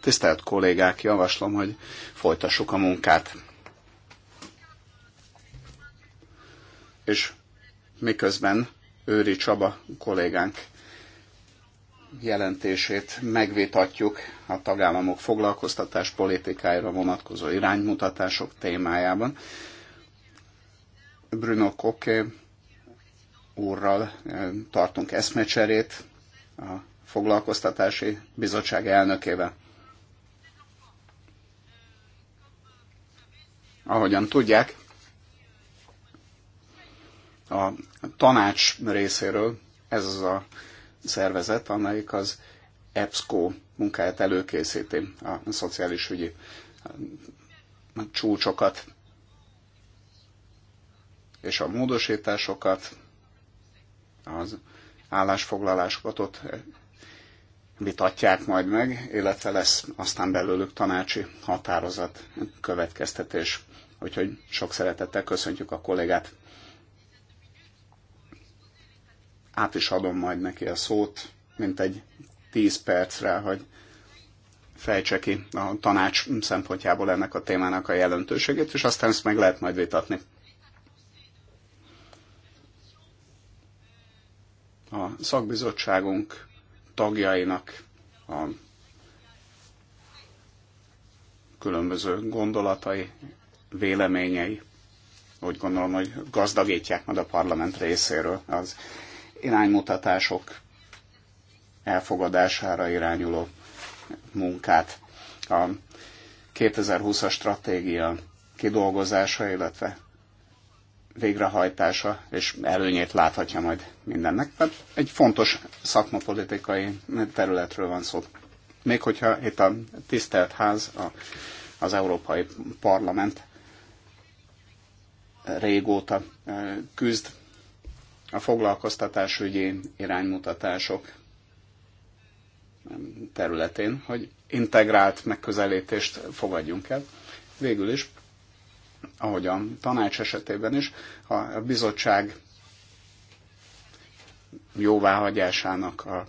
Tisztelt kollégák, javaslom, hogy folytassuk a munkát. És miközben Őri Csaba kollégánk jelentését megvitatjuk a tagállamok foglalkoztatás politikájára vonatkozó iránymutatások témájában. Bruno Koke úrral eh, tartunk eszmecserét a foglalkoztatási bizottság elnökével. Ahogyan tudják, a tanács részéről ez az a szervezet, amelyik az EBSCO munkáját előkészíti, a szociális ügyi csúcsokat és a módosításokat, az állásfoglalásokat ott vitatják majd meg, illetve lesz aztán belőlük tanácsi határozat, következtetés. Úgyhogy sok szeretettel köszöntjük a kollégát. Át is adom majd neki a szót, mint egy 10 percre, hogy fejtse ki a tanács szempontjából ennek a témának a jelentőségét, és aztán ezt meg lehet majd vitatni. A szakbizottságunk tagjainak a különböző gondolatai, véleményei úgy gondolom, hogy gazdagítják majd a parlament részéről az iránymutatások elfogadására irányuló munkát. A 2020-as stratégia kidolgozása, illetve végrehajtása és előnyét láthatja majd mindennek. Tehát egy fontos szakmapolitikai területről van szó. Még hogyha itt a tisztelt ház, a, az Európai Parlament régóta küzd a foglalkoztatásügyi iránymutatások területén, hogy integrált megközelítést fogadjunk el. Végül is ahogy a tanács esetében is, a bizottság jóváhagyásának a,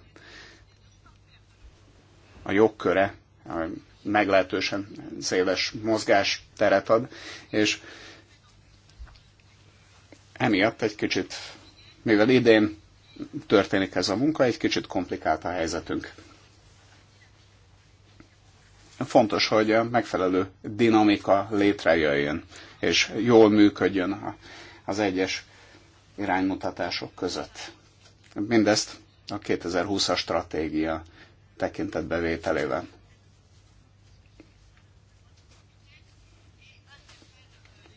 a jogköre a meglehetősen széles mozgás teret ad, és emiatt egy kicsit, mivel idén történik ez a munka, egy kicsit komplikált a helyzetünk. Fontos, hogy a megfelelő dinamika létrejöjjön és jól működjön az egyes iránymutatások között. Mindezt a 2020-as stratégia tekintetbevételével.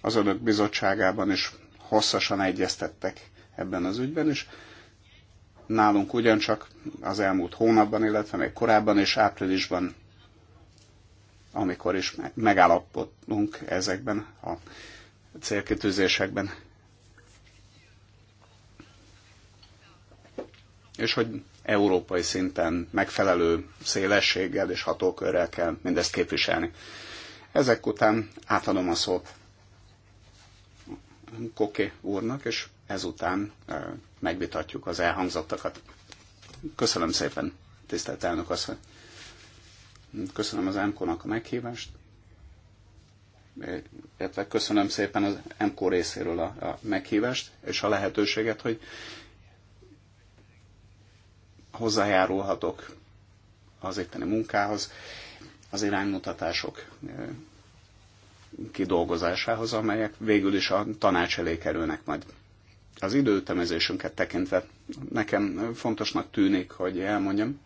Az önök bizottságában is hosszasan egyeztettek ebben az ügyben, és nálunk ugyancsak az elmúlt hónapban, illetve még korábban és áprilisban amikor is megállapodtunk ezekben a célkitűzésekben. És hogy európai szinten megfelelő szélességgel és hatókörrel kell mindezt képviselni. Ezek után átadom a szót Koké úrnak, és ezután megvitatjuk az elhangzottakat. Köszönöm szépen, tisztelt elnök asszony! Köszönöm az MK-nak a meghívást, illetve köszönöm szépen az MK részéről a, a meghívást és a lehetőséget, hogy hozzájárulhatok az itteni munkához, az iránymutatások kidolgozásához, amelyek végül is a tanács elé kerülnek majd. Az időtemezésünket tekintve nekem fontosnak tűnik, hogy elmondjam,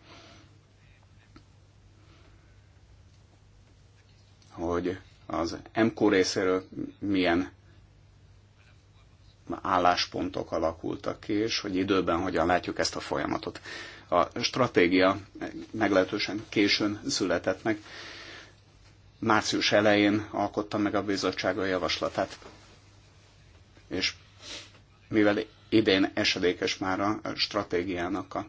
hogy az MK részéről milyen álláspontok alakultak ki, és hogy időben hogyan látjuk ezt a folyamatot. A stratégia meglehetősen későn született meg. Március elején alkotta meg a bizottság a javaslatát. És mivel idén esedékes már a stratégiának a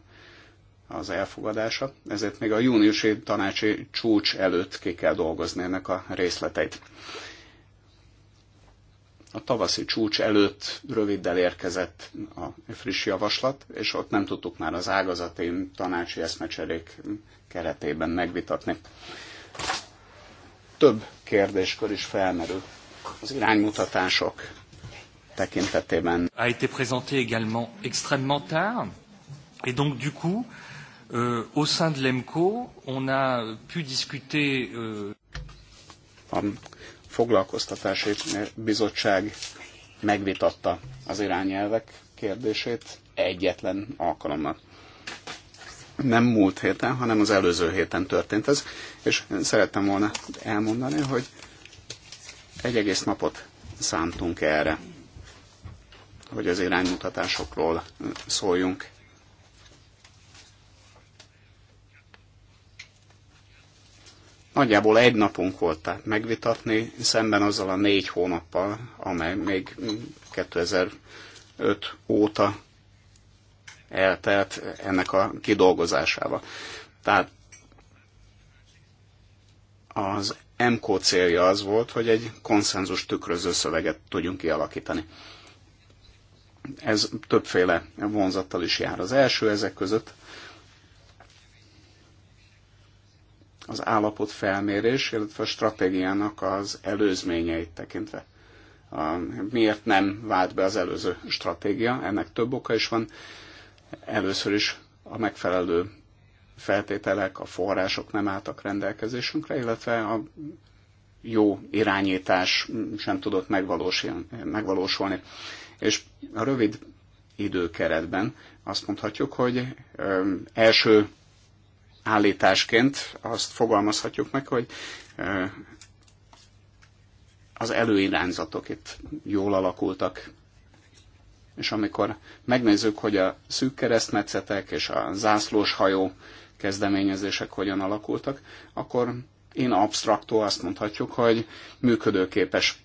az elfogadása, ezért még a júniusi tanácsi csúcs előtt ki kell dolgozni ennek a részleteit. A tavaszi csúcs előtt röviddel érkezett a friss javaslat, és ott nem tudtuk már az ágazati tanácsi eszmecserék keretében megvitatni. Több kérdéskör is felmerül. Az iránymutatások tekintetében. A été présenté également extrêmement tard, et donc du coup, Euh, au sein de l'EMCO, on a pu discuter... Euh... A foglalkoztatási bizottság megvitatta az irányelvek kérdését egyetlen alkalommal. Nem múlt héten, hanem az előző héten történt ez, és szerettem volna elmondani, hogy egy egész napot szántunk erre, hogy az iránymutatásokról szóljunk Nagyjából egy napunk volt tehát megvitatni, szemben azzal a négy hónappal, amely még 2005 óta eltelt ennek a kidolgozásával. Tehát az MKO célja az volt, hogy egy konszenzus tükröző szöveget tudjunk kialakítani. Ez többféle vonzattal is jár. Az első ezek között az állapot felmérés, illetve a stratégiának az előzményeit tekintve. Miért nem vált be az előző stratégia? Ennek több oka is van. Először is a megfelelő feltételek, a források nem álltak rendelkezésünkre, illetve a jó irányítás sem tudott megvalósulni. És a rövid időkeretben azt mondhatjuk, hogy első állításként azt fogalmazhatjuk meg, hogy az előirányzatok itt jól alakultak. És amikor megnézzük, hogy a szűk keresztmetszetek és a zászlós hajó kezdeményezések hogyan alakultak, akkor én absztraktó azt mondhatjuk, hogy működőképes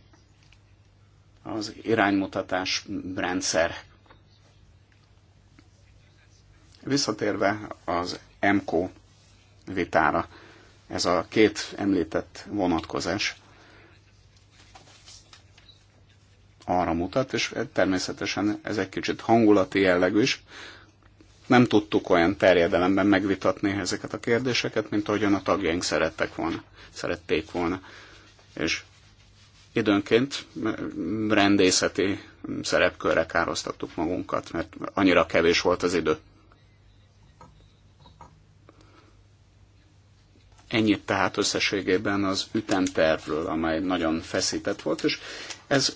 az iránymutatás rendszer. Visszatérve az MCO vitára. Ez a két említett vonatkozás arra mutat, és természetesen ez egy kicsit hangulati jellegű is. Nem tudtuk olyan terjedelemben megvitatni ezeket a kérdéseket, mint ahogyan a tagjaink szerettek volna, szerették volna. És időnként rendészeti szerepkörre károztattuk magunkat, mert annyira kevés volt az idő. Ennyit tehát összességében az ütemtervről, amely nagyon feszített volt, és ez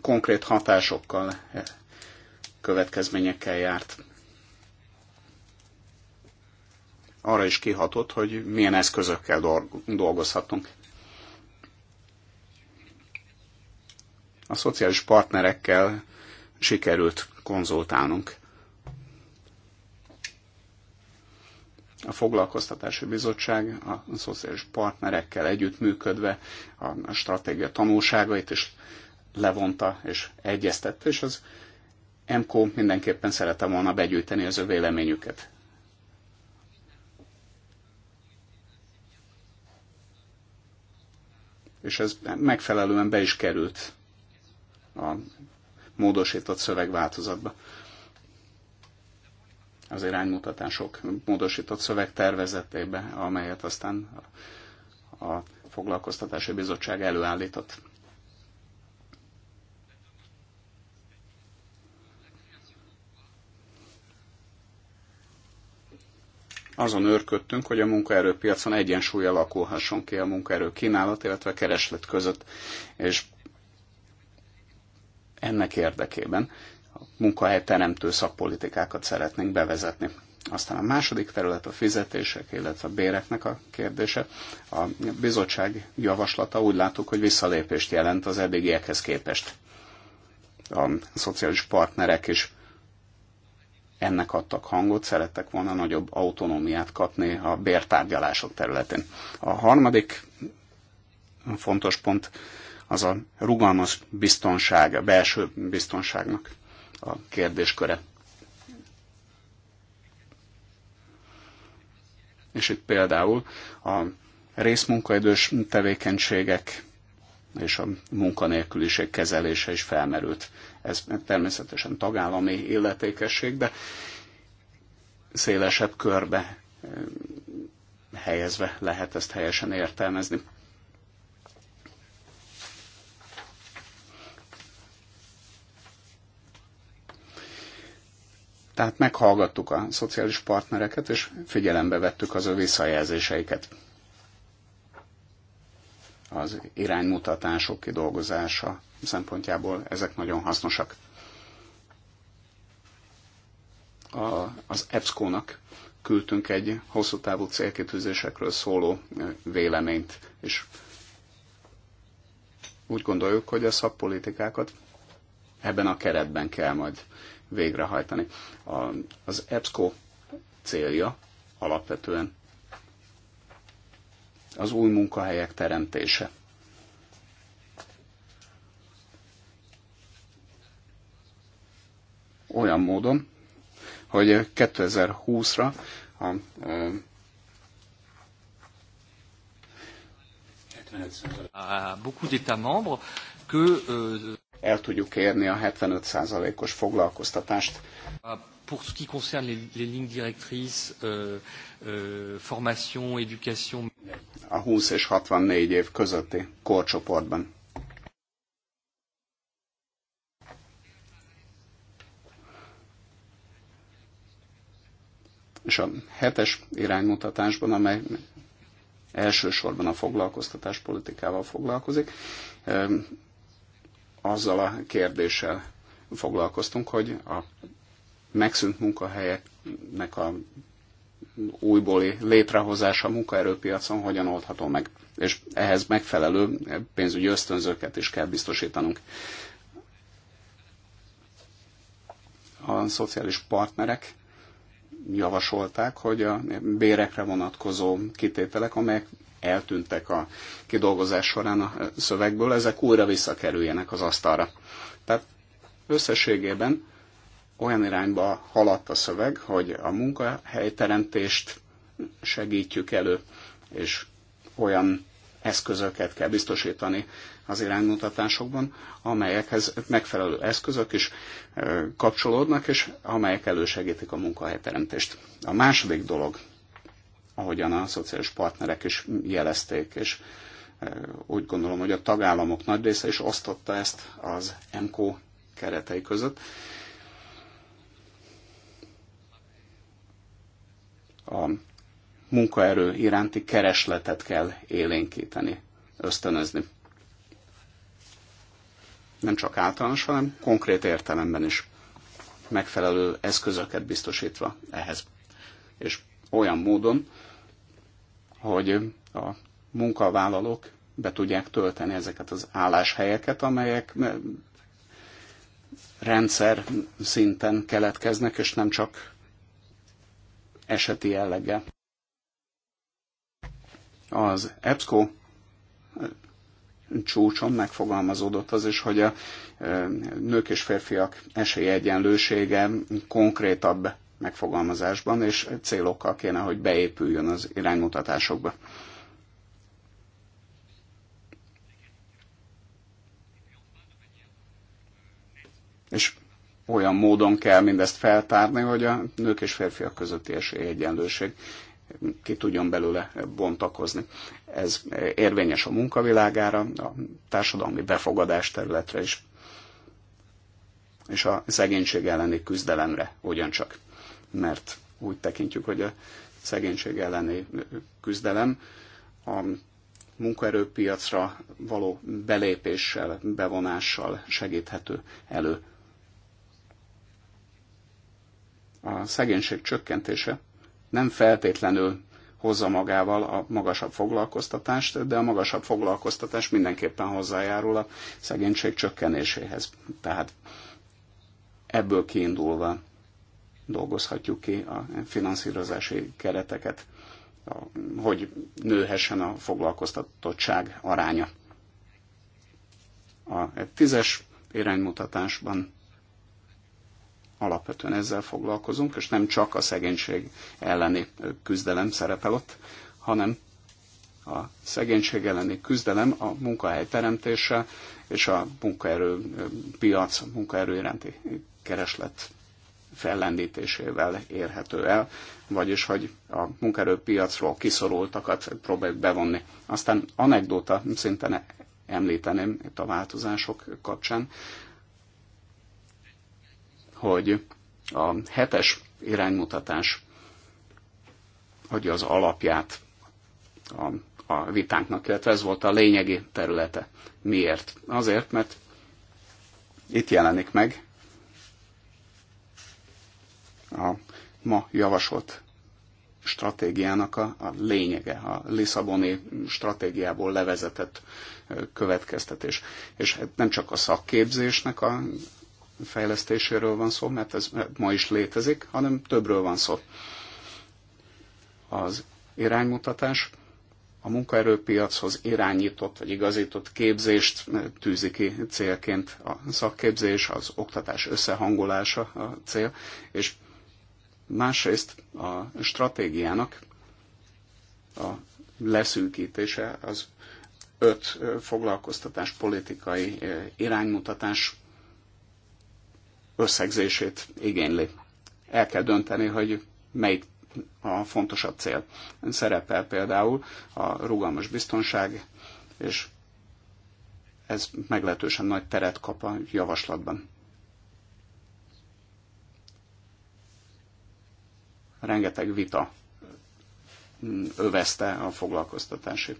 konkrét hatásokkal, eh, következményekkel járt. Arra is kihatott, hogy milyen eszközökkel dolgozhatunk. A szociális partnerekkel sikerült konzultálnunk a Foglalkoztatási Bizottság a szociális partnerekkel együttműködve a stratégia tanulságait is levonta és egyeztette, és az MKO mindenképpen szerette volna begyűjteni az ő véleményüket. És ez megfelelően be is került a módosított szövegváltozatba az iránymutatások módosított tervezetébe, amelyet aztán a Foglalkoztatási Bizottság előállított. azon őrködtünk, hogy a munkaerőpiacon egyensúly alakulhasson ki a munkaerő kínálat, illetve kereslet között, és ennek érdekében munkahelyteremtő szakpolitikákat szeretnénk bevezetni. Aztán a második terület a fizetések, illetve a béreknek a kérdése. A bizottság javaslata úgy látok, hogy visszalépést jelent az eddigiekhez képest. A szociális partnerek is ennek adtak hangot, szerettek volna nagyobb autonómiát kapni a bértárgyalások területén. A harmadik fontos pont az a rugalmas biztonság, a belső biztonságnak a kérdésköre. És itt például a részmunkaidős tevékenységek és a munkanélküliség kezelése is felmerült. Ez természetesen tagállami illetékesség, de szélesebb körbe eh, helyezve lehet ezt helyesen értelmezni. Tehát meghallgattuk a szociális partnereket, és figyelembe vettük az ő visszajelzéseiket. Az iránymutatások kidolgozása szempontjából ezek nagyon hasznosak. A, az EBSCO-nak küldtünk egy hosszú távú célkitűzésekről szóló véleményt, és úgy gondoljuk, hogy a szakpolitikákat ebben a keretben kell majd végrehajtani. A, az EBSCO célja alapvetően az új munkahelyek teremtése. Olyan módon, hogy 2020-ra a, a 75 beaucoup d'États membres que euh, el tudjuk érni a 75%-os foglalkoztatást. Uh, pour ce qui concerne les, les lignes directrices, euh, euh, formation, éducation. A 20 és 64 év közötti korcsoportban. És a hetes iránymutatásban, amely elsősorban a foglalkoztatás politikával foglalkozik, um, azzal a kérdéssel foglalkoztunk, hogy a megszűnt munkahelyeknek a újbóli létrehozása a munkaerőpiacon hogyan oldható meg. És ehhez megfelelő pénzügyi ösztönzőket is kell biztosítanunk. A szociális partnerek javasolták, hogy a bérekre vonatkozó kitételek, amelyek eltűntek a kidolgozás során a szövegből, ezek újra visszakerüljenek az asztalra. Tehát összességében olyan irányba haladt a szöveg, hogy a munkahelyteremtést segítjük elő, és olyan eszközöket kell biztosítani az iránymutatásokban, amelyekhez megfelelő eszközök is eh, kapcsolódnak, és amelyek elősegítik a munkahelyteremtést. A második dolog, ahogyan a szociális partnerek is jelezték, és eh, úgy gondolom, hogy a tagállamok nagy része is osztotta ezt az MKO keretei között. A munkaerő iránti keresletet kell élénkíteni, ösztönözni nem csak általános, hanem konkrét értelemben is megfelelő eszközöket biztosítva ehhez. És olyan módon, hogy a munkavállalók be tudják tölteni ezeket az álláshelyeket, amelyek rendszer szinten keletkeznek, és nem csak eseti jellege. Az EBSCO csúcson megfogalmazódott az is, hogy a e, nők és férfiak esélyegyenlősége konkrétabb megfogalmazásban és célokkal kéne, hogy beépüljön az iránymutatásokba. És olyan módon kell mindezt feltárni, hogy a nők és férfiak közötti esélyegyenlőség ki tudjon belőle bontakozni. Ez érvényes a munkavilágára, a társadalmi befogadás területre is, és a szegénység elleni küzdelemre ugyancsak. Mert úgy tekintjük, hogy a szegénység elleni küzdelem a munkaerőpiacra való belépéssel, bevonással segíthető elő. A szegénység csökkentése nem feltétlenül hozza magával a magasabb foglalkoztatást, de a magasabb foglalkoztatás mindenképpen hozzájárul a szegénység csökkenéséhez. Tehát ebből kiindulva dolgozhatjuk ki a finanszírozási kereteket, hogy nőhessen a foglalkoztatottság aránya. A tízes iránymutatásban alapvetően ezzel foglalkozunk, és nem csak a szegénység elleni küzdelem szerepel ott, hanem a szegénység elleni küzdelem a munkahely teremtése és a munkaerő piac, a munkaerő iránti kereslet fellendítésével érhető el, vagyis hogy a munkaerőpiacról kiszorultakat próbáljuk bevonni. Aztán anekdóta szinten említeném itt a változások kapcsán, hogy a hetes iránymutatás adja az alapját a, a vitánknak, illetve ez volt a lényegi területe. Miért? Azért, mert itt jelenik meg a ma javasolt stratégiának a, a lényege, a Lisszaboni stratégiából levezetett következtetés. És hát nem csak a szakképzésnek a, fejlesztéséről van szó, mert ez ma is létezik, hanem többről van szó. Az iránymutatás a munkaerőpiachoz irányított vagy igazított képzést tűzi ki célként a szakképzés, az oktatás összehangolása a cél, és másrészt a stratégiának a leszűkítése az öt foglalkoztatás politikai eh, iránymutatás összegzését igényli. El kell dönteni, hogy melyik a fontosabb cél. Szerepel például a rugalmas biztonság, és ez meglehetősen nagy teret kap a javaslatban. Rengeteg vita övezte a foglalkoztatási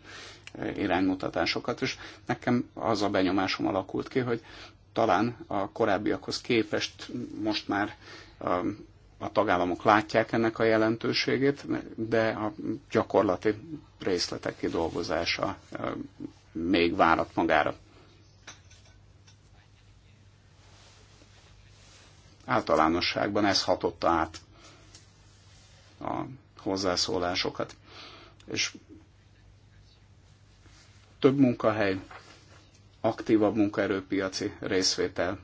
iránymutatásokat, és nekem az a benyomásom alakult ki, hogy talán a korábbiakhoz képest most már um, a tagállamok látják ennek a jelentőségét, de a gyakorlati részletek kidolgozása um, még várat magára. Általánosságban ez hatotta át a hozzászólásokat, és több munkahely aktívabb munkaerőpiaci részvétel,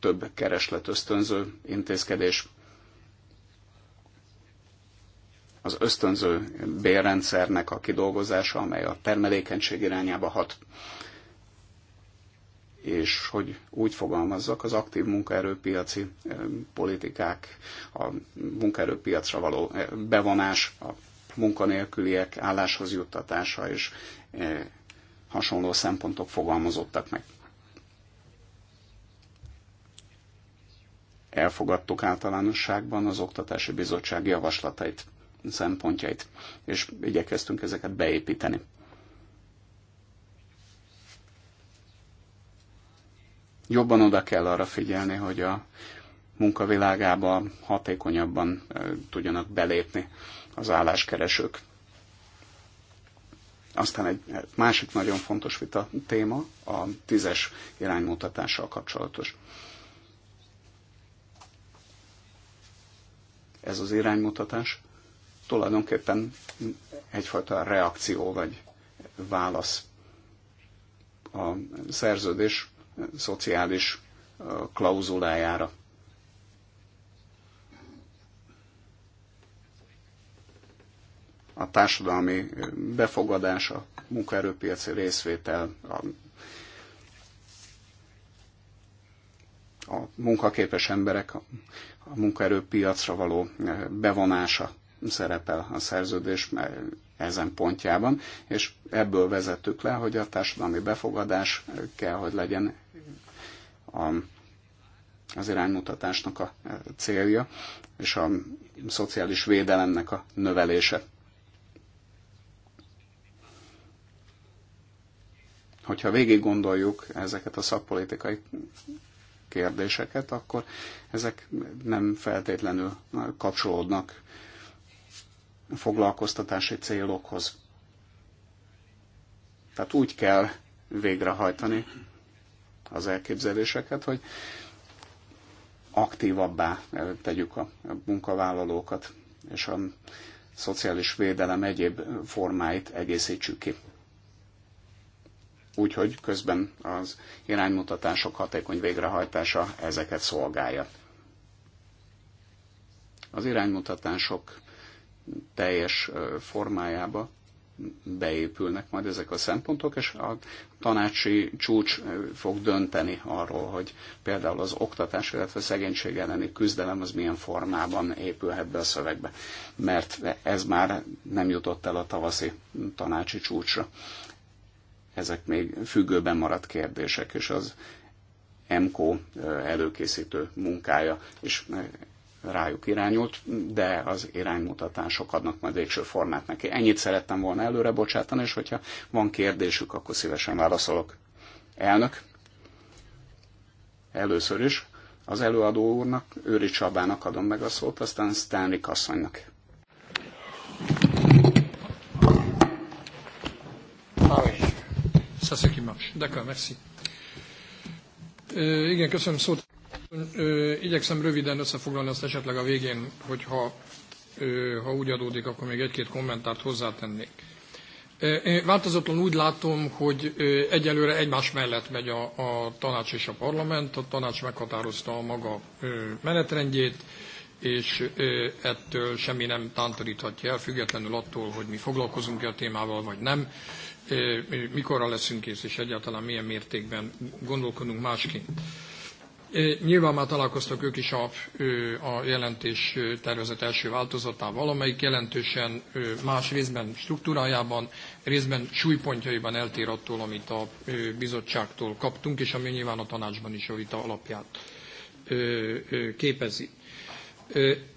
több keresletösztönző intézkedés, az ösztönző bérrendszernek a kidolgozása, amely a termelékenység irányába hat, és hogy úgy fogalmazzak, az aktív munkaerőpiaci eh, politikák, a munkaerőpiacra való eh, bevonás, a munkanélküliek álláshoz juttatása és eh, hasonló szempontok fogalmazottak meg. Elfogadtuk általánosságban az Oktatási Bizottság javaslatait, szempontjait, és igyekeztünk ezeket beépíteni. Jobban oda kell arra figyelni, hogy a munkavilágába hatékonyabban tudjanak belépni az álláskeresők aztán egy másik nagyon fontos vita téma a tízes iránymutatással kapcsolatos. Ez az iránymutatás tulajdonképpen egyfajta reakció vagy válasz a szerződés szociális klauzulájára. a társadalmi befogadás, a munkaerőpiaci részvétel, a, a munkaképes emberek, a, a munkaerőpiacra való eh, bevonása szerepel a szerződés eh, ezen pontjában, és ebből vezettük le, hogy a társadalmi befogadás eh, kell, hogy legyen a, az iránymutatásnak a célja, és a szociális védelemnek a növelése. Hogyha végig gondoljuk ezeket a szakpolitikai kérdéseket, akkor ezek nem feltétlenül kapcsolódnak foglalkoztatási célokhoz. Tehát úgy kell végrehajtani az elképzeléseket, hogy aktívabbá tegyük a munkavállalókat, és a szociális védelem egyéb formáit egészítsük ki úgyhogy közben az iránymutatások hatékony végrehajtása ezeket szolgálja. Az iránymutatások teljes formájába beépülnek majd ezek a szempontok, és a tanácsi csúcs fog dönteni arról, hogy például az oktatás, illetve szegénység elleni küzdelem az milyen formában épülhet be a szövegbe, mert ez már nem jutott el a tavaszi tanácsi csúcsra ezek még függőben maradt kérdések, és az MKO előkészítő munkája is rájuk irányult, de az iránymutatások adnak majd végső formát neki. Ennyit szerettem volna előre bocsátani, és hogyha van kérdésük, akkor szívesen válaszolok. Elnök, először is az előadó úrnak, Őri Csabának adom meg a szót, aztán Stanley Kasszonynak. ça c'est qui marche. D'accord, merci. Euh, igen, köszönöm szót. Euh, igyekszem röviden összefoglalni azt esetleg a végén, hogyha euh, ha úgy adódik, akkor még egy-két kommentárt hozzátennék. Én változatlan úgy látom, hogy egyelőre egymás mellett megy a, a tanács és a parlament. A tanács meghatározta a maga menetrendjét, és ettől semmi nem tántoríthatja el, függetlenül attól, hogy mi foglalkozunk-e a témával, vagy nem mikorra leszünk kész, és egyáltalán milyen mértékben gondolkodunk másként. Nyilván már találkoztak ők is a, a jelentés tervezet első változatával, amelyik jelentősen más részben struktúrájában, részben súlypontjaiban eltér attól, amit a bizottságtól kaptunk, és ami nyilván a tanácsban is a vita alapját képezi.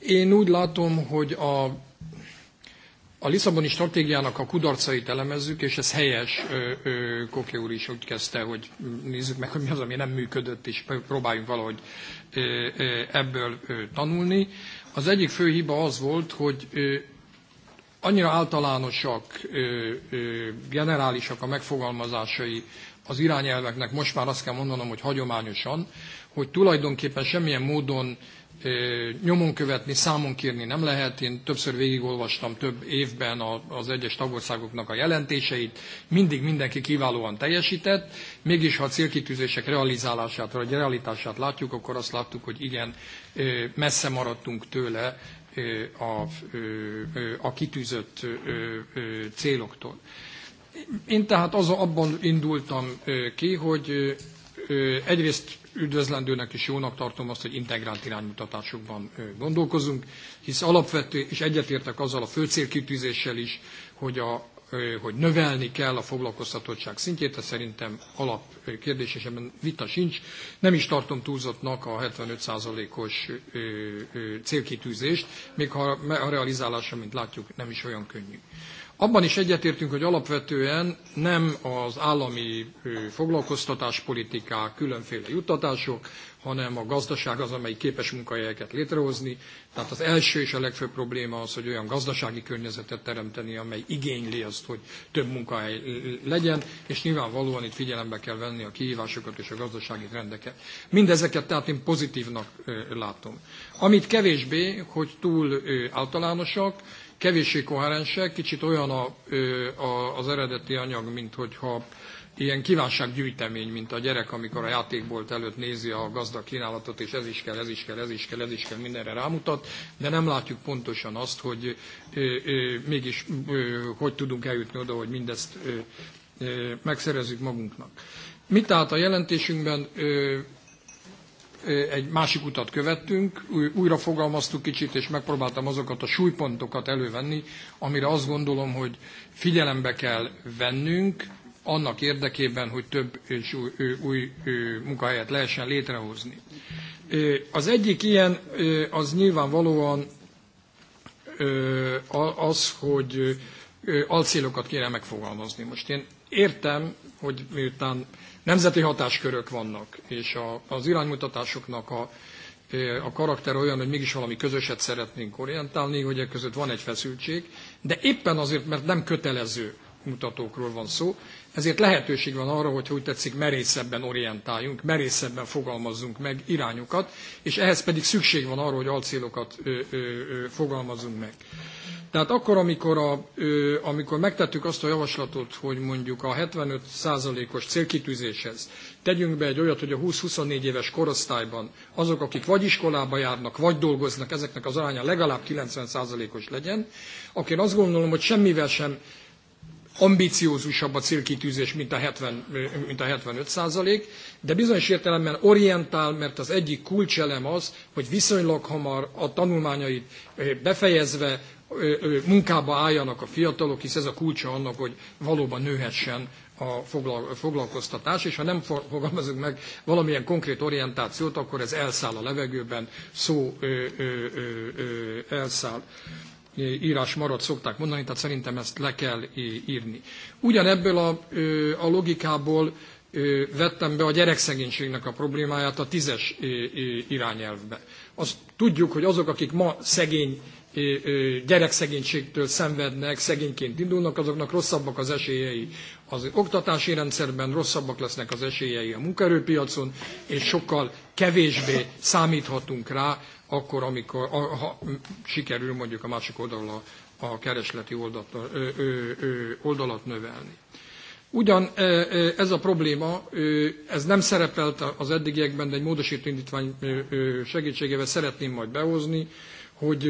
Én úgy látom, hogy a a Lisszaboni stratégiának a kudarcait elemezzük, és ez helyes, Koké úr is úgy kezdte, hogy nézzük meg, hogy mi az, ami nem működött, és próbáljunk valahogy ebből tanulni. Az egyik fő hiba az volt, hogy annyira általánosak, generálisak a megfogalmazásai az irányelveknek, most már azt kell mondanom, hogy hagyományosan, hogy tulajdonképpen semmilyen módon nyomon követni, számon kérni nem lehet. Én többször végigolvastam több évben az egyes tagországoknak a jelentéseit, mindig mindenki kiválóan teljesített, mégis ha a célkitűzések realizálását vagy realitását látjuk, akkor azt láttuk, hogy igen, messze maradtunk tőle a, a kitűzött céloktól. Én tehát az, abban indultam ki, hogy egyrészt üdvözlendőnek és jónak tartom azt, hogy integrált iránymutatásokban gondolkozunk, hisz alapvető, és egyetértek azzal a főcélkitűzéssel is, hogy, a, hogy növelni kell a foglalkoztatottság szintjét, ez szerintem alapkérdés, és ebben vita sincs. Nem is tartom túlzottnak a 75%-os célkitűzést, még ha a realizálása, mint látjuk, nem is olyan könnyű. Abban is egyetértünk, hogy alapvetően nem az állami foglalkoztatáspolitikák, különféle juttatások, hanem a gazdaság az, amely képes munkahelyeket létrehozni. Tehát az első és a legfőbb probléma az, hogy olyan gazdasági környezetet teremteni, amely igényli azt, hogy több munkahely legyen, és nyilvánvalóan itt figyelembe kell venni a kihívásokat és a gazdasági rendeket. Mindezeket tehát én pozitívnak látom. Amit kevésbé, hogy túl általánosak, kevéssé koherensek, kicsit olyan a, a, az eredeti anyag, mint hogyha ilyen kívánsággyűjtemény, mint a gyerek, amikor a játékbolt előtt nézi a gazda kínálatot, és ez is kell, ez is kell, ez is kell, ez is kell, mindenre rámutat, de nem látjuk pontosan azt, hogy ö, ö, mégis ö, hogy tudunk eljutni oda, hogy mindezt ö, ö, megszerezzük magunknak. Mit tehát a jelentésünkben ö, egy másik utat követtünk, újra fogalmaztuk kicsit, és megpróbáltam azokat a súlypontokat elővenni, amire azt gondolom, hogy figyelembe kell vennünk, annak érdekében, hogy több és új, új, új munkahelyet lehessen létrehozni. Az egyik ilyen az nyilvánvalóan az, hogy alcélokat kéne megfogalmazni. Most én értem, hogy miután Nemzeti hatáskörök vannak, és a, az iránymutatásoknak a, a karakter olyan, hogy mégis valami közöset szeretnénk orientálni, hogy e között van egy feszültség, de éppen azért, mert nem kötelező mutatókról van szó, ezért lehetőség van arra, hogy úgy tetszik, merészebben orientáljunk, merészebben fogalmazzunk meg irányokat, és ehhez pedig szükség van arra, hogy alcélokat ö, ö, ö, fogalmazzunk meg. Tehát akkor, amikor, a, ö, amikor megtettük azt a javaslatot, hogy mondjuk a 75%-os célkitűzéshez tegyünk be egy olyat, hogy a 20-24 éves korosztályban azok, akik vagy iskolába járnak, vagy dolgoznak, ezeknek az aránya legalább 90%-os legyen, akkor én azt gondolom, hogy semmivel sem ambiciózusabb a célkitűzés, mint a, 70, mint a 75 százalék, de bizonyos értelemben orientál, mert az egyik kulcselem az, hogy viszonylag hamar a tanulmányait befejezve munkába álljanak a fiatalok, hisz ez a kulcsa annak, hogy valóban nőhessen a foglalkoztatás, és ha nem fogalmazunk meg valamilyen konkrét orientációt, akkor ez elszáll a levegőben, szó ö, ö, ö, elszáll írás marad, szokták mondani, tehát szerintem ezt le kell e, írni. Ugyanebből a, a logikából vettem be a gyerekszegénységnek a problémáját a tízes e, e, irányelvbe. Azt tudjuk, hogy azok, akik ma szegény gyerekszegénységtől szenvednek, szegényként indulnak, azoknak rosszabbak az esélyei az oktatási rendszerben, rosszabbak lesznek az esélyei a munkaerőpiacon, és sokkal kevésbé számíthatunk rá, akkor, amikor a, ha sikerül mondjuk a másik oldalon a, a keresleti oldalt ö, ö, ö, oldalat növelni. Ugyan ez a probléma, ez nem szerepelt az eddigiekben, de egy módosító indítvány segítségével szeretném majd behozni, hogy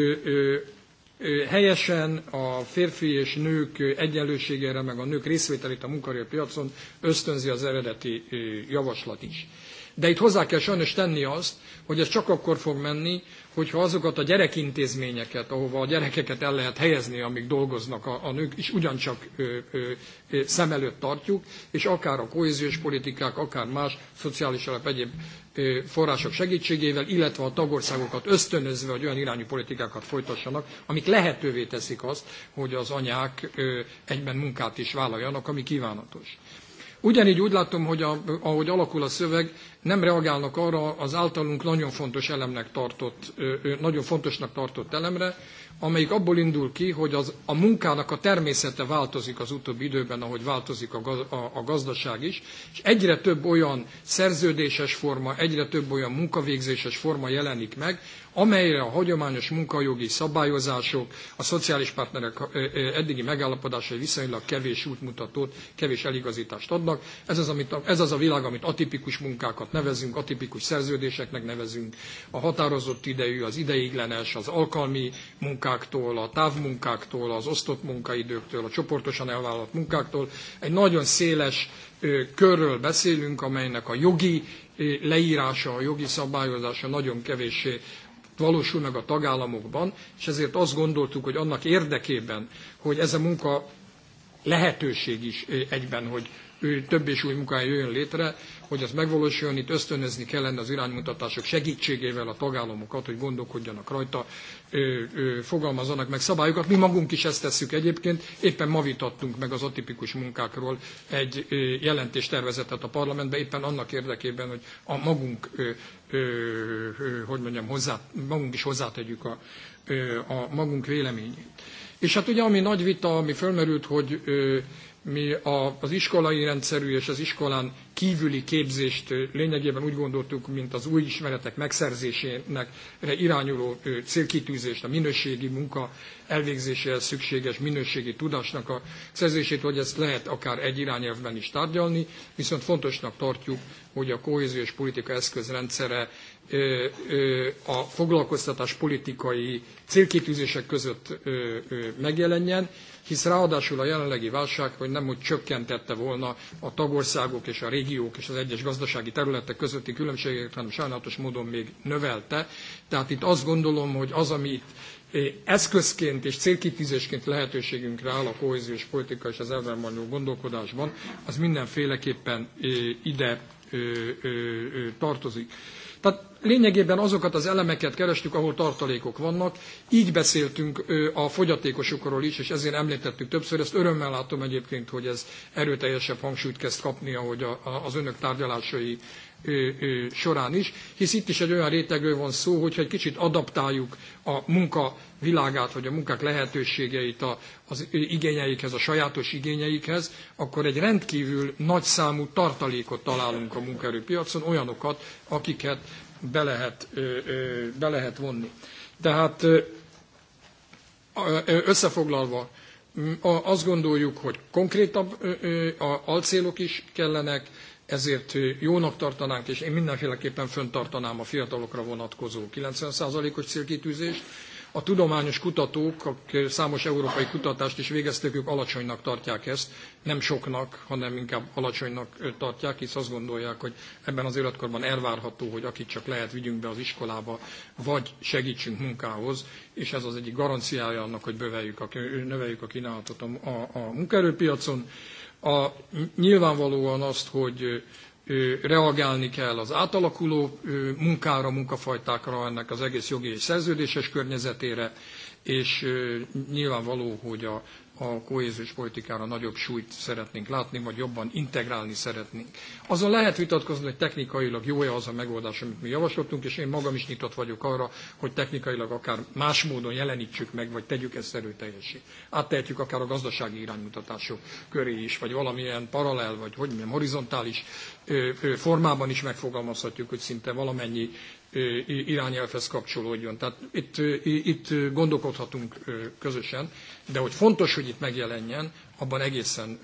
helyesen a férfi és nők egyenlőségére, meg a nők részvételét a munkaerőpiacon ösztönzi az eredeti javaslat is. De itt hozzá kell sajnos tenni azt, hogy ez csak akkor fog menni, hogyha azokat a gyerekintézményeket, ahova a gyerekeket el lehet helyezni, amik dolgoznak a, a nők, is ugyancsak ö, ö, ö, szem előtt tartjuk, és akár a kohéziós politikák, akár más szociális alap egyéb ö, források segítségével, illetve a tagországokat ösztönözve, hogy olyan irányú politikákat folytassanak, amik lehetővé teszik azt, hogy az anyák ö, egyben munkát is vállaljanak, ami kívánatos. Ugyanígy úgy látom, hogy a, ahogy alakul a szöveg, nem reagálnak arra az általunk nagyon fontos elemnek tartott, nagyon fontosnak tartott elemre, amelyik abból indul ki, hogy az, a munkának a természete változik az utóbbi időben, ahogy változik a, gaz, a, a gazdaság is, és egyre több olyan szerződéses forma, egyre több olyan munkavégzéses forma jelenik meg, amelyre a hagyományos munkajogi szabályozások, a szociális partnerek eddigi megállapodásai viszonylag kevés útmutatót, kevés eligazítást adnak. Ez az, amit, ez az a világ, amit atipikus munkákat nevezünk, atipikus szerződéseknek nevezünk, a határozott idejű, az ideiglenes, az alkalmi munkáktól, a távmunkáktól, az osztott munkaidőktől, a csoportosan elvállalt munkáktól. Egy nagyon széles körről beszélünk, amelynek a jogi leírása, a jogi szabályozása nagyon kevéssé valósul meg a tagállamokban, és ezért azt gondoltuk, hogy annak érdekében, hogy ez a munka lehetőség is egyben, hogy több és új munkája jöjjön létre, hogy az megvalósuljon, itt ösztönözni kellene az iránymutatások segítségével a tagállamokat, hogy gondolkodjanak rajta, fogalmazzanak meg szabályokat. Mi magunk is ezt tesszük egyébként, éppen ma vitattunk meg az atipikus munkákról egy jelentéstervezetet a parlamentbe, éppen annak érdekében, hogy a magunk, hogy mondjam, hozzá, magunk is hozzátegyük a, a magunk véleményét. És hát ugye ami nagy vita, ami fölmerült, hogy mi a, az iskolai rendszerű és az iskolán kívüli képzést lényegében úgy gondoltuk, mint az új ismeretek megszerzésének irányuló célkitűzést, a minőségi munka elvégzéséhez szükséges minőségi tudásnak a szerzését, hogy ezt lehet akár egy irányelvben is tárgyalni, viszont fontosnak tartjuk, hogy a kohéziós politika eszközrendszere a foglalkoztatás politikai célkitűzések között megjelenjen, hisz ráadásul a jelenlegi válság, hogy nem úgy csökkentette volna a tagországok és a régiók és az egyes gazdasági területek közötti különbségeket, hanem sajnálatos módon még növelte. Tehát itt azt gondolom, hogy az, amit eh, eszközként és célkitűzésként lehetőségünkre áll a kohéziós politika és az elvenmányú gondolkodásban, az mindenféleképpen eh, ide eh, tartozik. Tehát lényegében azokat az elemeket kerestük, ahol tartalékok vannak. Így beszéltünk a fogyatékosokról is, és ezért említettük többször. Ezt örömmel látom egyébként, hogy ez erőteljesebb hangsúlyt kezd kapni, ahogy az önök tárgyalásai során is, hisz itt is egy olyan rétegről van szó, hogyha egy kicsit adaptáljuk a munka világát, vagy a munkák lehetőségeit a, az igényeikhez, a sajátos igényeikhez, akkor egy rendkívül nagyszámú tartalékot találunk a munkaerőpiacon, olyanokat, akiket be lehet, be lehet vonni. Tehát összefoglalva, azt gondoljuk, hogy konkrétabb alcélok is kellenek, ezért jónak tartanánk, és én mindenféleképpen föntartanám a fiatalokra vonatkozó 90%-os célkitűzést. A tudományos kutatók, akik számos európai kutatást is végeztek, ők alacsonynak tartják ezt, nem soknak, hanem inkább alacsonynak tartják, hisz azt gondolják, hogy ebben az életkorban elvárható, hogy akit csak lehet, vigyünk be az iskolába, vagy segítsünk munkához, és ez az egyik garanciája annak, hogy a, növeljük a kínálatot a, a, a munkaerőpiacon a, nyilvánvalóan azt, hogy reagálni kell az átalakuló munkára, munkafajtákra, ennek az egész jogi és szerződéses környezetére, és nyilvánvaló, hogy a a kohéziós politikára nagyobb súlyt szeretnénk látni, vagy jobban integrálni szeretnénk. Azon lehet vitatkozni, hogy technikailag jó-e az a megoldás, amit mi javasoltunk, és én magam is nyitott vagyok arra, hogy technikailag akár más módon jelenítsük meg, vagy tegyük ezt erőteljesé. Áttehetjük akár a gazdasági iránymutatások köré is, vagy valamilyen paralel, vagy hogy mondjam, horizontális formában is megfogalmazhatjuk, hogy szinte valamennyi irányelvhez kapcsolódjon. Tehát itt, itt gondolkodhatunk közösen, de hogy fontos, hogy itt megjelenjen, abban egészen,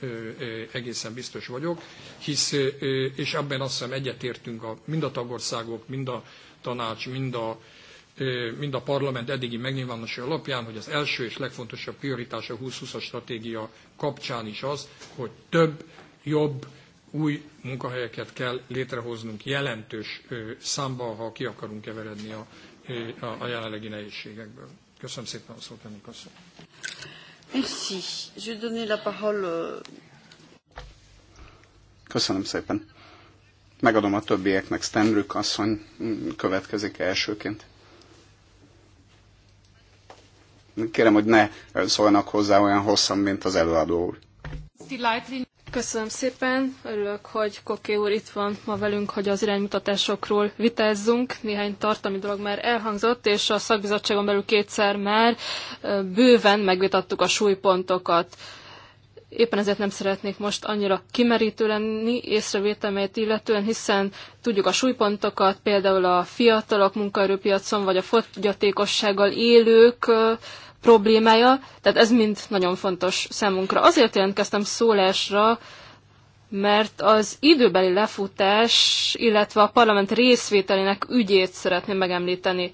egészen biztos vagyok, hisz, és ebben azt hiszem egyetértünk a, mind a tagországok, mind a tanács, mind a, mind a parlament eddigi megnyilvánulása alapján, hogy az első és legfontosabb prioritás a 2020-as stratégia kapcsán is az, hogy több, jobb, új munkahelyeket kell létrehoznunk jelentős számban, ha ki akarunk keveredni a, a, a jelenlegi nehézségekből. Köszönöm szépen a szót, Ennik asszony. Merci. Je la parole. Euh, Köszönöm szépen. Megadom a többieknek. Stenrük asszony következik elsőként. Kérem, hogy ne szólnak hozzá olyan hosszan, mint az előadó úr. Köszönöm szépen, örülök, hogy Koké úr itt van ma velünk, hogy az iránymutatásokról vitázzunk. Néhány tartalmi dolog már elhangzott, és a szakbizottságon belül kétszer már bőven megvitattuk a súlypontokat. Éppen ezért nem szeretnék most annyira kimerítő lenni észrevételmeit illetően, hiszen tudjuk a súlypontokat, például a fiatalok munkaerőpiacon, vagy a fogyatékossággal élők problémája, tehát ez mind nagyon fontos számunkra. Azért jelentkeztem szólásra, mert az időbeli lefutás, illetve a parlament részvételének ügyét szeretném megemlíteni.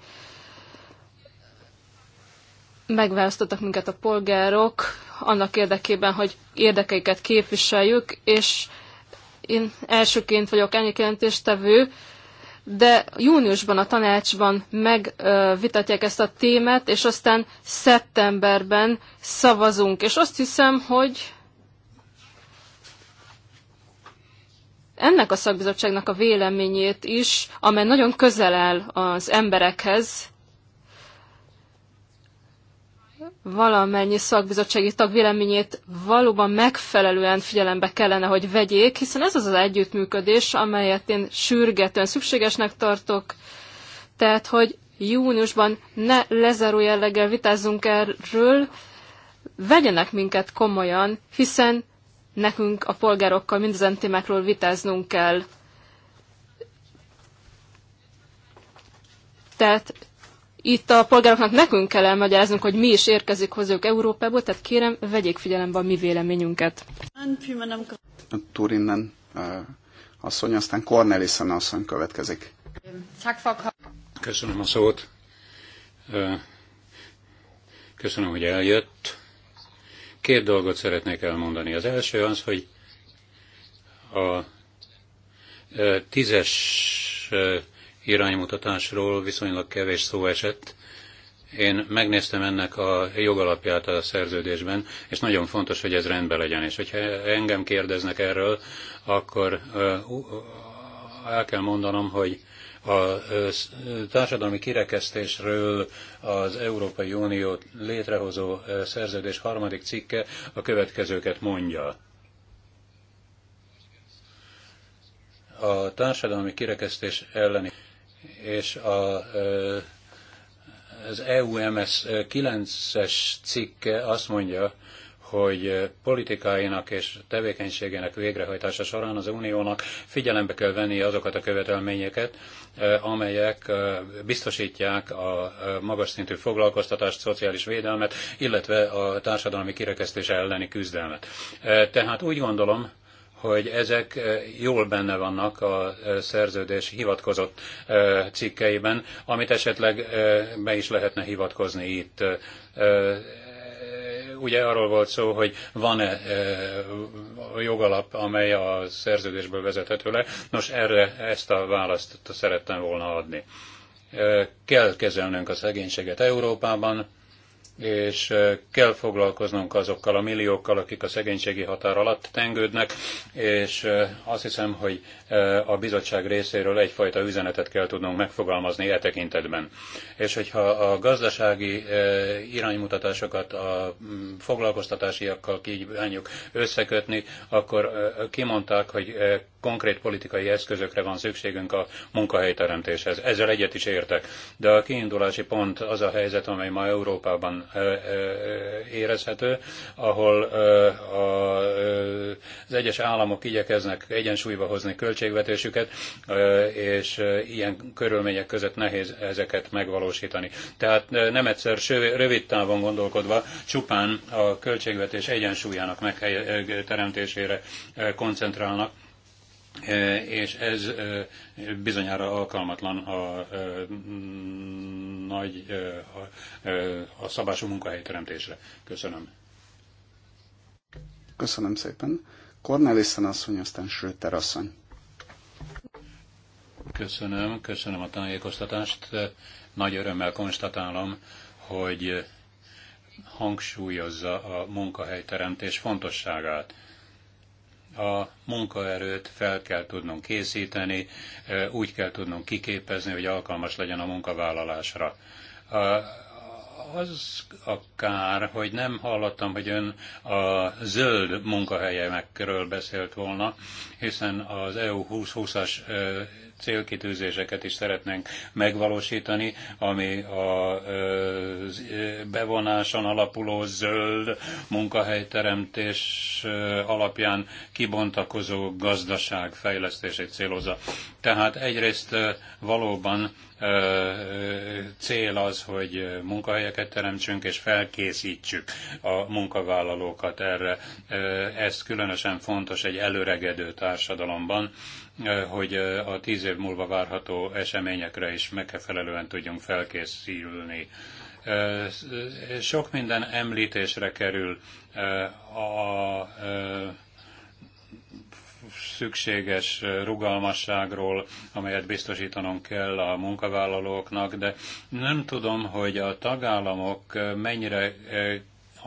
Megválasztottak minket a polgárok annak érdekében, hogy érdekeiket képviseljük, és én elsőként vagyok ennyi kérdéstevő, de júniusban a tanácsban megvitatják ezt a témát, és aztán szeptemberben szavazunk. És azt hiszem, hogy ennek a szakbizottságnak a véleményét is, amely nagyon közel áll az emberekhez, valamennyi szakbizottsági tag véleményét valóban megfelelően figyelembe kellene, hogy vegyék, hiszen ez az az együttműködés, amelyet én sürgetően szükségesnek tartok, tehát hogy júniusban ne lezáró jelleggel vitázzunk erről, vegyenek minket komolyan, hiszen nekünk a polgárokkal mindezen témákról vitáznunk kell. Tehát itt a polgároknak nekünk kell elmagyaráznunk, hogy mi is érkezik hozzájuk Európából, tehát kérem, vegyék figyelembe a mi véleményünket. Turinnen, asszony, aztán Cornelissen asszony következik. Köszönöm a szót. Köszönöm, hogy eljött. Két dolgot szeretnék elmondani. Az első az, hogy a tízes iránymutatásról viszonylag kevés szó esett. Én megnéztem ennek a jogalapját a szerződésben, és nagyon fontos, hogy ez rendben legyen. És hogyha engem kérdeznek erről, akkor el kell mondanom, hogy a társadalmi kirekesztésről az Európai Unió létrehozó szerződés harmadik cikke a következőket mondja. A társadalmi kirekesztés elleni és a, az EUMS 9-es cikke azt mondja, hogy politikáinak és tevékenységének végrehajtása során az uniónak figyelembe kell venni azokat a követelményeket, amelyek biztosítják a magas szintű foglalkoztatást, szociális védelmet, illetve a társadalmi kirekesztés elleni küzdelmet. Tehát úgy gondolom, hogy ezek eh, jól benne vannak a eh, szerződés hivatkozott eh, cikkeiben, amit esetleg be is lehetne hivatkozni itt. Ugye arról volt szó, hogy van-e jogalap, amely a szerződésből vezethető le. Nos, erre ezt a választ szerettem volna adni kell kezelnünk a szegénységet Európában, és kell foglalkoznunk azokkal a milliókkal, akik a szegénységi határ alatt tengődnek, és azt hiszem, hogy a bizottság részéről egyfajta üzenetet kell tudnunk megfogalmazni e tekintetben. És hogyha a gazdasági iránymutatásokat a foglalkoztatásiakkal kívánjuk összekötni, akkor kimondták, hogy konkrét politikai eszközökre van szükségünk a munkahelyteremtéshez. Ezzel egyet is értek. De a kiindulási pont az a helyzet, amely ma Európában érezhető, ahol az egyes államok igyekeznek egyensúlyba hozni költségvetésüket, és ilyen körülmények között nehéz ezeket megvalósítani. Tehát nem egyszer rövid távon gondolkodva csupán a költségvetés egyensúlyának megteremtésére koncentrálnak, és ez bizonyára alkalmatlan a nagy a, a szabású munkahelyteremtésre. Köszönöm. Köszönöm szépen. Cornelissen asszony, aztán Schröter asszony. Köszönöm, köszönöm a tájékoztatást. Nagy örömmel konstatálom, hogy hangsúlyozza a munkahelyteremtés fontosságát a munkaerőt fel kell tudnunk készíteni, úgy kell tudnunk kiképezni, hogy alkalmas legyen a munkavállalásra. Az a kár, hogy nem hallottam, hogy ön a zöld munkahelyemekről beszélt volna, hiszen az EU 2020-as célkitűzéseket is szeretnénk megvalósítani, ami a bevonáson alapuló zöld munkahelyteremtés alapján kibontakozó gazdaság fejlesztését célozza. Tehát egyrészt valóban cél az, hogy munkahelyeket teremtsünk és felkészítsük a munkavállalókat erre. Ez különösen fontos egy előregedő társadalomban, hogy a tíz év múlva várható eseményekre is megfelelően tudjunk felkészülni. Sok minden említésre kerül a szükséges rugalmasságról, amelyet biztosítanunk kell a munkavállalóknak, de nem tudom, hogy a tagállamok mennyire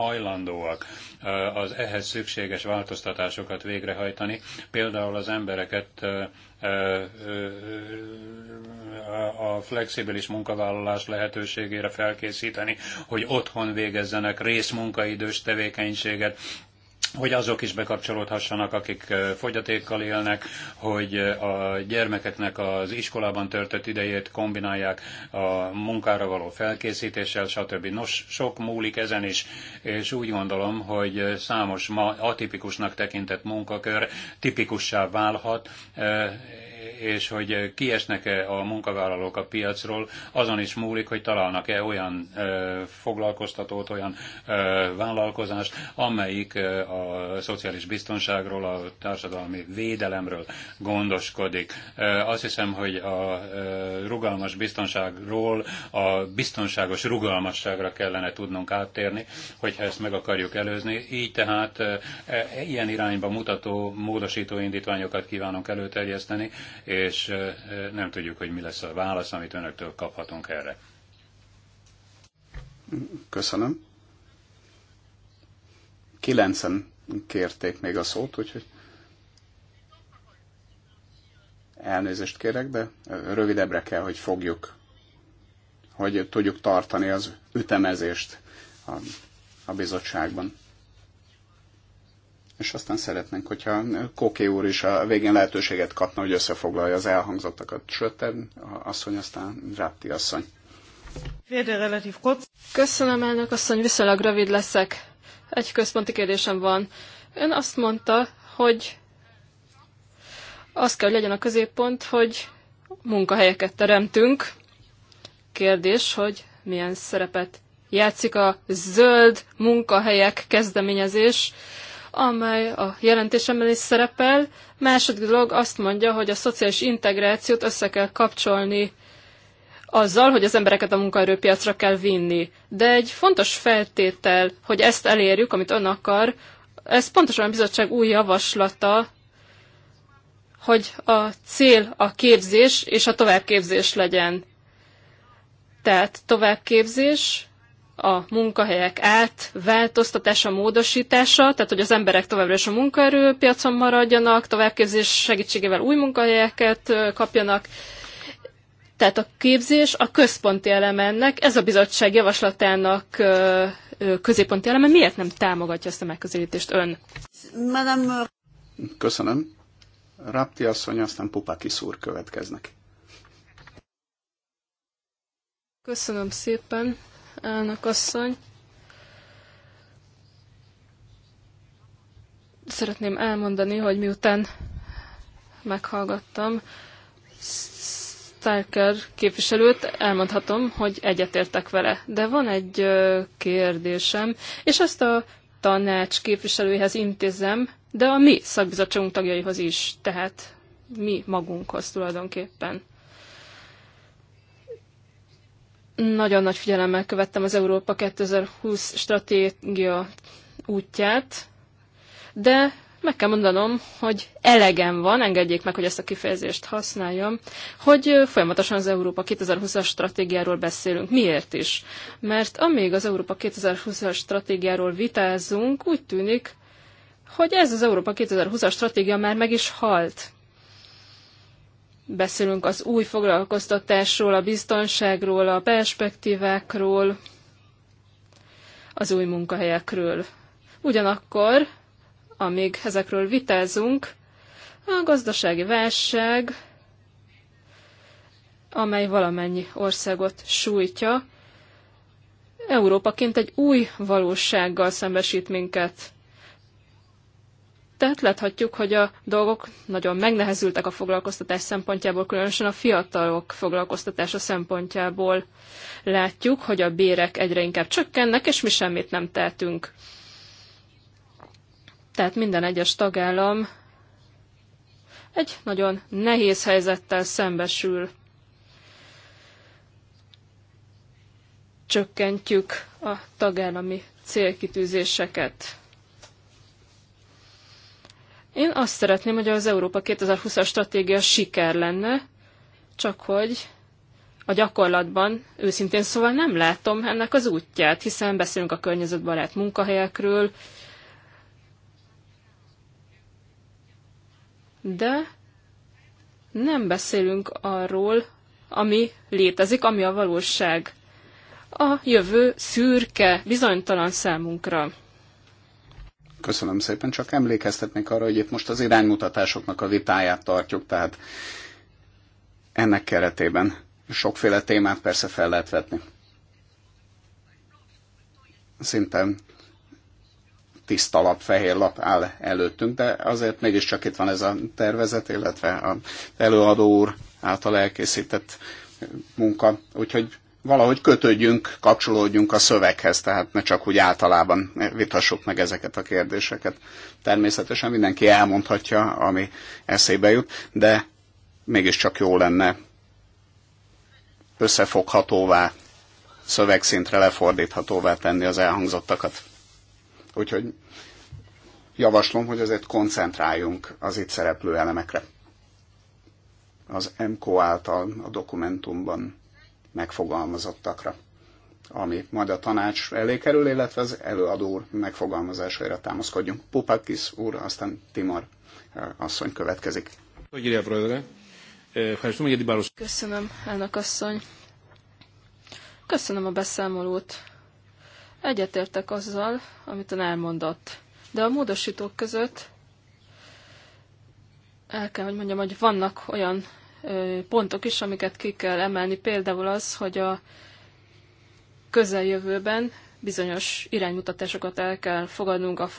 hajlandóak az ehhez szükséges változtatásokat végrehajtani, például az embereket a flexibilis munkavállalás lehetőségére felkészíteni, hogy otthon végezzenek részmunkaidős tevékenységet, hogy azok is bekapcsolódhassanak, akik fogyatékkal élnek, hogy a gyermekeknek az iskolában töltött idejét kombinálják a munkára való felkészítéssel, stb. Nos, sok múlik ezen is, és úgy gondolom, hogy számos ma atipikusnak tekintett munkakör tipikussá válhat, és hogy kiesnek-e a munkavállalók a piacról, azon is múlik, hogy találnak-e olyan foglalkoztatót, olyan vállalkozást, amelyik a szociális biztonságról, a társadalmi védelemről gondoskodik. Azt hiszem, hogy a rugalmas biztonságról a biztonságos rugalmasságra kellene tudnunk áttérni, hogyha ezt meg akarjuk előzni. Így tehát e, ilyen irányba mutató módosító indítványokat kívánok előterjeszteni, és nem tudjuk, hogy mi lesz a válasz, amit önöktől kaphatunk erre. Köszönöm. Kilencen kérték még a szót, úgyhogy elnézést kérek, de rövidebbre kell, hogy fogjuk, hogy tudjuk tartani az ütemezést a, a bizottságban. És aztán szeretnénk, hogyha Koké úr is a végén lehetőséget kapna, hogy összefoglalja az elhangzottakat. Sőt, asszony, aztán Rápti asszony. Köszönöm, elnök asszony, viszonylag rövid leszek. Egy központi kérdésem van. Ön azt mondta, hogy az kell, hogy legyen a középpont, hogy munkahelyeket teremtünk. Kérdés, hogy milyen szerepet játszik a zöld munkahelyek kezdeményezés amely a jelentésemben is szerepel. Második dolog azt mondja, hogy a szociális integrációt össze kell kapcsolni azzal, hogy az embereket a munkaerőpiacra kell vinni. De egy fontos feltétel, hogy ezt elérjük, amit ön akar, ez pontosan a bizottság új javaslata, hogy a cél a képzés és a továbbképzés legyen. Tehát továbbképzés, a munkahelyek átváltoztatása, módosítása, tehát hogy az emberek továbbra is a munkaerőpiacon maradjanak, továbbképzés segítségével új munkahelyeket kapjanak. Tehát a képzés a központi elemennek, ez a bizottság javaslatának középponti eleme. Miért nem támogatja ezt a megközelítést ön? Köszönöm. Rapti asszony, aztán Pupaki szúr következnek. Köszönöm szépen elnök asszony. Szeretném elmondani, hogy miután meghallgattam Starker képviselőt, elmondhatom, hogy egyetértek vele. De van egy kérdésem, és ezt a tanács képviselőjéhez intézem, de a mi szakbizottságunk tagjaihoz is, tehát mi magunkhoz tulajdonképpen. Nagyon nagy figyelemmel követtem az Európa 2020 stratégia útját, de meg kell mondanom, hogy elegem van, engedjék meg, hogy ezt a kifejezést használjam, hogy folyamatosan az Európa 2020-as stratégiáról beszélünk. Miért is? Mert amíg az Európa 2020-as stratégiáról vitázunk, úgy tűnik, hogy ez az Európa 2020-as stratégia már meg is halt. Beszélünk az új foglalkoztatásról, a biztonságról, a perspektívákról, az új munkahelyekről. Ugyanakkor, amíg ezekről vitázunk, a gazdasági válság, amely valamennyi országot sújtja, Európaként egy új valósággal szembesít minket. Tehát láthatjuk, hogy a dolgok nagyon megnehezültek a foglalkoztatás szempontjából, különösen a fiatalok foglalkoztatása szempontjából. Látjuk, hogy a bérek egyre inkább csökkennek, és mi semmit nem tehetünk. Tehát minden egyes tagállam egy nagyon nehéz helyzettel szembesül. Csökkentjük a tagállami célkitűzéseket. Én azt szeretném, hogy az Európa 2020-as stratégia siker lenne, csak hogy a gyakorlatban őszintén szóval nem látom ennek az útját, hiszen beszélünk a környezetbarát munkahelyekről, de nem beszélünk arról, ami létezik, ami a valóság. A jövő szürke, bizonytalan számunkra. Köszönöm szépen, csak emlékeztetnék arra, hogy itt most az iránymutatásoknak a vitáját tartjuk, tehát ennek keretében sokféle témát persze fel lehet vetni. Szinte tiszta lap, fehér lap áll előttünk, de azért mégiscsak itt van ez a tervezet, illetve az előadó úr által elkészített munka. Úgyhogy valahogy kötődjünk, kapcsolódjunk a szöveghez, tehát ne csak úgy általában vitassuk meg ezeket a kérdéseket. Természetesen mindenki elmondhatja, ami eszébe jut, de mégiscsak jó lenne összefoghatóvá, szövegszintre lefordíthatóvá tenni az elhangzottakat. Úgyhogy javaslom, hogy azért koncentráljunk az itt szereplő elemekre. Az MKO által a dokumentumban megfogalmazottakra, ami majd a tanács elé kerül, illetve az előadó úr megfogalmazásaira támaszkodjunk. Pupakis úr, aztán Timor eh, asszony következik. Köszönöm, elnök asszony. Köszönöm a beszámolót. Egyetértek azzal, amit ön elmondott. De a módosítók között el kell, hogy mondjam, hogy vannak olyan pontok is, amiket ki kell emelni. Például az, hogy a közeljövőben bizonyos iránymutatásokat el kell fogadnunk a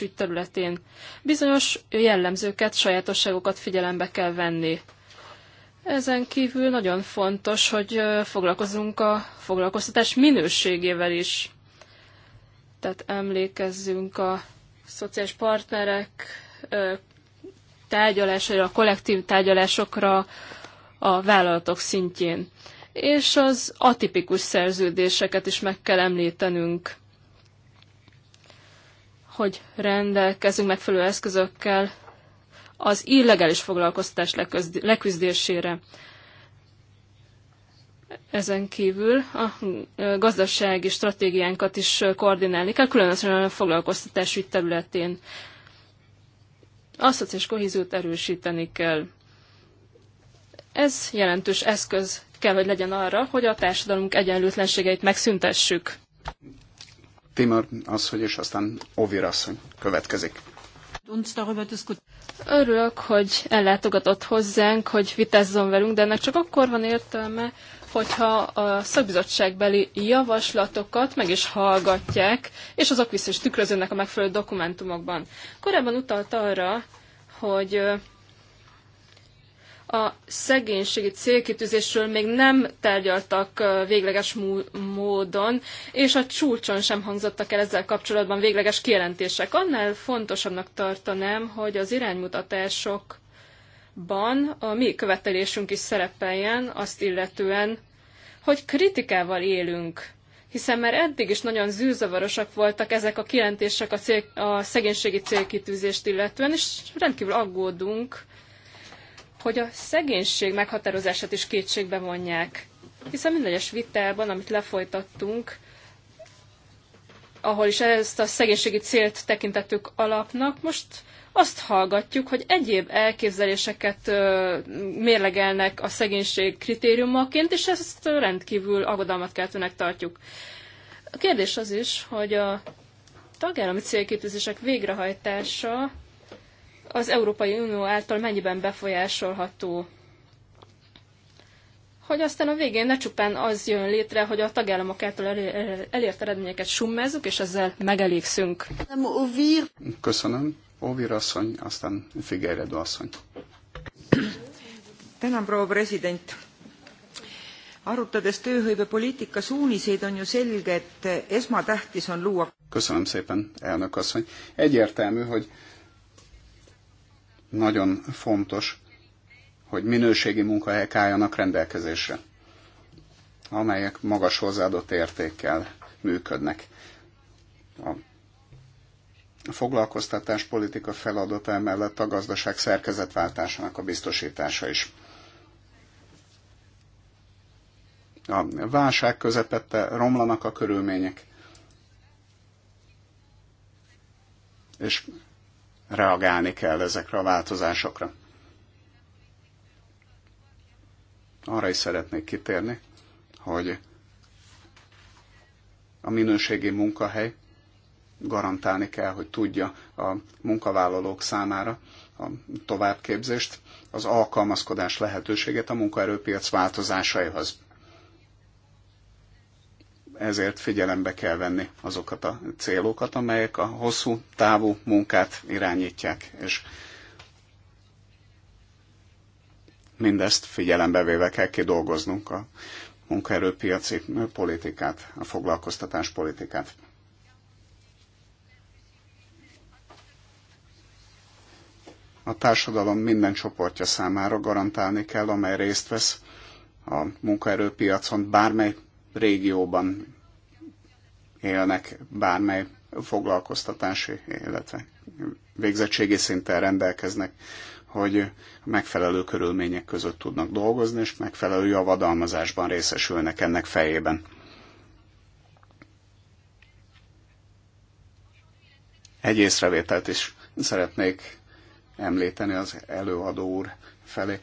ügy területén. Bizonyos jellemzőket, sajátosságokat figyelembe kell venni. Ezen kívül nagyon fontos, hogy foglalkozunk a foglalkoztatás minőségével is. Tehát emlékezzünk a szociális partnerek tárgyalásaira, a kollektív tárgyalásokra a vállalatok szintjén. És az atipikus szerződéseket is meg kell említenünk, hogy rendelkezünk megfelelő eszközökkel az illegális foglalkoztatás leküzdésére. Ezen kívül a gazdasági stratégiánkat is koordinálni kell, különösen a foglalkoztatásügy területén. A szociális kohéziót erősíteni kell. Ez jelentős eszköz kell, hogy legyen arra, hogy a társadalunk egyenlőtlenségeit megszüntessük. Timor hogy és aztán Ovir asszony következik. Örülök, hogy ellátogatott hozzánk, hogy vitázzon velünk, de ennek csak akkor van értelme, hogyha a szakbizottságbeli javaslatokat meg is hallgatják, és azok vissza is tükröződnek a megfelelő dokumentumokban. Korábban utalt arra, hogy a szegénységi célkitűzésről még nem tárgyaltak végleges módon, és a csúcson sem hangzottak el ezzel kapcsolatban végleges kijelentések. Annál fontosabbnak tartanám, hogy az iránymutatások ban a mi követelésünk is szerepeljen azt illetően, hogy kritikával élünk, hiszen már eddig is nagyon zűrzavarosak voltak ezek a kijelentések a, cél, a szegénységi célkitűzést illetően, és rendkívül aggódunk, hogy a szegénység meghatározását is kétségbe vonják. Hiszen minden egyes vitában, amit lefolytattunk, ahol is ezt a szegénységi célt tekintettük alapnak, most azt hallgatjuk, hogy egyéb elképzeléseket mérlegelnek a szegénység kritériumaként, és ezt rendkívül aggodalmat keltőnek tartjuk. A kérdés az is, hogy a tagállami célkitűzések végrehajtása az Európai Unió által mennyiben befolyásolható. Hogy aztán a végén ne csupán az jön létre, hogy a tagállamok által elért eredményeket summázzuk, és ezzel megelégszünk. Köszönöm. Óvir asszony, aztán Figueiredo asszony. Tänan, proua president. Arutades tööhõivepoliitika suuniseid, on ju selge, et esmatähtis on luua... Köszönöm szépen, elnök asszony. Egyértelmű, hogy nagyon fontos, hogy minőségi munkahelyek álljanak rendelkezésre, amelyek magas hozzáadott értékkel működnek. A a foglalkoztatás politika feladata mellett a gazdaság szerkezetváltásának a biztosítása is. A válság közepette romlanak a körülmények, és reagálni kell ezekre a változásokra. Arra is szeretnék kitérni, hogy a minőségi munkahely garantálni kell, hogy tudja a munkavállalók számára a továbbképzést, az alkalmazkodás lehetőséget a munkaerőpiac változásaihoz. Ezért figyelembe kell venni azokat a célokat, amelyek a hosszú távú munkát irányítják, és mindezt figyelembe véve kell kidolgoznunk a munkaerőpiaci politikát, a foglalkoztatás politikát. a társadalom minden csoportja számára garantálni kell, amely részt vesz a munkaerőpiacon, bármely régióban élnek, bármely foglalkoztatási, illetve végzettségi szinten rendelkeznek, hogy megfelelő körülmények között tudnak dolgozni, és megfelelő javadalmazásban részesülnek ennek fejében. Egy észrevételt is szeretnék említeni az előadó úr felé.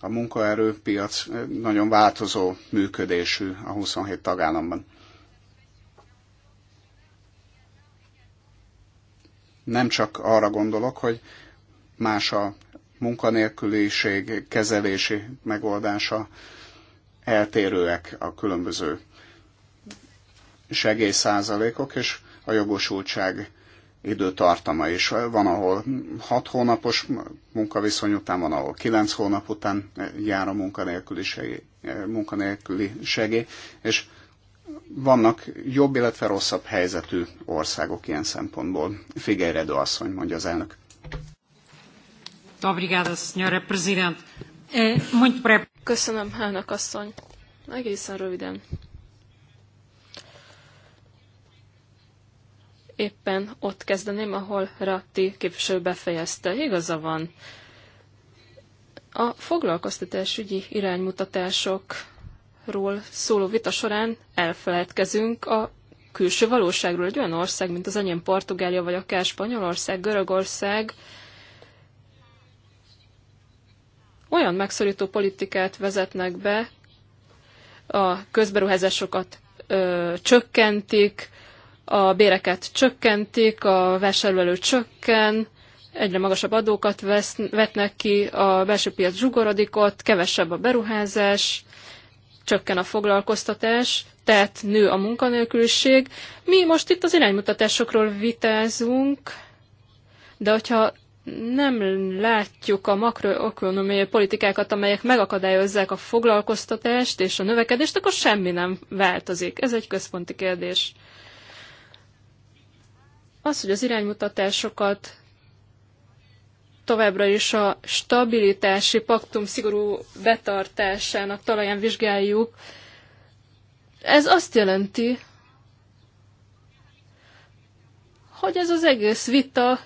A munkaerőpiac eh, nagyon változó működésű a 27 tagállamban. Nem csak arra gondolok, hogy más a munkanélküliség kezelési megoldása, eltérőek a különböző segélyszázalékok, és a jogosultság időtartama is. Van, ahol 6 hónapos munkaviszony után, van, ahol 9 hónap után jár a munkanélküli segély, és vannak jobb, illetve rosszabb helyzetű országok ilyen szempontból. Figyelj, Redo asszony, mondja az elnök. Eh, Köszönöm, elnök asszony. Egészen röviden. éppen ott kezdeném, ahol Ratti képviselő befejezte. Igaza van. A foglalkoztatásügyi iránymutatásokról szóló vita során elfeledkezünk a külső valóságról. Egy olyan ország, mint az enyém Portugália, vagy akár Spanyolország, Görögország, olyan megszorító politikát vezetnek be, a közberuházásokat ö, csökkentik, a béreket csökkentik, a vásárlóerő csökken, egyre magasabb adókat vesz, vetnek ki, a belső piac zsugorodik ott, kevesebb a beruházás, csökken a foglalkoztatás, tehát nő a munkanélküliség. Mi most itt az iránymutatásokról vitázunk, de hogyha nem látjuk a makroökonomiai politikákat, amelyek megakadályozzák a foglalkoztatást és a növekedést, akkor semmi nem változik. Ez egy központi kérdés. Az, hogy az iránymutatásokat továbbra is a stabilitási paktum szigorú betartásának talaján vizsgáljuk, ez azt jelenti, hogy ez az egész vita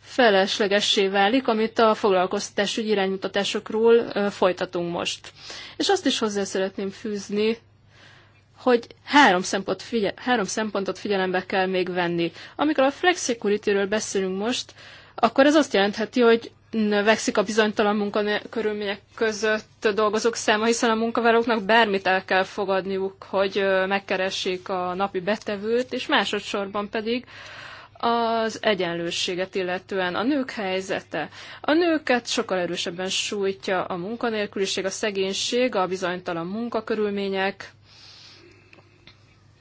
feleslegessé válik, amit a foglalkoztatásügyi iránymutatásokról folytatunk most. És azt is hozzá szeretném fűzni, hogy három, szempont figye, három szempontot figyelembe kell még venni. Amikor a flexicurity-ről beszélünk most, akkor ez azt jelentheti, hogy növekszik a bizonytalan munkakörülmények között dolgozók száma, hiszen a munkavállalóknak bármit el kell fogadniuk, hogy megkeressék a napi betevőt, és másodszorban pedig az egyenlőséget illetően a nők helyzete. A nőket sokkal erősebben sújtja a munkanélküliség, a szegénység, a bizonytalan munkakörülmények,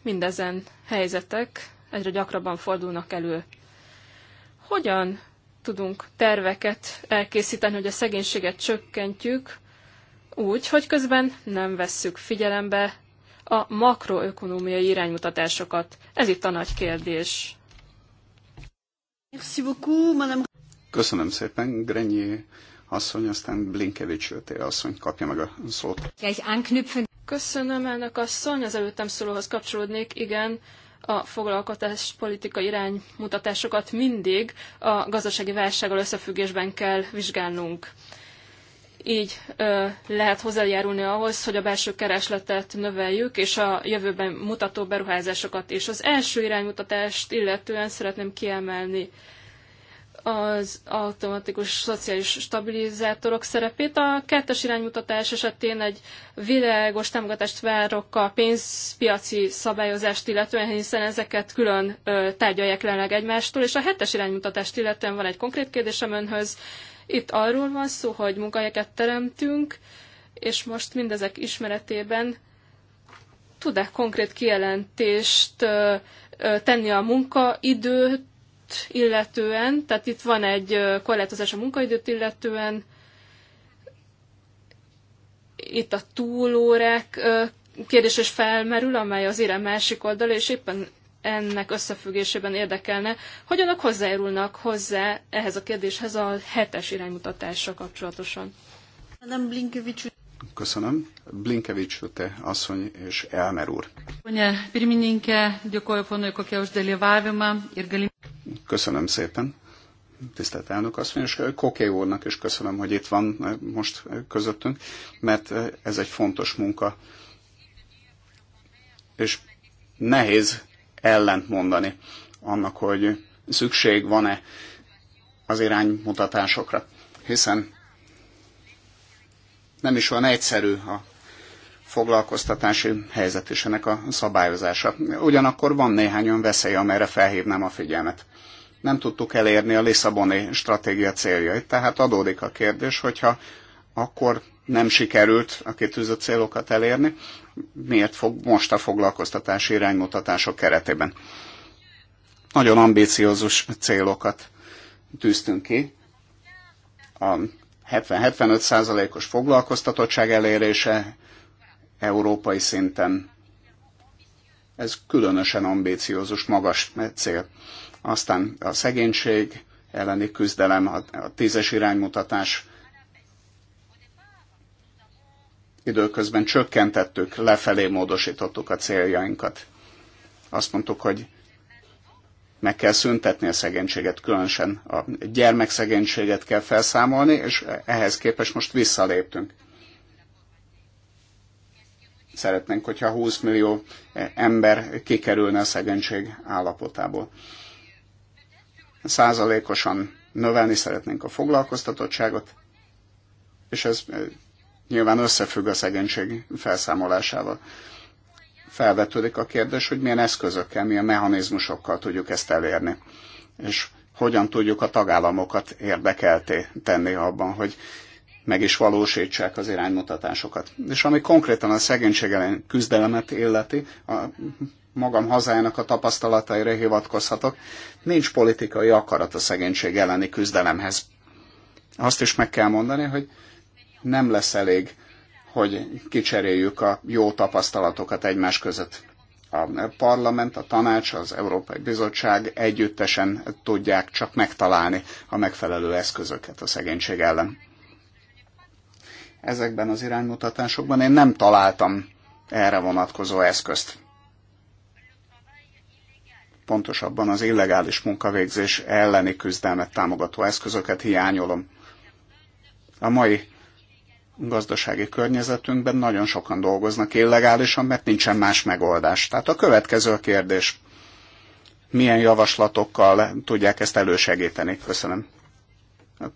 mindezen helyzetek egyre gyakrabban fordulnak elő. Hogyan tudunk terveket elkészíteni, hogy a szegénységet csökkentjük, úgy, hogy közben nem vesszük figyelembe a makroökonomiai iránymutatásokat. Ez itt a nagy kérdés. Köszönöm szépen, Grenyi asszony, aztán Blinkevics Ötél asszony kapja meg a szót. Köszönöm, elnök asszony, az előttem szólóhoz kapcsolódnék. Igen, a foglalkoztatás politika iránymutatásokat mindig a gazdasági válsággal összefüggésben kell vizsgálnunk. Így ö, lehet hozzájárulni ahhoz, hogy a belső keresletet növeljük, és a jövőben mutató beruházásokat is. Az első iránymutatást illetően szeretném kiemelni az automatikus szociális stabilizátorok szerepét. A kettes iránymutatás esetén egy világos támogatást várok a pénzpiaci szabályozást illetően, hiszen ezeket külön tárgyalják jelenleg egymástól, és a hetes iránymutatást illetően van egy konkrét kérdésem önhöz. Itt arról van szó, hogy munkahelyeket teremtünk, és most mindezek ismeretében tud-e konkrét kijelentést tenni a munkaidőt, illetően, tehát itt van egy korlátozás a munkaidőt illetően, itt a túlórák kérdés is felmerül, amely az érem másik oldal és éppen ennek összefüggésében érdekelne, hogy önök hozzájárulnak hozzá ehhez a kérdéshez a hetes iránymutatással kapcsolatosan. Nem Blinkevics Köszönöm. Blinkevics te asszony és Elmer úr. Köszönöm szépen, tisztelt elnök asszony, és Koké úrnak is köszönöm, hogy itt van most közöttünk, mert ez egy fontos munka, és nehéz ellent mondani annak, hogy szükség van-e az iránymutatásokra, hiszen nem is olyan egyszerű a foglalkoztatási helyzet és ennek a szabályozása. Ugyanakkor van néhány olyan veszély, amelyre felhívnám a figyelmet nem tudtuk elérni a Lisszaboni stratégia céljait. Tehát adódik a kérdés, hogyha akkor nem sikerült a kitűzött célokat elérni, miért fog most a foglalkoztatási iránymutatások keretében. Nagyon ambíciózus célokat tűztünk ki. A 70-75 százalékos foglalkoztatottság elérése európai szinten. Ez különösen ambíciózus, magas cél. Aztán a szegénység elleni küzdelem, a tízes iránymutatás időközben csökkentettük, lefelé módosítottuk a céljainkat. Azt mondtuk, hogy meg kell szüntetni a szegénységet, különösen a gyermekszegénységet kell felszámolni, és ehhez képest most visszaléptünk. Szeretnénk, hogyha 20 millió ember kikerülne a szegénység állapotából százalékosan növelni szeretnénk a foglalkoztatottságot, és ez eh, nyilván összefügg a szegénység felszámolásával. Felvetődik a kérdés, hogy milyen eszközökkel, milyen mechanizmusokkal tudjuk ezt elérni, és hogyan tudjuk a tagállamokat érdekelté tenni abban, hogy meg is valósítsák az iránymutatásokat. És ami konkrétan a szegénység ellen küzdelemet illeti, a magam hazájának a tapasztalataira hivatkozhatok, nincs politikai akarat a szegénység elleni küzdelemhez. Azt is meg kell mondani, hogy nem lesz elég, hogy kicseréljük a jó tapasztalatokat egymás között. A parlament, a tanács, az Európai Bizottság együttesen tudják csak megtalálni a megfelelő eszközöket a szegénység ellen. Ezekben az iránymutatásokban én nem találtam erre vonatkozó eszközt pontosabban az illegális munkavégzés elleni küzdelmet támogató eszközöket hiányolom. A mai gazdasági környezetünkben nagyon sokan dolgoznak illegálisan, mert nincsen más megoldás. Tehát a következő a kérdés. Milyen javaslatokkal tudják ezt elősegíteni? Köszönöm.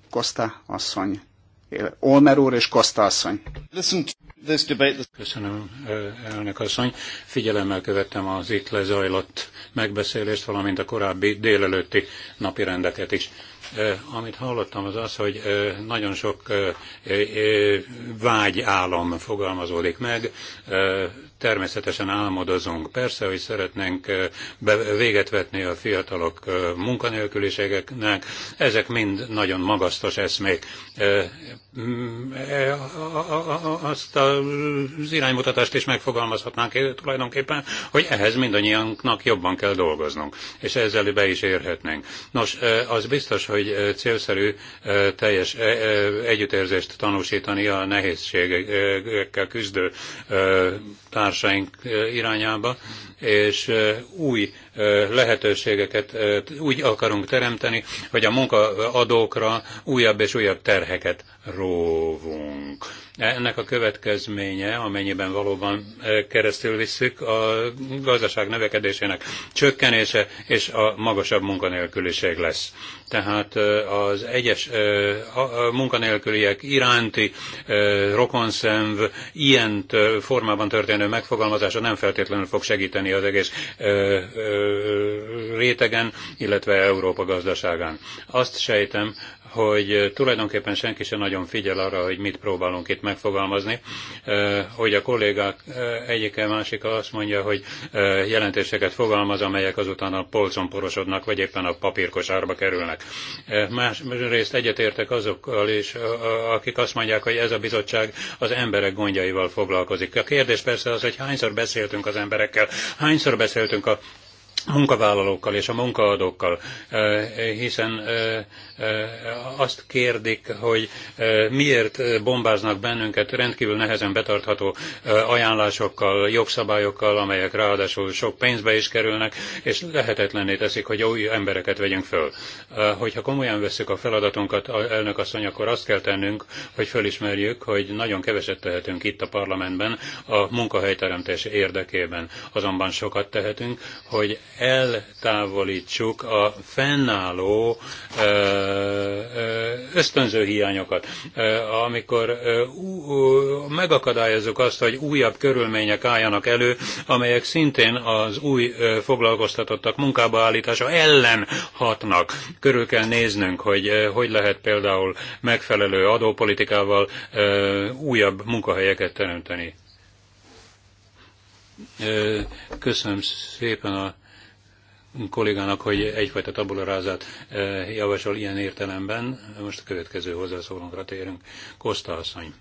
Kosta asszony. Olmer úr és Kosta asszony. Köszönöm, elnök asszony. Figyelemmel követtem az itt lezajlott megbeszélést, valamint a korábbi délelőtti napi rendeket is. Amit hallottam az az, hogy nagyon sok vágyállam fogalmazódik meg, természetesen álmodozunk. Persze, hogy szeretnénk be, véget vetni a fiatalok munkanélküliségeknek, ezek mind nagyon magasztos eszmék. E, azt az iránymutatást is megfogalmazhatnánk eh, tulajdonképpen, hogy ehhez mindannyiunknak jobban kell dolgoznunk, és ezzel be is érhetnénk. Nos, az biztos, hogy célszerű teljes együttérzést tanúsítani a nehézségekkel küzdő társadalmi társaink irányába, és új lehetőségeket úgy akarunk teremteni, hogy a munkaadókra újabb és újabb terheket róvunk ennek a következménye, amennyiben valóban eh, keresztül visszük, a gazdaság növekedésének csökkenése és a magasabb munkanélküliség lesz. Tehát eh, az egyes eh, munkanélküliek iránti rokonszenv ilyen formában történő megfogalmazása nem feltétlenül fog segíteni az egész rétegen, illetve Európa gazdaságán. Azt sejtem, hogy tulajdonképpen senki sem nagyon figyel arra, hogy mit próbálunk itt megfogalmazni, hogy a kollégák egyike másik azt mondja, hogy jelentéseket fogalmaz, amelyek azután a polcon porosodnak, vagy éppen a papírkosárba kerülnek. Másrészt egyetértek azokkal is, akik azt mondják, hogy ez a bizottság az emberek gondjaival foglalkozik. A kérdés persze az, hogy hányszor beszéltünk az emberekkel, hányszor beszéltünk a munkavállalókkal és a munkaadókkal, hiszen azt kérdik, hogy miért bombáznak bennünket rendkívül nehezen betartható ajánlásokkal, jogszabályokkal, amelyek ráadásul sok pénzbe is kerülnek, és lehetetlenné teszik, hogy új embereket vegyünk föl. Hogyha komolyan veszük a feladatunkat, elnök asszony, akkor azt kell tennünk, hogy fölismerjük, hogy nagyon keveset tehetünk itt a parlamentben a munkahelyteremtés érdekében. Azonban sokat tehetünk, hogy eltávolítsuk a fennálló uh, ösztönző hiányokat, amikor megakadályozzuk azt, hogy újabb körülmények álljanak elő, amelyek szintén az új foglalkoztatottak munkába állítása ellen hatnak. Körül kell néznünk, hogy hogy lehet például megfelelő adópolitikával újabb munkahelyeket teremteni. Köszönöm szépen a kollégának, hogy egyfajta tabularázat eh, javasol ilyen értelemben. Most a következő hozzászólónkra térünk. Kosta asszony.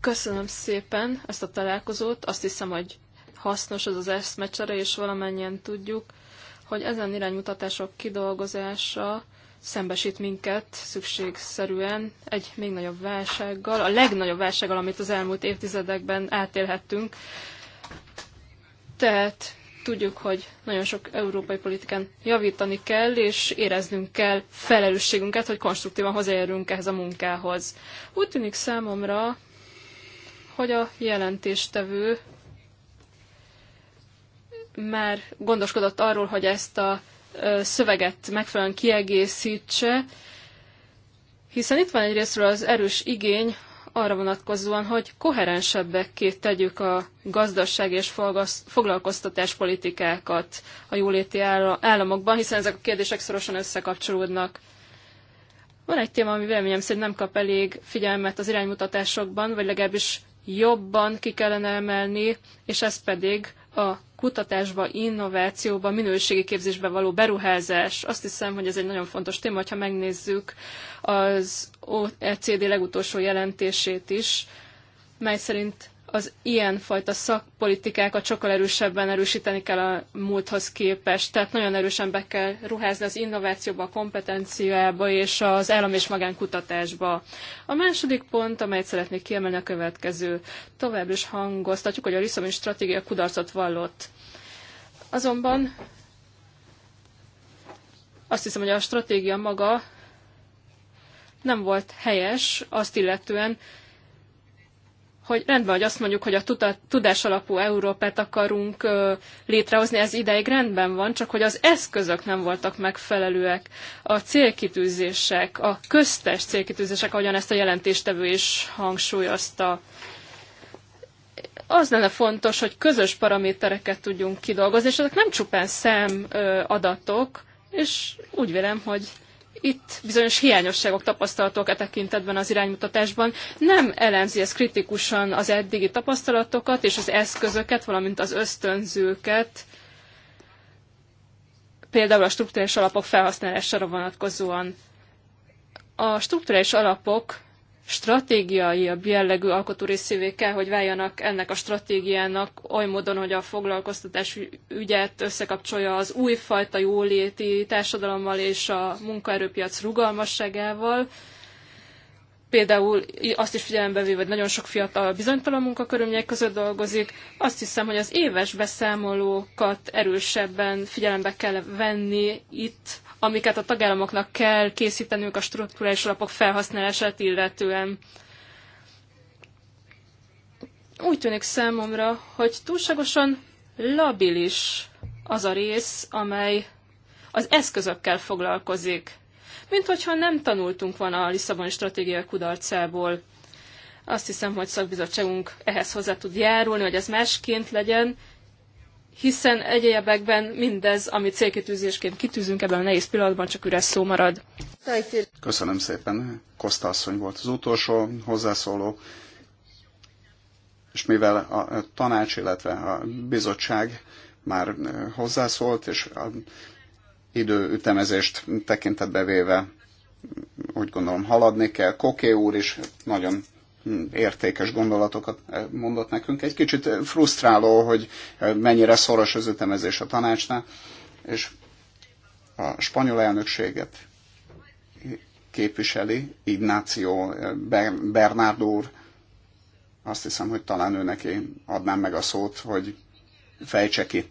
Köszönöm szépen ezt a találkozót. Azt hiszem, hogy hasznos az az eszmecsere, és valamennyien tudjuk, hogy ezen iránymutatások kidolgozása szembesít minket szükségszerűen egy még nagyobb válsággal, a legnagyobb válsággal, amit az elmúlt évtizedekben átélhettünk. Tehát Tudjuk, hogy nagyon sok európai politikán javítani kell, és éreznünk kell felelősségünket, hogy konstruktívan hozzájárulunk ehhez a munkához. Úgy tűnik számomra, hogy a jelentéstevő már gondoskodott arról, hogy ezt a szöveget megfelelően kiegészítse, hiszen itt van egyrésztről az erős igény arra vonatkozóan, hogy koherensebbekké tegyük a gazdaság és foglalkoztatás politikákat a jóléti államokban, hiszen ezek a kérdések szorosan összekapcsolódnak. Van egy téma, ami véleményem szerint nem kap elég figyelmet az iránymutatásokban, vagy legalábbis jobban ki kellene emelni, és ez pedig a kutatásba, innovációba, minőségi képzésbe való beruházás. Azt hiszem, hogy ez egy nagyon fontos téma, ha megnézzük az OECD legutolsó jelentését is, mely szerint az ilyenfajta szakpolitikákat sokkal erősebben erősíteni kell a múlthoz képest. Tehát nagyon erősen be kell ruházni az innovációba, a kompetenciába és az állam és magánkutatásba. A második pont, amelyet szeretnék kiemelni a következő. Továbbra is hangoztatjuk, hogy a Lisszaboni stratégia kudarcot vallott. Azonban azt hiszem, hogy a stratégia maga nem volt helyes, azt illetően, hogy rendben, hogy azt mondjuk, hogy a tudás alapú Európát akarunk létrehozni, ez ideig rendben van, csak hogy az eszközök nem voltak megfelelőek, a célkitűzések, a köztes célkitűzések, ahogyan ezt a jelentéstevő is hangsúlyozta. Az lenne fontos, hogy közös paramétereket tudjunk kidolgozni, és ezek nem csupán szem adatok, és úgy vélem, hogy itt bizonyos hiányosságok tapasztalatok e tekintetben az iránymutatásban. Nem elemzi ez kritikusan az eddigi tapasztalatokat és az eszközöket, valamint az ösztönzőket, például a strukturális alapok felhasználására vonatkozóan. A strukturális alapok stratégiai a jellegű alkotó részévé kell, hogy váljanak ennek a stratégiának oly módon, hogy a foglalkoztatás ügyet összekapcsolja az újfajta jóléti társadalommal és a munkaerőpiac rugalmasságával. Például azt is figyelembe véve, hogy nagyon sok fiatal bizonytalan munkakörülmények között dolgozik, azt hiszem, hogy az éves beszámolókat erősebben figyelembe kell venni itt, amiket a tagállamoknak kell készítenünk a strukturális alapok felhasználását illetően. Úgy tűnik számomra, hogy túlságosan labilis az a rész, amely az eszközökkel foglalkozik. Mint hogyha nem tanultunk volna a Lisszaboni stratégia kudarcából. Azt hiszem, hogy szakbizottságunk ehhez hozzá tud járulni, hogy ez másként legyen, hiszen egyébekben mindez, amit célkitűzésként kitűzünk ebben a nehéz pillanatban, csak üres szó marad. Köszönöm szépen. Koszta asszony volt az utolsó hozzászóló, és mivel a tanács, illetve a bizottság már hozzászólt, és a időütemezést tekintetbe véve úgy gondolom haladni kell. Koké úr is nagyon értékes gondolatokat eh, mondott nekünk. Egy kicsit eh, frusztráló, hogy eh, mennyire szoros az ütemezés a tanácsnál, és a spanyol elnökséget képviseli Ignáció Bernárd úr. Azt hiszem, hogy talán ő neki adnám meg a szót, hogy fejtse ki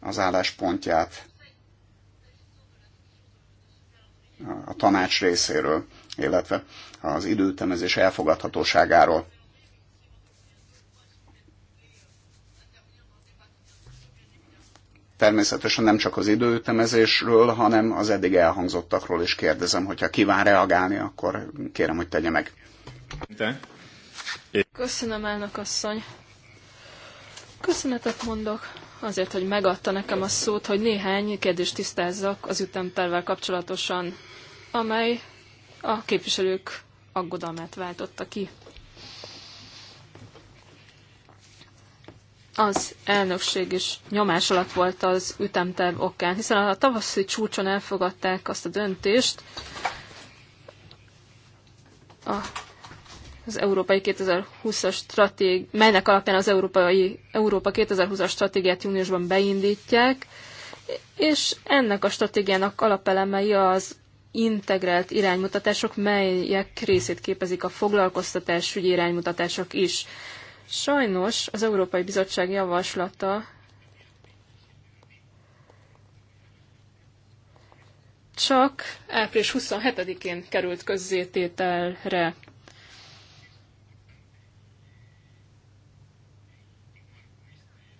az álláspontját a tanács részéről illetve az időtemezés elfogadhatóságáról. Természetesen nem csak az időtemezésről, hanem az eddig elhangzottakról is kérdezem, hogyha kíván reagálni, akkor kérem, hogy tegye meg. Köszönöm, elnök asszony. Köszönetet mondok azért, hogy megadta nekem a szót, hogy néhány kérdést tisztázzak az ütemtervvel kapcsolatosan, amely a képviselők aggodalmát váltotta ki. Az elnökség is nyomás alatt volt az ütemterv okán, hiszen a tavaszi csúcson elfogadták azt a döntést, a, az Európai 2020-as stratégi, melynek alapján az Európai, Európa 2020-as stratégiát júniusban beindítják, és ennek a stratégiának alapelemei az integrált iránymutatások, melyek részét képezik a foglalkoztatásügyi iránymutatások is. Sajnos az Európai Bizottság javaslata csak április 27-én került közzétételre.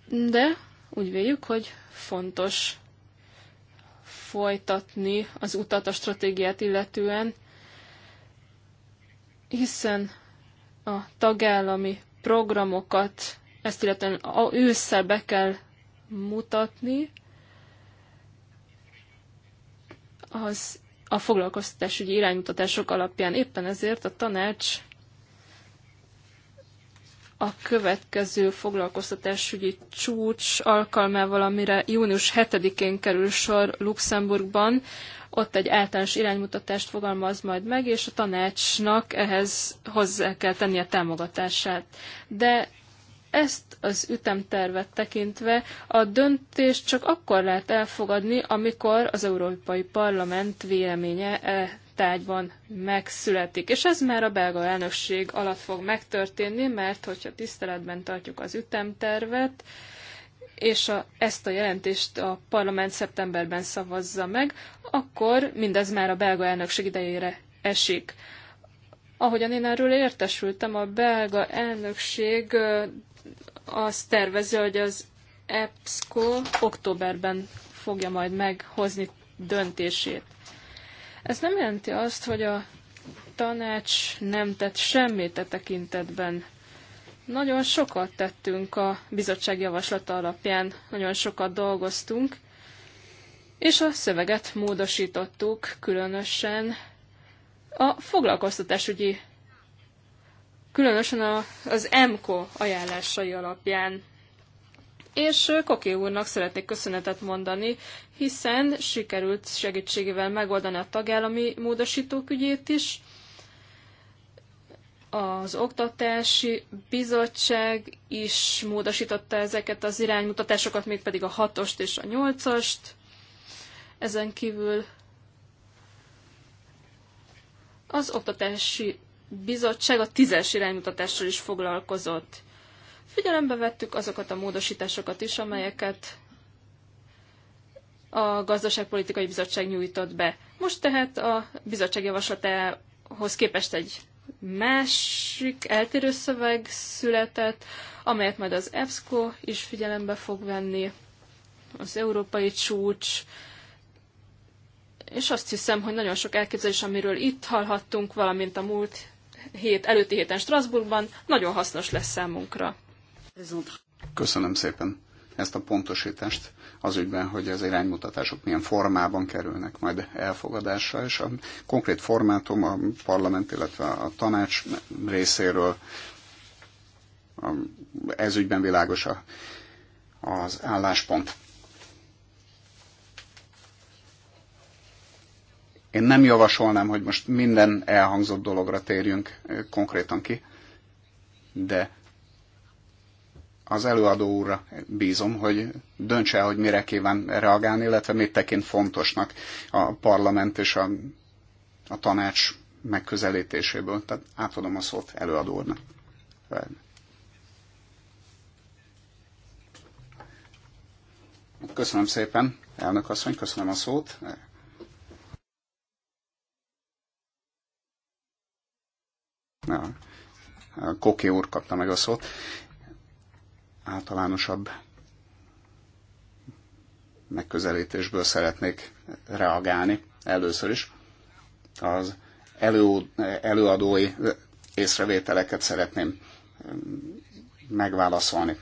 De úgy véljük, hogy fontos folytatni az utat a stratégiát illetően, hiszen a tagállami programokat ezt illetően ősszel be kell mutatni, az a foglalkoztatásügyi iránymutatások alapján. Éppen ezért a tanács a következő foglalkoztatásügyi csúcs alkalmával, amire június 7-én kerül sor Luxemburgban, ott egy általános iránymutatást fogalmaz majd meg, és a tanácsnak ehhez hozzá kell tenni a támogatását. De ezt az ütemtervet tekintve a döntést csak akkor lehet elfogadni, amikor az Európai Parlament véleménye e tárgyban megszületik. És ez már a belga elnökség alatt fog megtörténni, mert hogyha tiszteletben tartjuk az ütemtervet, és a, ezt a jelentést a parlament szeptemberben szavazza meg, akkor mindez már a belga elnökség idejére esik. Ahogyan én erről értesültem, a belga elnökség azt tervezi, hogy az EPSCO októberben fogja majd meghozni döntését. Ez nem jelenti azt, hogy a tanács nem tett semmit e tekintetben. Nagyon sokat tettünk a bizottság javaslata alapján, nagyon sokat dolgoztunk, és a szöveget módosítottuk különösen a foglalkoztatásügyi, különösen az EMCO ajánlásai alapján. És Koki úrnak szeretnék köszönetet mondani, hiszen sikerült segítségével megoldani a tagállami módosítók ügyét is. Az Oktatási Bizottság is módosította ezeket az iránymutatásokat, mégpedig a hatost és a nyolcast. Ezen kívül az Oktatási Bizottság a tízes iránymutatással is foglalkozott. Figyelembe vettük azokat a módosításokat is, amelyeket a Gazdaságpolitikai Bizottság nyújtott be. Most tehát a bizottság javaslatához képest egy másik eltérő szöveg született, amelyet majd az EBSCO is figyelembe fog venni, az Európai Csúcs, és azt hiszem, hogy nagyon sok elképzelés, amiről itt hallhattunk, valamint a múlt hét, előtti héten Strasbourgban, nagyon hasznos lesz számunkra. Köszönöm szépen ezt a pontosítást az ügyben, hogy az iránymutatások milyen formában kerülnek majd elfogadásra, és a konkrét formátum a parlament, illetve a tanács részéről ez ügyben világos a, az álláspont. Én nem javasolnám, hogy most minden elhangzott dologra térjünk eh, konkrétan ki, de az előadó úrra bízom, hogy döntse el, hogy mire kíván reagálni, illetve mit tekint fontosnak a parlament és a, a tanács megközelítéséből. Tehát átadom a szót előadó úrnak. Köszönöm szépen, elnök asszony, köszönöm a szót. Na, Koki úr kapta meg a szót általánosabb megközelítésből szeretnék reagálni először is. Az elő, előadói észrevételeket szeretném um, megválaszolni.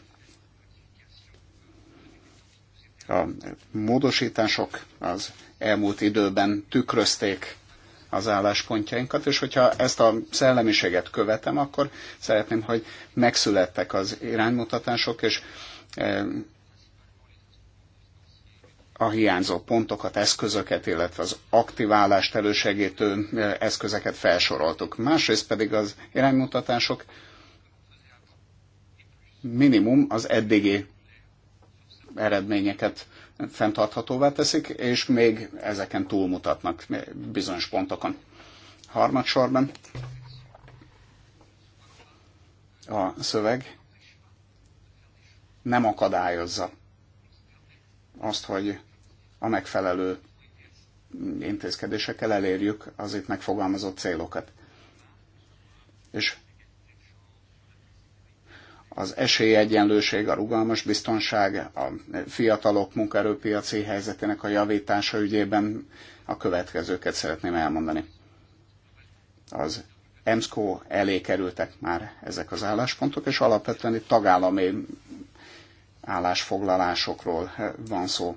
A módosítások az elmúlt időben tükrözték az álláspontjainkat, és hogyha ezt a szellemiséget követem, akkor szeretném, hogy megszülettek az iránymutatások, és e, a hiányzó pontokat, eszközöket, illetve az aktiválást elősegítő e, eszközeket felsoroltuk. Másrészt pedig az iránymutatások minimum az eddigi eredményeket fenntarthatóvá teszik, és még ezeken túlmutatnak bizonyos pontokon. Harmadsorban a szöveg nem akadályozza azt, hogy a megfelelő intézkedésekkel elérjük az itt megfogalmazott célokat. És az esélyegyenlőség, a rugalmas biztonság, a fiatalok munkaerőpiaci helyzetének a javítása ügyében a következőket szeretném elmondani. Az EMSZKÓ elé kerültek már ezek az álláspontok, és alapvetően itt tagállami állásfoglalásokról van szó,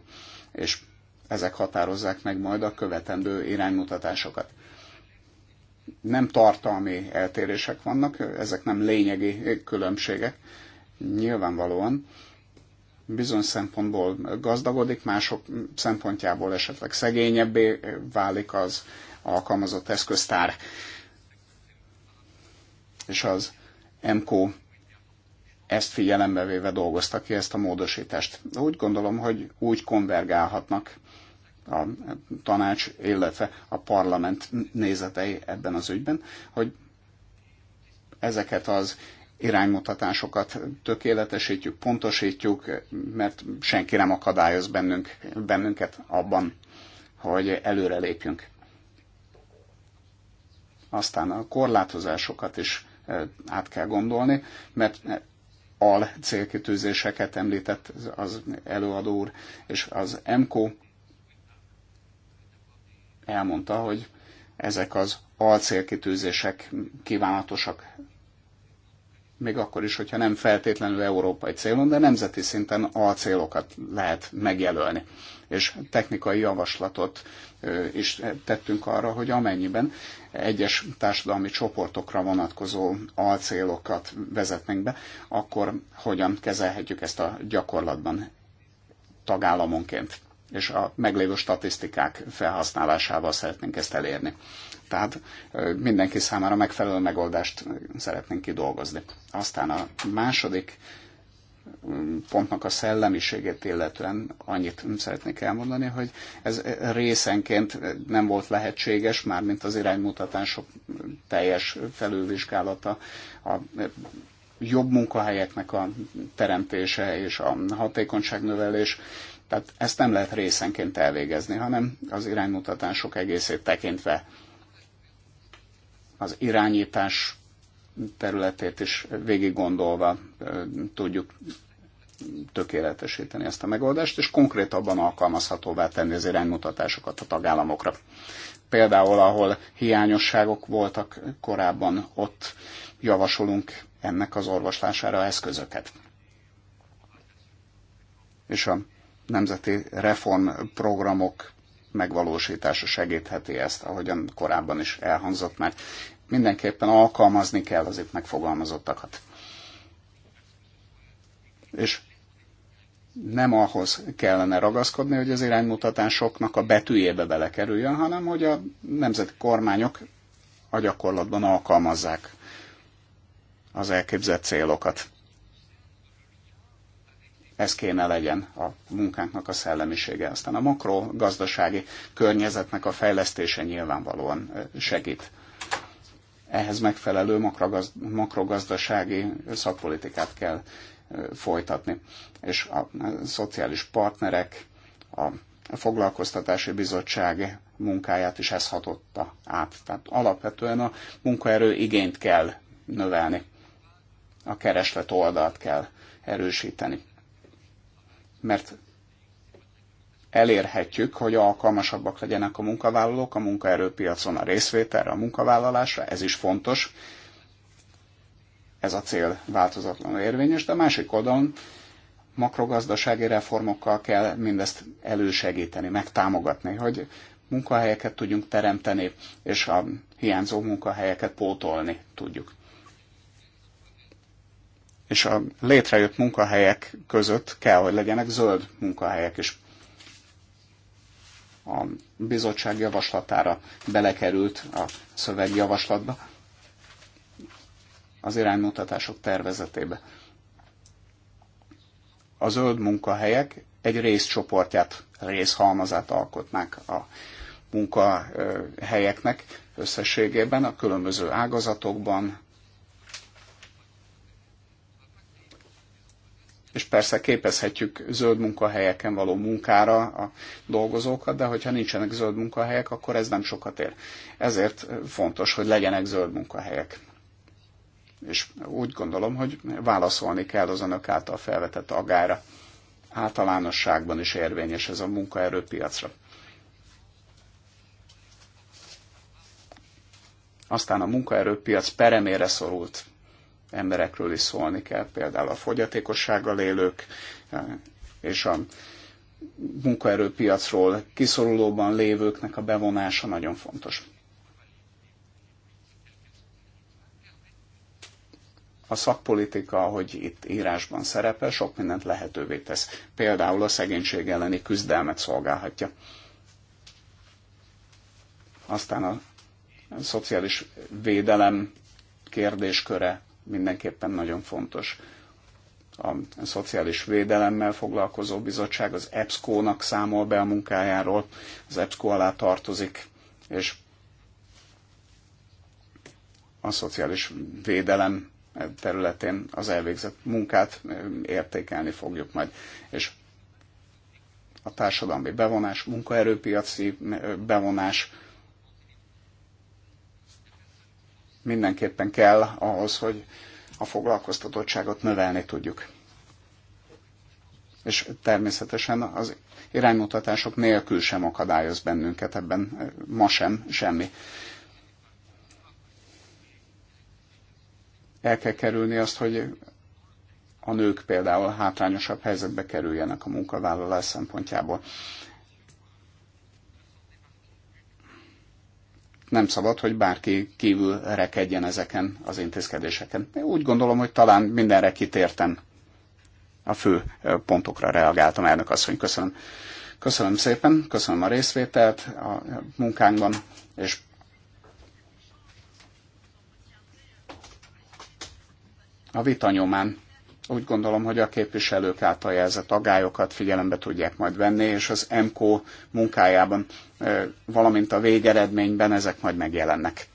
és ezek határozzák meg majd a követendő iránymutatásokat nem tartalmi eltérések vannak, ezek nem lényegi különbségek. Nyilvánvalóan Bizony szempontból gazdagodik, mások szempontjából esetleg szegényebbé válik az alkalmazott eszköztár. És az MKO ezt figyelembe véve dolgozta ki ezt a módosítást. Úgy gondolom, hogy úgy konvergálhatnak a tanács, illetve a parlament nézetei ebben az ügyben, hogy ezeket az iránymutatásokat tökéletesítjük, pontosítjuk, mert senki nem akadályoz bennünk, bennünket abban, hogy előre lépjünk. Aztán a korlátozásokat is eh, át kell gondolni, mert al célkitűzéseket említett az előadó úr, és az MKO elmondta, hogy ezek az alcélkitűzések kívánatosak. Még akkor is, hogyha nem feltétlenül európai célon, de nemzeti szinten alcélokat lehet megjelölni. És technikai javaslatot is tettünk arra, hogy amennyiben egyes társadalmi csoportokra vonatkozó alcélokat vezetnek be, akkor hogyan kezelhetjük ezt a gyakorlatban tagállamonként és a meglévő statisztikák felhasználásával szeretnénk ezt elérni. Tehát mindenki számára megfelelő megoldást szeretnénk kidolgozni. Aztán a második pontnak a szellemiségét illetően annyit szeretnék elmondani, hogy ez részenként nem volt lehetséges, mármint az iránymutatások teljes felülvizsgálata, a jobb munkahelyeknek a teremtése és a hatékonyság növelés, tehát ezt nem lehet részenként elvégezni, hanem az iránymutatások egészét tekintve az irányítás területét is végig gondolva tudjuk tökéletesíteni ezt a megoldást, és konkrétabban alkalmazhatóvá tenni az iránymutatásokat a tagállamokra. Például, ahol hiányosságok voltak korábban, ott javasolunk ennek az orvoslására eszközöket. És a nemzeti reformprogramok megvalósítása segítheti ezt, ahogyan korábban is elhangzott már. Mindenképpen alkalmazni kell az itt megfogalmazottakat. És nem ahhoz kellene ragaszkodni, hogy az iránymutatásoknak a betűjébe belekerüljön, hanem hogy a nemzeti kormányok a gyakorlatban alkalmazzák az elképzett célokat. Ez kéne legyen a munkánknak a szellemisége. Aztán a makrogazdasági környezetnek a fejlesztése nyilvánvalóan segít. Ehhez megfelelő makrogazdasági szakpolitikát kell folytatni. És a szociális partnerek, a foglalkoztatási bizottság munkáját is ez hatotta át. Tehát alapvetően a munkaerő igényt kell növelni, a kereslet oldalt kell erősíteni mert elérhetjük, hogy alkalmasabbak legyenek a munkavállalók a munkaerőpiacon a részvételre, a munkavállalásra, ez is fontos. Ez a cél változatlanul érvényes, de a másik oldalon makrogazdasági reformokkal kell mindezt elősegíteni, megtámogatni, hogy munkahelyeket tudjunk teremteni, és a hiányzó munkahelyeket pótolni tudjuk és a létrejött munkahelyek között kell, hogy legyenek zöld munkahelyek is. A bizottság javaslatára belekerült a szövegjavaslatba, az iránymutatások tervezetébe. A zöld munkahelyek egy részcsoportját, részhalmazát alkotnák a munkahelyeknek összességében, a különböző ágazatokban, és persze képezhetjük zöld munkahelyeken való munkára a dolgozókat, de hogyha nincsenek zöld munkahelyek, akkor ez nem sokat ér. Ezért fontos, hogy legyenek zöld munkahelyek. És úgy gondolom, hogy válaszolni kell az önök által felvetett agára. Általánosságban is érvényes ez a munkaerőpiacra. Aztán a munkaerőpiac peremére szorult emberekről is szólni kell, például a fogyatékossággal élők eh, és a munkaerőpiacról kiszorulóban lévőknek a bevonása nagyon fontos. a szakpolitika, hogy itt írásban szerepel, sok mindent lehetővé tesz. Például a szegénység elleni küzdelmet szolgálhatja. Aztán a szociális védelem kérdésköre mindenképpen nagyon fontos. A Szociális Védelemmel foglalkozó bizottság az EBSCO-nak számol be a munkájáról, az EBSCO alá tartozik, és a szociális védelem területén az elvégzett munkát eh, értékelni fogjuk majd. És a társadalmi bevonás, munkaerőpiaci eh, bevonás mindenképpen kell ahhoz, hogy a foglalkoztatottságot növelni tudjuk. És természetesen az iránymutatások nélkül sem akadályoz bennünket ebben ma sem semmi. El kell kerülni azt, hogy a nők például hátrányosabb helyzetbe kerüljenek a munkavállalás szempontjából. nem szabad, hogy bárki kívül rekedjen ezeken az intézkedéseken. Úgy gondolom, hogy talán mindenre kitértem. A fő pontokra reagáltam, elnök asszony. Köszönöm. Köszönöm szépen, köszönöm a részvételt a munkánkban, és a vita nyomán úgy gondolom, hogy a képviselők által jelzett agályokat figyelembe tudják majd venni, és az MKO munkájában, valamint a végeredményben ezek majd megjelennek.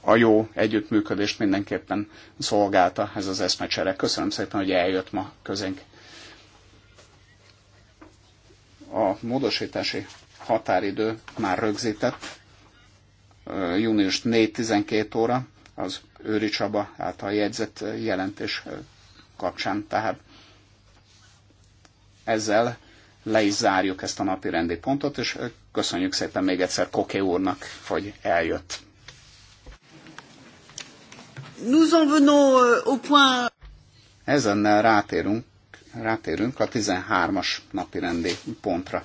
A jó együttműködést mindenképpen szolgálta ez az eszmecsere. Köszönöm szépen, hogy eljött ma közénk. A módosítási határidő már rögzített június 4-12 óra az Őri Csaba által jegyzett jelentés kapcsán. Tehát ezzel le is zárjuk ezt a napi rendi pontot, és köszönjük szépen még egyszer Koké úrnak, hogy eljött. Nous en venons euh, au point... Ezennel rátérünk, rátérünk a 13-as napi rendi pontra.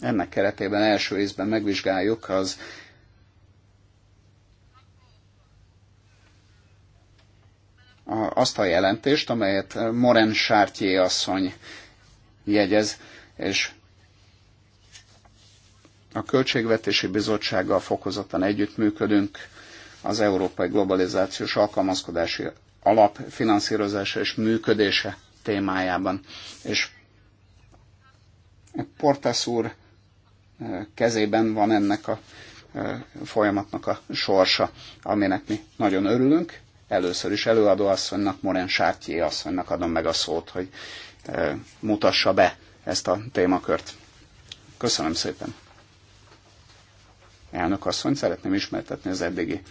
Ennek keretében első részben megvizsgáljuk az azt a jelentést, amelyet Moren Sártyé asszony jegyez, és a Költségvetési Bizottsággal fokozottan együttműködünk az Európai Globalizációs Alkalmazkodási Alap finanszírozása és működése témájában. És Portas úr kezében van ennek a folyamatnak a sorsa, aminek mi nagyon örülünk. Először is előadó asszonynak, Moren Sártyé asszonynak adom meg a szót, hogy mutassa be ezt a témakört. Köszönöm szépen. Elnök asszony, szeretném ismertetni az eddigi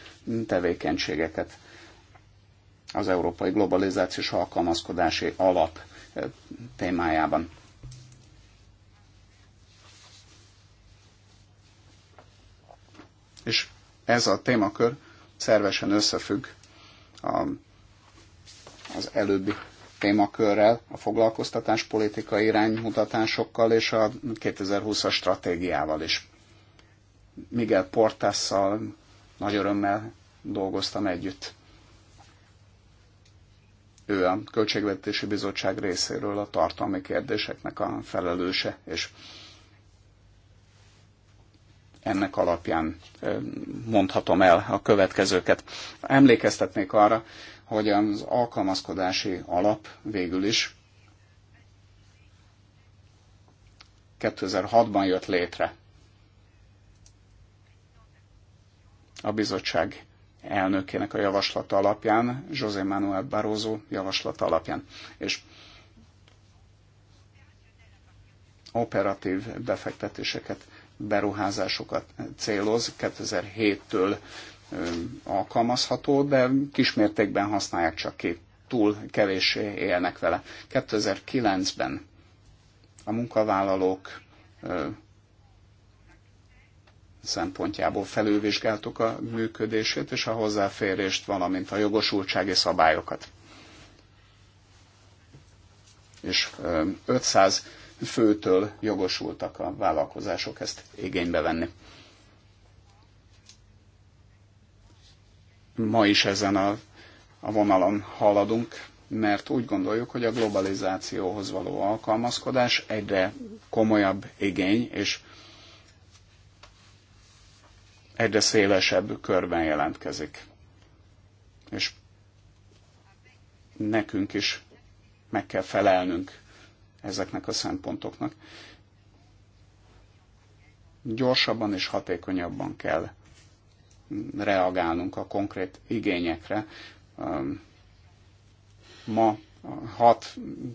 tevékenységeket. Az Európai Globalizációs Alkalmazkodási Alap témájában És ez a témakör szervesen összefügg a, az előbbi témakörrel, a foglalkoztatás politikai iránymutatásokkal és a 2020-as stratégiával is. Miguel Portasszal nagy örömmel dolgoztam együtt. Ő a Költségvetési Bizottság részéről a tartalmi kérdéseknek a felelőse, és ennek alapján mondhatom el a következőket. Emlékeztetnék arra, hogy az alkalmazkodási alap végül is 2006-ban jött létre. A bizottság elnökének a javaslata alapján, José Manuel Barroso javaslata alapján. És operatív befektetéseket beruházásokat céloz, 2007-től alkalmazható, de kismértékben használják csak ki, túl kevés élnek vele. 2009-ben a munkavállalók szempontjából felülvizsgáltuk a működését és a hozzáférést, valamint a jogosultsági szabályokat. És 500 főtől jogosultak a vállalkozások ezt igénybe venni. Ma is ezen a, a vonalon haladunk, mert úgy gondoljuk, hogy a globalizációhoz való alkalmazkodás egyre komolyabb igény, és egyre szélesebb körben jelentkezik. És nekünk is meg kell felelnünk ezeknek a szempontoknak. Gyorsabban és hatékonyabban kell reagálnunk a konkrét igényekre. Ma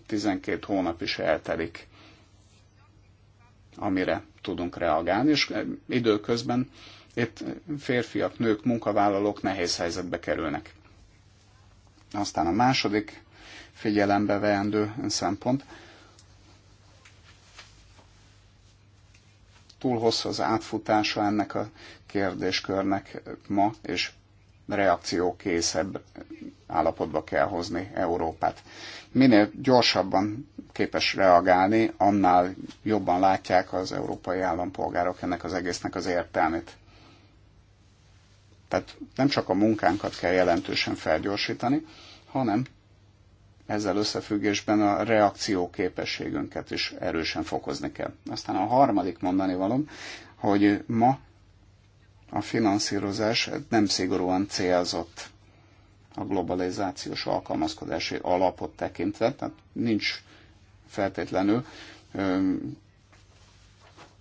6-12 hónap is eltelik, amire tudunk reagálni, és eh, időközben itt férfiak, nők, munkavállalók nehéz helyzetbe kerülnek. Aztán a második figyelembe veendő szempont túl hosszú az átfutása ennek a kérdéskörnek ma, és reakciókészebb állapotba kell hozni Európát. Minél gyorsabban képes reagálni, annál jobban látják az európai állampolgárok ennek az egésznek az értelmét. Tehát nem csak a munkánkat kell jelentősen felgyorsítani, hanem ezzel összefüggésben a reakcióképességünket is erősen fokozni kell. Aztán a harmadik mondani valom, hogy ma a finanszírozás nem szigorúan célzott a globalizációs alkalmazkodási alapot tekintve, tehát nincs feltétlenül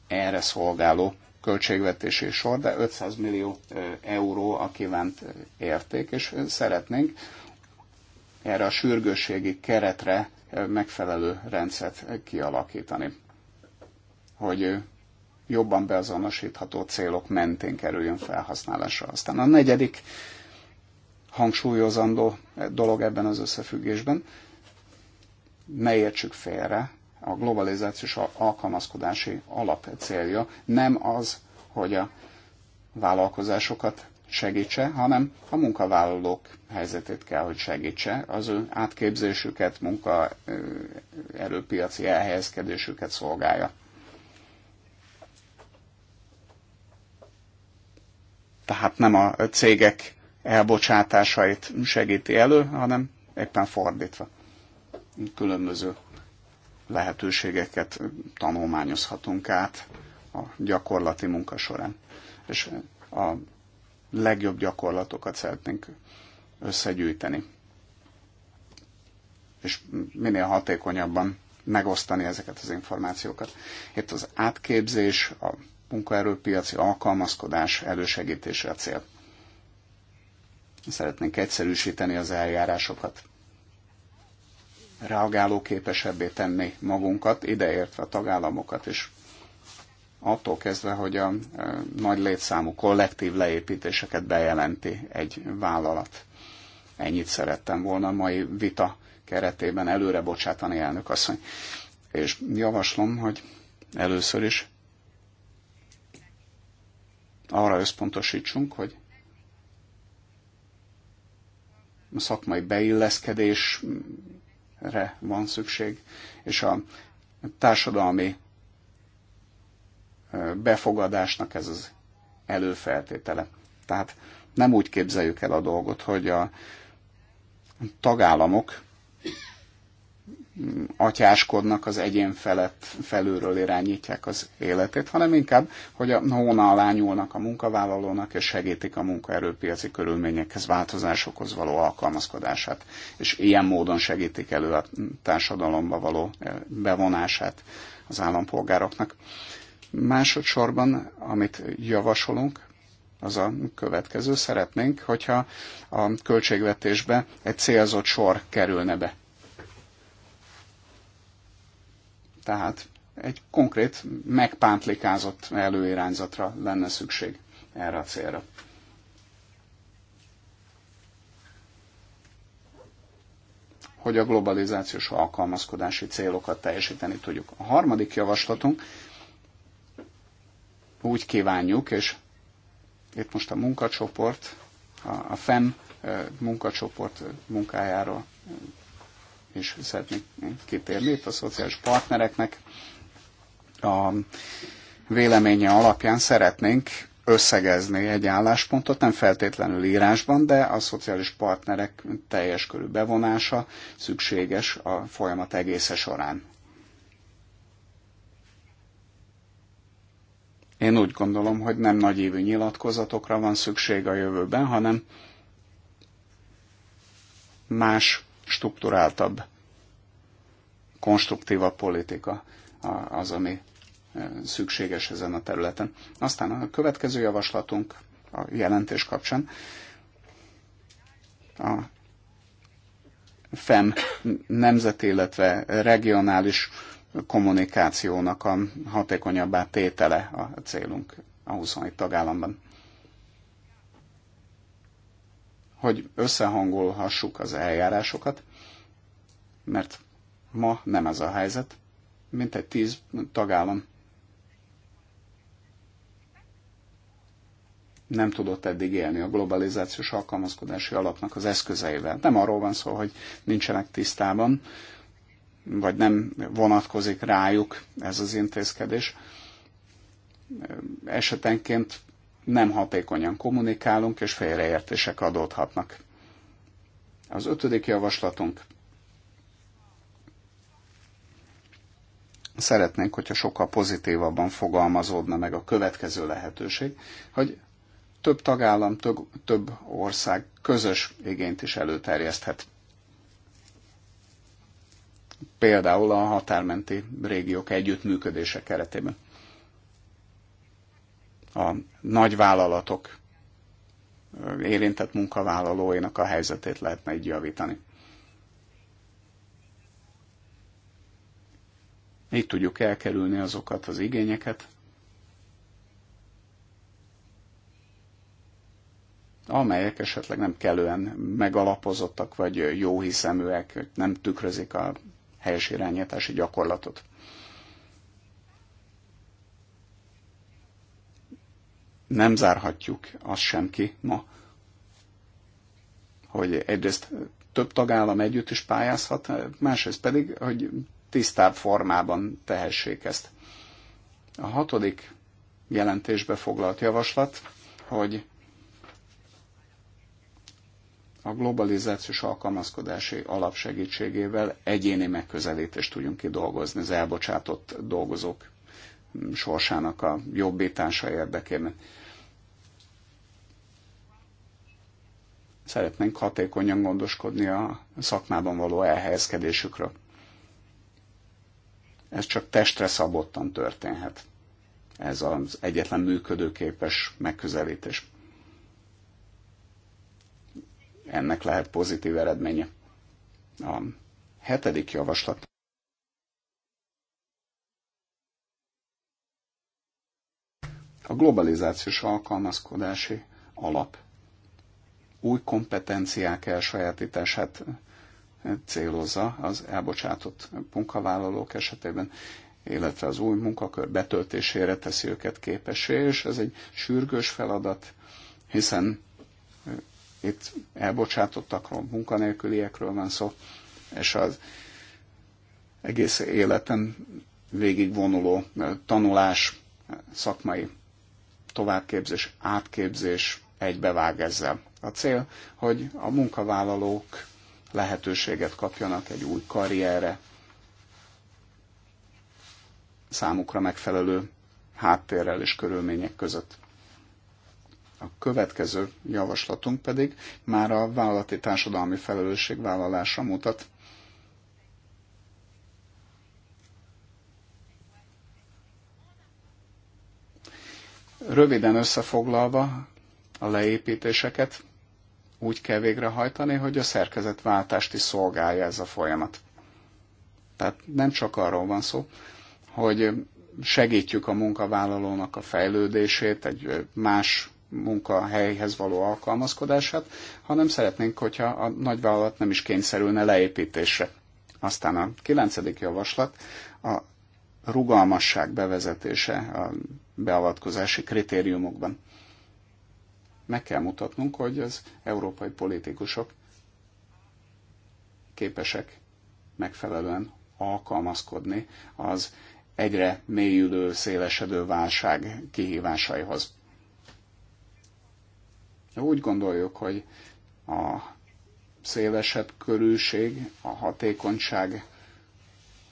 erre szolgáló költségvetési sor, de 500 millió euró a kívánt érték, és szeretnénk erre a sürgősségi keretre megfelelő rendszert kialakítani, hogy jobban beazonosítható célok mentén kerüljön felhasználásra. Aztán a negyedik hangsúlyozandó dolog ebben az összefüggésben, ne értsük félre, a globalizációs alkalmazkodási alap célja nem az, hogy a vállalkozásokat segítse, hanem a munkavállalók helyzetét kell, hogy segítse, az ő átképzésüket, munkaerőpiaci elhelyezkedésüket szolgálja. Tehát nem a cégek elbocsátásait segíti elő, hanem éppen fordítva. Különböző lehetőségeket tanulmányozhatunk át a gyakorlati munka során. És a legjobb gyakorlatokat szeretnénk összegyűjteni. És minél hatékonyabban megosztani ezeket az információkat. Itt az átképzés, a munkaerőpiaci alkalmazkodás elősegítése a cél. Szeretnénk egyszerűsíteni az eljárásokat, reagálóképesebbé tenni magunkat, ideértve a tagállamokat is, attól kezdve, hogy a e, nagy létszámú kollektív leépítéseket bejelenti egy vállalat. Ennyit szerettem volna a mai vita keretében előre bocsátani, elnök asszony. És javaslom, hogy először is arra összpontosítsunk, hogy a szakmai beilleszkedésre van szükség, és a társadalmi befogadásnak ez az előfeltétele. Tehát nem úgy képzeljük el a dolgot, hogy a tagállamok atyáskodnak az egyén felett, felülről irányítják az életét, hanem inkább, hogy a hóna alá nyúlnak a munkavállalónak, és segítik a munkaerőpiaci körülményekhez, változásokhoz való alkalmazkodását, és ilyen módon segítik elő a társadalomba való bevonását az állampolgároknak. Másodszorban, amit javasolunk, az a következő. Szeretnénk, hogyha a költségvetésbe egy célzott sor kerülne be. Tehát egy konkrét, megpántlikázott előirányzatra lenne szükség erre a célra. hogy a globalizációs alkalmazkodási célokat teljesíteni tudjuk. A harmadik javaslatunk úgy kívánjuk, és itt most a munkacsoport, a FEM munkacsoport munkájáról is szeretnék kitérni. Itt a szociális partnereknek a véleménye alapján szeretnénk összegezni egy álláspontot, nem feltétlenül írásban, de a szociális partnerek teljes körű bevonása szükséges a folyamat egésze során. Én úgy gondolom, hogy nem évű nyilatkozatokra van szükség a jövőben, hanem más, strukturáltabb, konstruktíva politika az, ami szükséges ezen a területen. Aztán a következő javaslatunk a jelentés kapcsán a FEM nemzeti, illetve regionális kommunikációnak a hatékonyabbá tétele a célunk a 27 tagállamban. Hogy összehangolhassuk az eljárásokat, mert ma nem ez a helyzet, mint egy tíz tagállam nem tudott eddig élni a globalizációs alkalmazkodási alapnak az eszközeivel. Nem arról van szó, hogy nincsenek tisztában vagy nem vonatkozik rájuk ez az intézkedés. Esetenként nem hatékonyan kommunikálunk, és félreértések adódhatnak. Az ötödik javaslatunk. Szeretnénk, hogyha sokkal pozitívabban fogalmazódna meg a következő lehetőség, hogy több tagállam, több, több ország közös igényt is előterjeszthet például a határmenti régiók együttműködése keretében. A nagy vállalatok érintett munkavállalóinak a helyzetét lehetne így javítani. Így tudjuk elkerülni azokat az igényeket, amelyek esetleg nem kellően megalapozottak, vagy jóhiszeműek, nem tükrözik a helyes irányítási gyakorlatot. Nem zárhatjuk azt sem ki ma, hogy egyrészt több tagállam együtt is pályázhat, másrészt pedig, hogy tisztább formában tehessék ezt. A hatodik jelentésbe foglalt javaslat, hogy a globalizációs alkalmazkodási alap segítségével egyéni megközelítést tudjunk kidolgozni az elbocsátott dolgozók sorsának a jobbítása érdekében. Szeretnénk hatékonyan gondoskodni a szakmában való elhelyezkedésükről. Ez csak testre szabottan történhet. Ez az egyetlen működőképes megközelítés ennek lehet pozitív eredménye. A hetedik javaslat. A globalizációs alkalmazkodási alap új kompetenciák elsajátítását célozza az elbocsátott munkavállalók esetében, illetve az új munkakör betöltésére teszi őket képessé, és ez egy sürgős feladat, hiszen itt elbocsátottakról, munkanélküliekről van szó, és az egész életen végigvonuló tanulás, szakmai továbbképzés, átképzés egybevág ezzel. A cél, hogy a munkavállalók lehetőséget kapjanak egy új karrierre, számukra megfelelő háttérrel és körülmények között. A következő javaslatunk pedig már a vállalati társadalmi vállalásra mutat. Röviden összefoglalva a leépítéseket úgy kell végrehajtani, hogy a szerkezetváltást is szolgálja ez a folyamat. Tehát nem csak arról van szó, hogy segítjük a munkavállalónak a fejlődését egy más munkahelyhez való alkalmazkodását, hanem szeretnénk, hogyha a nagyvállalat nem is kényszerülne leépítésre. Aztán a kilencedik javaslat a rugalmasság bevezetése a beavatkozási kritériumokban. Meg kell mutatnunk, hogy az európai politikusok képesek megfelelően alkalmazkodni az egyre mélyülő, szélesedő válság kihívásaihoz. Úgy gondoljuk, hogy a szélesebb körülség, a hatékonyság,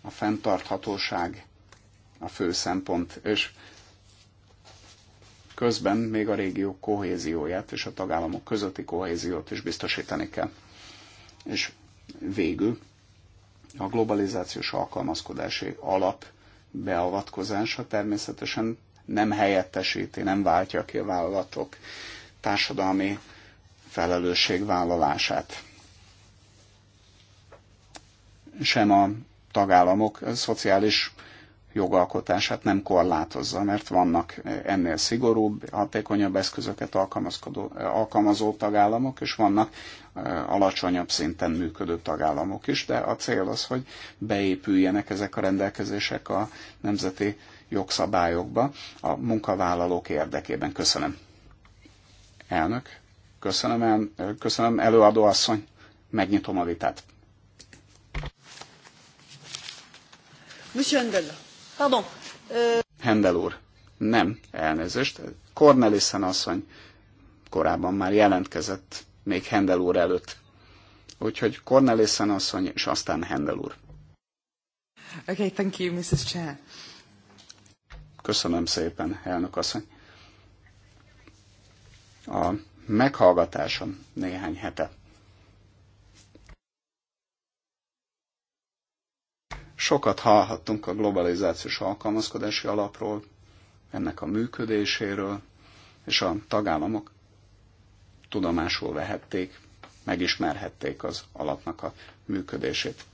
a fenntarthatóság a fő szempont, és közben még a régió kohézióját és a tagállamok közötti kohéziót is biztosítani kell. És végül a globalizációs alkalmazkodási alap beavatkozása természetesen nem helyettesíti, nem váltja ki a vállalatok társadalmi felelősségvállalását. Sem a tagállamok szociális jogalkotását nem korlátozza, mert vannak ennél szigorúbb, hatékonyabb eszközöket alkalmazó tagállamok, és vannak alacsonyabb szinten működő tagállamok is, de a cél az, hogy beépüljenek ezek a rendelkezések a nemzeti jogszabályokba a munkavállalók érdekében. Köszönöm. Elnök, köszönöm, el, köszönöm előadó asszony, megnyitom a vitát. Monsieur pardon. Euh, úr, nem, elnézést. Cornelissen asszony korábban már jelentkezett, még Hendel úr előtt. Úgyhogy Cornelissen asszony, és aztán Hendel úr. Okay, thank you, Mrs. Chair. Köszönöm szépen, elnök asszony a meghallgatáson néhány hete. Sokat hallhattunk a globalizációs alkalmazkodási alapról, ennek a működéséről, és a tagállamok tudomásul vehették, megismerhették az alapnak a működését.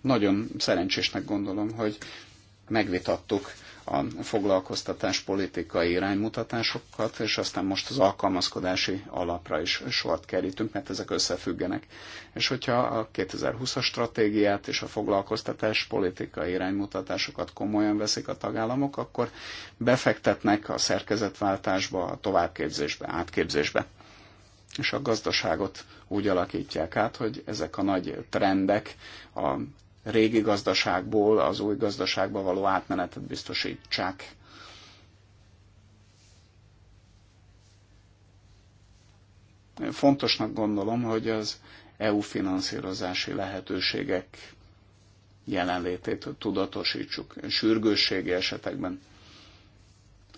Nagyon szerencsésnek gondolom, hogy megvitattuk a foglalkoztatás politikai iránymutatásokat, és aztán most az alkalmazkodási alapra is sort kerítünk, mert ezek összefüggenek. És hogyha a 2020-as stratégiát és a foglalkoztatás politikai iránymutatásokat komolyan veszik a tagállamok, akkor befektetnek a szerkezetváltásba, a továbbképzésbe, átképzésbe és a gazdaságot úgy alakítják át, hogy ezek a nagy trendek a régi gazdaságból az új gazdaságba való átmenetet biztosítsák. Fontosnak gondolom, hogy az EU finanszírozási lehetőségek jelenlétét tudatosítsuk sürgősségi esetekben,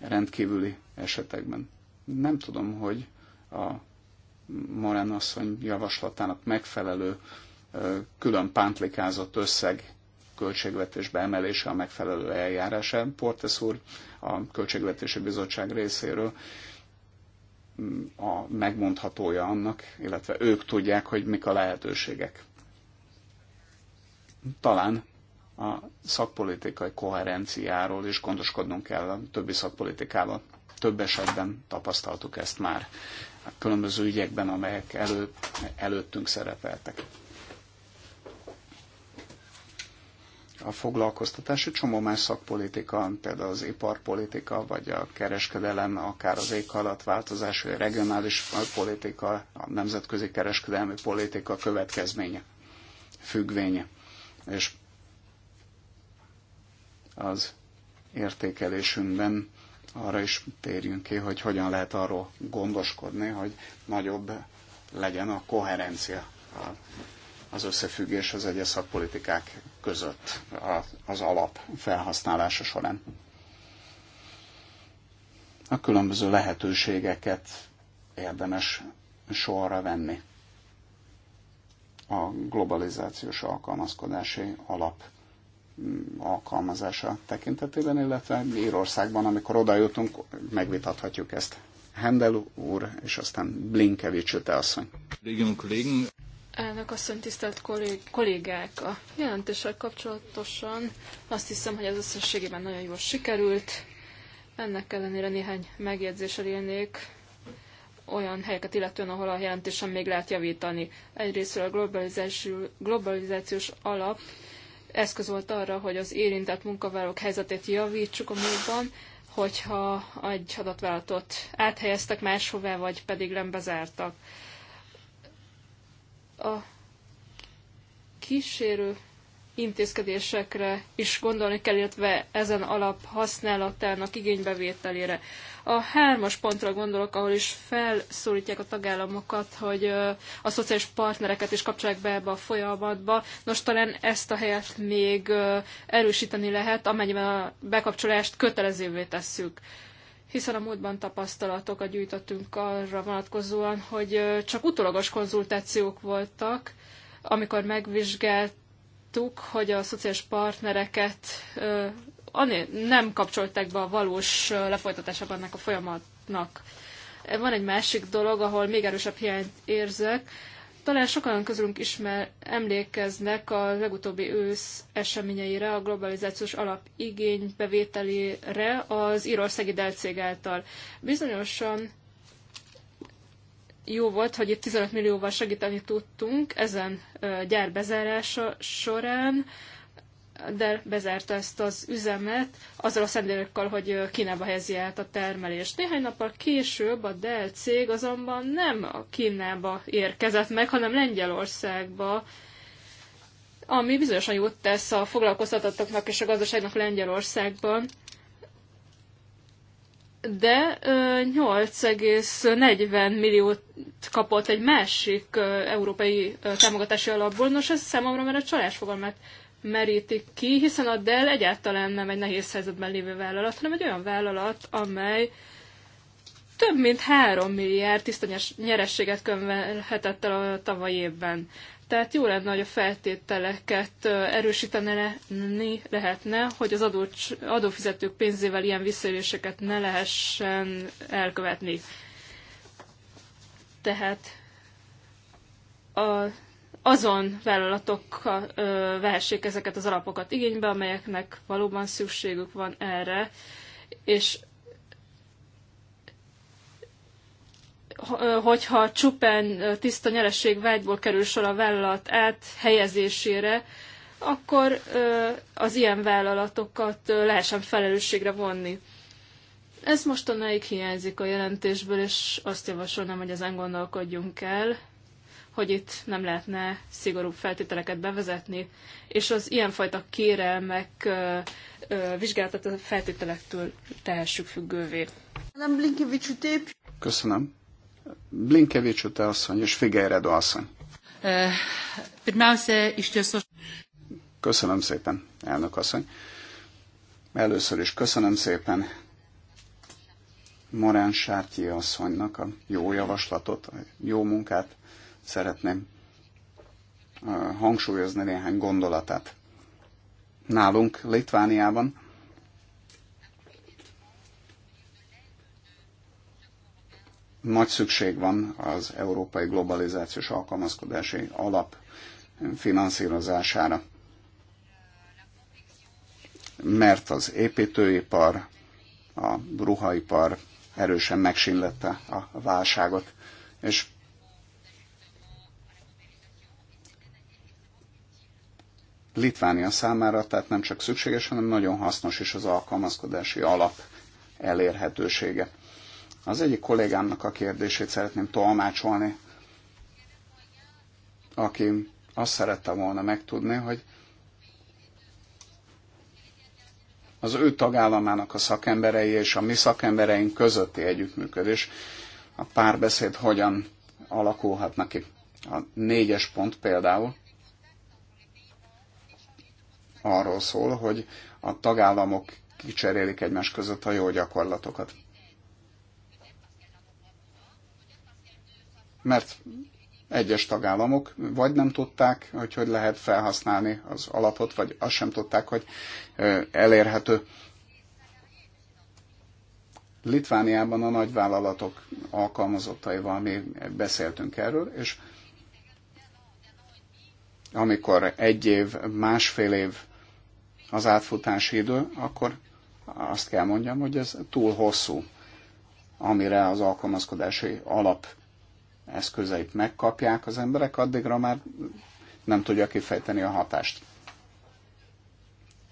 rendkívüli esetekben. Nem tudom, hogy a Moren asszony javaslatának megfelelő külön pántlikázott összeg költségvetésbe emelése a megfelelő eljárás. Portes úr a Költségvetési Bizottság részéről mm, a megmondhatója annak, illetve ők tudják, hogy mik a lehetőségek. Talán a szakpolitikai koherenciáról is gondoskodnunk kell a többi szakpolitikával. Több esetben tapasztaltuk ezt már a különböző ügyekben, amelyek elő, előttünk szerepeltek. a foglalkoztatás, egy csomó más szakpolitika, például az iparpolitika, vagy a kereskedelem, akár az változás, vagy a regionális politika, a nemzetközi kereskedelmi politika következménye, függvénye. És az értékelésünkben arra is térjünk ki, hogy hogyan lehet arról gondoskodni, hogy nagyobb legyen a koherencia a az összefüggés az egyes szakpolitikák között az alap felhasználása során. A különböző lehetőségeket érdemes sorra venni. A globalizációs alkalmazkodási alap mm, alkalmazása tekintetében, illetve Írországban, amikor oda jutunk, megvitathatjuk ezt. Hendel úr, és aztán Blinkevics asszony. Elnök asszony, tisztelt kollég, kollégák! A jelentéssel kapcsolatosan azt hiszem, hogy ez összességében nagyon jól sikerült. Ennek ellenére néhány megjegyzéssel élnék olyan helyeket illetően, ahol a jelentésen még lehet javítani. Egyrésztről a globalizációs, globalizációs alap eszköz volt arra, hogy az érintett munkavállalók helyzetét javítsuk a múltban, hogyha egy adatvállalatot áthelyeztek máshová, vagy pedig nem bezártak a kísérő intézkedésekre is gondolni kell, illetve ezen alap használatának igénybevételére. A hármas pontra gondolok, ahol is felszólítják a tagállamokat, hogy a szociális partnereket is kapcsolják be ebbe a folyamatba. Nos, talán ezt a helyet még erősíteni lehet, amennyiben a bekapcsolást kötelezővé tesszük hiszen a múltban tapasztalatokat gyűjtöttünk arra vonatkozóan, hogy csak utólagos konzultációk voltak, amikor megvizsgáltuk, hogy a szociális partnereket nem kapcsolták be a valós lefolytatásában ennek a folyamatnak. Van egy másik dolog, ahol még erősebb hiányt érzek, talán sokan közülünk ismer, emlékeznek a legutóbbi ősz eseményeire, a globalizációs alap bevételére az írországi delcég által. Bizonyosan jó volt, hogy itt 15 millióval segíteni tudtunk ezen gyár során, de bezárta ezt az üzemet azzal a szendélyekkel, hogy Kínába helyezi át a termelést. Néhány nappal később a Dell cég azonban nem a Kínába érkezett meg, hanem Lengyelországba, ami bizonyosan jót tesz a foglalkoztatottaknak és a gazdaságnak Lengyelországban. De 8,40 milliót kapott egy másik európai támogatási alapból. Nos, ez számomra már a csalás fogalmát merítik ki, hiszen a Dell egyáltalán nem egy nehéz helyzetben lévő vállalat, hanem egy olyan vállalat, amely több mint 3 milliárd tiszta nyerességet könyvelhetett el a tavaly évben. Tehát jó lenne, hogy a feltételeket erősíteni lehetne, hogy az adó, adófizetők pénzével ilyen visszaéléseket ne lehessen elkövetni. Tehát a azon vállalatok vehessék ezeket az alapokat igénybe, amelyeknek valóban szükségük van erre, és hogyha csupán tiszta nyereség vágyból kerül sor a vállalat áthelyezésére, akkor az ilyen vállalatokat lehessen felelősségre vonni. Ez mostanáig hiányzik a jelentésből, és azt javasolnám, hogy ezen gondolkodjunk el hogy itt nem lehetne szigorúbb feltételeket bevezetni, és az ilyenfajta kérelmek vizsgálatát a feltételektől tehessük függővé. Nem Blinkevics Köszönöm. Blinkevics Ute asszony és Figeiredo asszony. Köszönöm szépen, elnök asszony. Először is köszönöm szépen Morán Sártyi asszonynak a jó javaslatot, a jó munkát, szeretném uh, hangsúlyozni néhány gondolatát. Nálunk, Litvániában nagy szükség van az európai globalizációs alkalmazkodási alap finanszírozására, mert az építőipar, a ruhaipar erősen megsínlette a válságot, és Litvánia számára, tehát nem csak szükséges, hanem nagyon hasznos is az alkalmazkodási alap elérhetősége. Az egyik kollégámnak a kérdését szeretném tolmácsolni, aki azt szerette volna megtudni, hogy az ő tagállamának a szakemberei és a mi szakembereink közötti együttműködés, a párbeszéd hogyan alakulhat neki. A négyes pont például arról szól, hogy a tagállamok kicserélik egymás között a jó gyakorlatokat. Mert egyes tagállamok vagy nem tudták, hogy hogy lehet felhasználni az alapot, vagy azt sem tudták, hogy elérhető. Litvániában a nagyvállalatok alkalmazottaival mi beszéltünk erről, és amikor egy év, másfél év az átfutási idő, akkor azt kell mondjam, hogy ez túl hosszú, amire az alkalmazkodási alap eszközeit megkapják az emberek, addigra már nem tudja kifejteni a hatást.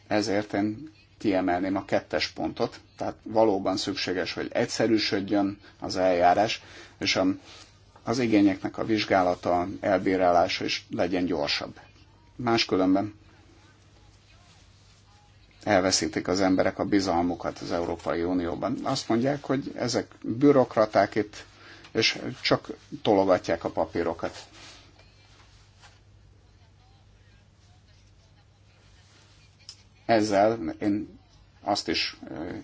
Ezért én kiemelném a kettes pontot, tehát valóban szükséges, hogy egyszerűsödjön az eljárás, és a, az igényeknek a vizsgálata, elbírálása is legyen gyorsabb. Máskülönben elveszítik az emberek a bizalmukat az Európai Unióban. Azt mondják, hogy ezek bürokraták itt, és csak tologatják a papírokat. Ezzel én azt is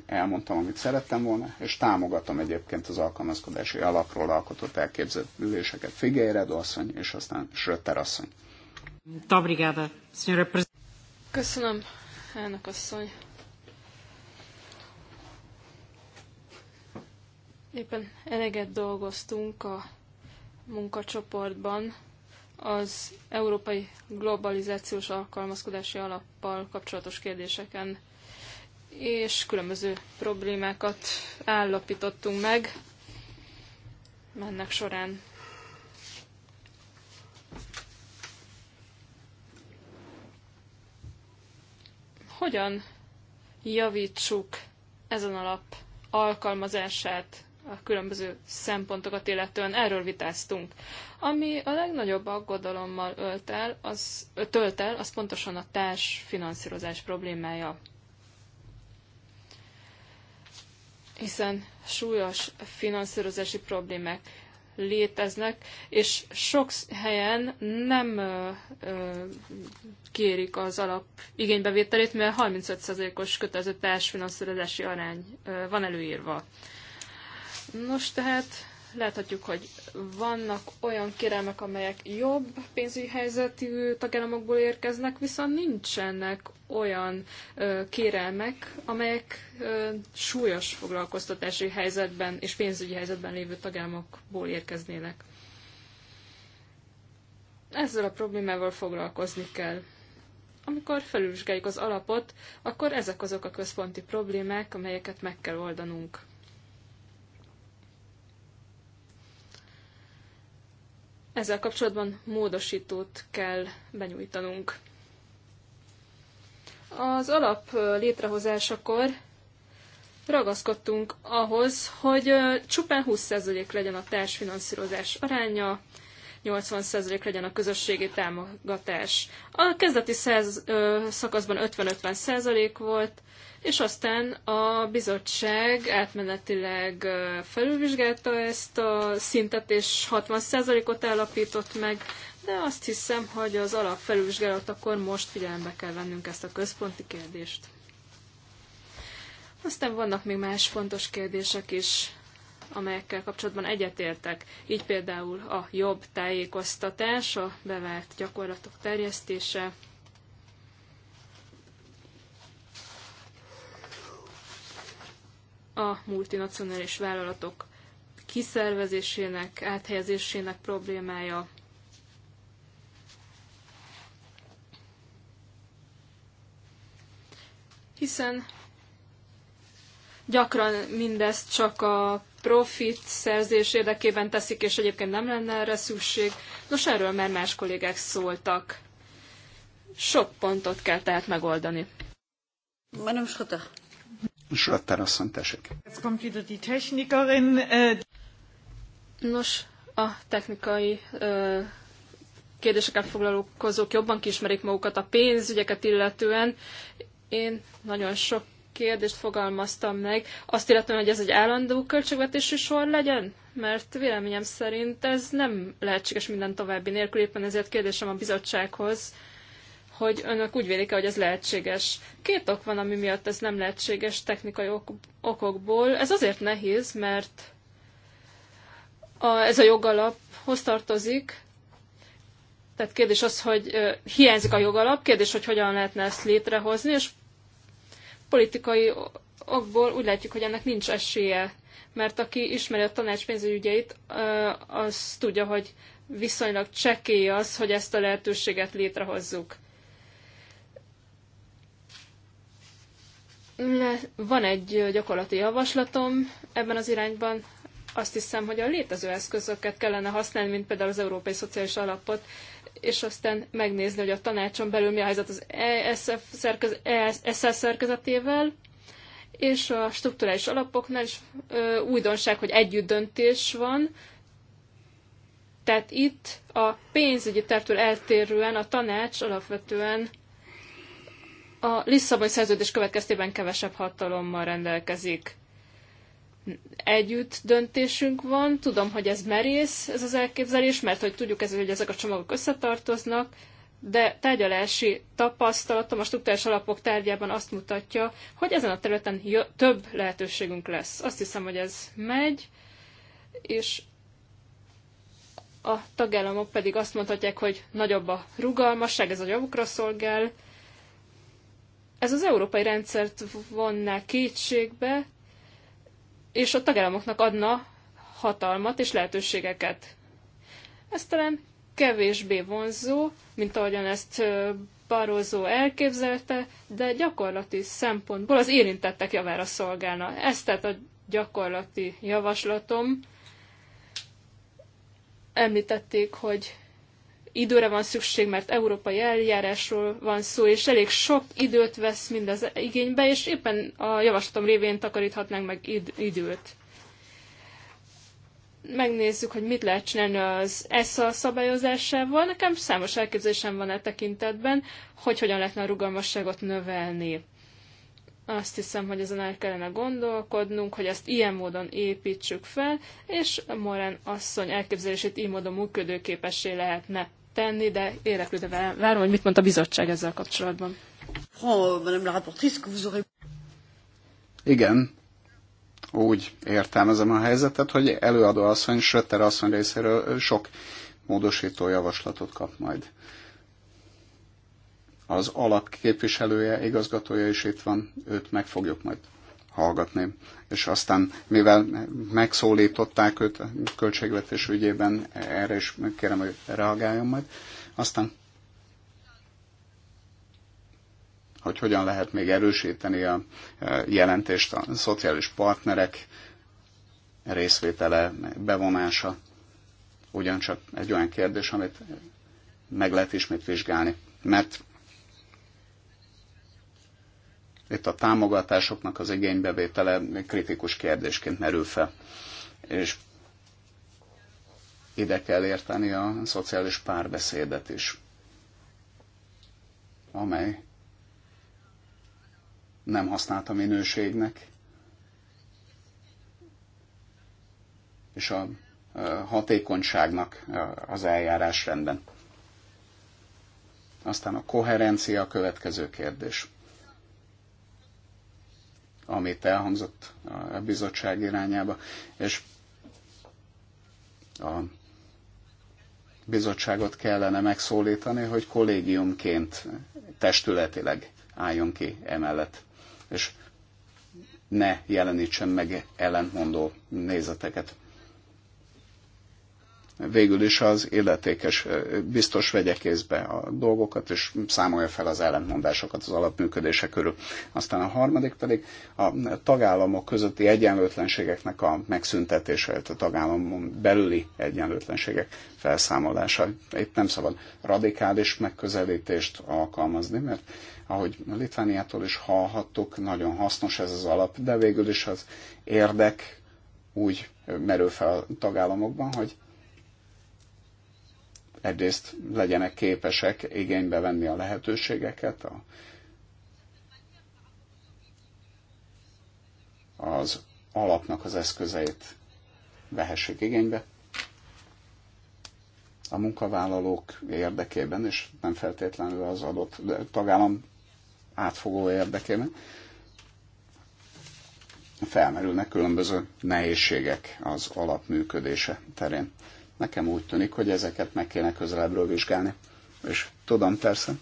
elmondtam, amit szerettem volna, és támogatom egyébként az alkalmazkodási alapról alkotott elképzeléseket Figueiredo asszony, és aztán Schröter asszony. Köszönöm, elnök asszony. Éppen eleget dolgoztunk a munkacsoportban az Európai Globalizációs Alkalmazkodási Alappal kapcsolatos kérdéseken, és különböző problémákat állapítottunk meg mennek során hogyan javítsuk ezen alap alkalmazását a különböző szempontokat illetően. Erről vitáztunk. Ami a legnagyobb aggodalommal ölt el, az, tölt el, az pontosan a társfinanszírozás problémája. Hiszen súlyos finanszírozási problémák léteznek, és sok helyen nem kérik az alap igénybevételét, mert 35%-os kötelező társfinanszírozási arány van előírva. Nos, tehát Láthatjuk, hogy vannak olyan kérelmek, amelyek jobb pénzügyi helyzetű tagállamokból érkeznek, viszont nincsenek olyan ö, kérelmek, amelyek ö, súlyos foglalkoztatási helyzetben és pénzügyi helyzetben lévő tagállamokból érkeznének. Ezzel a problémával foglalkozni kell amikor felülvizsgáljuk az alapot, akkor ezek azok a központi problémák, amelyeket meg kell oldanunk. Ezzel kapcsolatban módosítót kell benyújtanunk. Az alap létrehozásakor ragaszkodtunk ahhoz, hogy csupán 20% legyen a társfinanszírozás aránya, 80% legyen a közösségi támogatás. A kezdeti száz, ö, szakaszban 50-50% volt, és aztán a bizottság átmenetileg felülvizsgálta ezt a szintet, és 60%-ot állapított meg, de azt hiszem, hogy az akkor most figyelembe kell vennünk ezt a központi kérdést. Aztán vannak még más fontos kérdések is amelyekkel kapcsolatban egyetértek, így például a jobb tájékoztatás, a bevált gyakorlatok terjesztése, a multinacionális vállalatok kiszervezésének, áthelyezésének problémája, hiszen gyakran mindezt csak a profit szerzés érdekében teszik, és egyébként nem lenne erre szükség. Nos, erről már más kollégák szóltak. Sok pontot kell tehát megoldani. Madame Schröter. Schröter asszony, tessék. Äh, Nos, a technikai ö, kérdésekkel foglalkozók jobban kiismerik magukat a pénzügyeket illetően. Én nagyon sok kérdést fogalmaztam meg, azt illetően, hogy ez egy állandó költségvetési sor legyen? Mert véleményem szerint ez nem lehetséges minden további nélkül, éppen ezért kérdésem a bizottsághoz, hogy önök úgy vélik -e, hogy ez lehetséges. Két ok van, ami miatt ez nem lehetséges technikai ok okokból. Ez azért nehéz, mert a, ez a jogalaphoz tartozik, tehát kérdés az, hogy hiányzik a jogalap, kérdés, hogy hogyan lehetne ezt létrehozni, és politikai okból úgy látjuk, hogy ennek nincs esélye, mert aki ismeri a tanács pénzügyeit, az tudja, hogy viszonylag csekély az, hogy ezt a lehetőséget létrehozzuk. Van egy gyakorlati javaslatom ebben az irányban. Azt hiszem, hogy a létező eszközöket kellene használni, mint például az Európai Szociális Alapot, és aztán megnézni, hogy a tanácson belül mi a helyzet az ESF szerkez, e szerkezetével, és a strukturális alapoknál is ö, újdonság, hogy együtt döntés van, tehát itt a pénzügyi tervtől eltérően a tanács alapvetően a Lisszaboni szerződés következtében kevesebb hatalommal rendelkezik együtt döntésünk van. Tudom, hogy ez merész, ez az elképzelés, mert hogy tudjuk ez, hogy ezek a csomagok összetartoznak, de tárgyalási tapasztalatom a struktúrás alapok tárgyában azt mutatja, hogy ezen a területen több lehetőségünk lesz. Azt hiszem, hogy ez megy, és a tagállamok pedig azt mondhatják, hogy nagyobb a rugalmasság, ez a javukra szolgál. Ez az európai rendszert vonná kétségbe, és a tagállamoknak adna hatalmat és lehetőségeket. Ez talán kevésbé vonzó, mint ahogyan ezt barozó elképzelte, de gyakorlati szempontból az érintettek javára szolgálna. Ez tehát a gyakorlati javaslatom. Említették, hogy időre van szükség, mert európai eljárásról van szó, és elég sok időt vesz mindez igénybe, és éppen a javaslatom révén takaríthatnánk meg időt. Megnézzük, hogy mit lehet csinálni az ESZA szabályozásával. Nekem számos elképzelésem van e tekintetben, hogy hogyan lehetne a rugalmasságot növelni. Azt hiszem, hogy ezen el kellene gondolkodnunk, hogy ezt ilyen módon építsük fel, és Morán asszony elképzelését így módon működőképessé lehetne tenni, de érdeklődve várom, hogy mit mond a bizottság ezzel kapcsolatban. Oh, Igen, úgy értelmezem a helyzetet, hogy előadó asszony, Sötter asszony részéről sok módosító javaslatot kap majd. Az alapképviselője, igazgatója is itt van, őt meg fogjuk majd hallgatni. És aztán, mivel megszólították őt a költségvetés ügyében, erre is kérem, hogy reagáljon majd. Aztán, hogy hogyan lehet még erősíteni a e, jelentést a szociális partnerek részvétele, bevonása, ugyancsak egy olyan kérdés, amit meg lehet ismét vizsgálni. Mert itt a támogatásoknak az igénybevétele kritikus kérdésként merül fel. És ide kell érteni a szociális párbeszédet is, amely nem használt a minőségnek, és a hatékonyságnak az eljárás rendben. Aztán a koherencia a következő kérdés amit elhangzott a bizottság irányába, és a bizottságot kellene megszólítani, hogy kollégiumként testületileg álljon ki emellett, és ne jelenítsen meg ellentmondó nézeteket végül is az illetékes biztos vegye kézbe a dolgokat, és számolja fel az ellentmondásokat az alapműködése körül. Aztán a harmadik pedig a tagállamok közötti egyenlőtlenségeknek a megszüntetése, a tagállamon belüli egyenlőtlenségek felszámolása. Itt nem szabad radikális megközelítést alkalmazni, mert ahogy Litvániától is hallhattuk, nagyon hasznos ez az alap, de végül is az érdek úgy merül fel a tagállamokban, hogy egyrészt legyenek képesek igénybe venni a lehetőségeket, a, az alapnak az eszközeit vehessék igénybe a munkavállalók érdekében, és nem feltétlenül az adott tagállam átfogó érdekében felmerülnek különböző nehézségek az alapműködése terén. Nekem úgy tűnik, hogy ezeket meg kéne közelebbről vizsgálni. És tudom persze,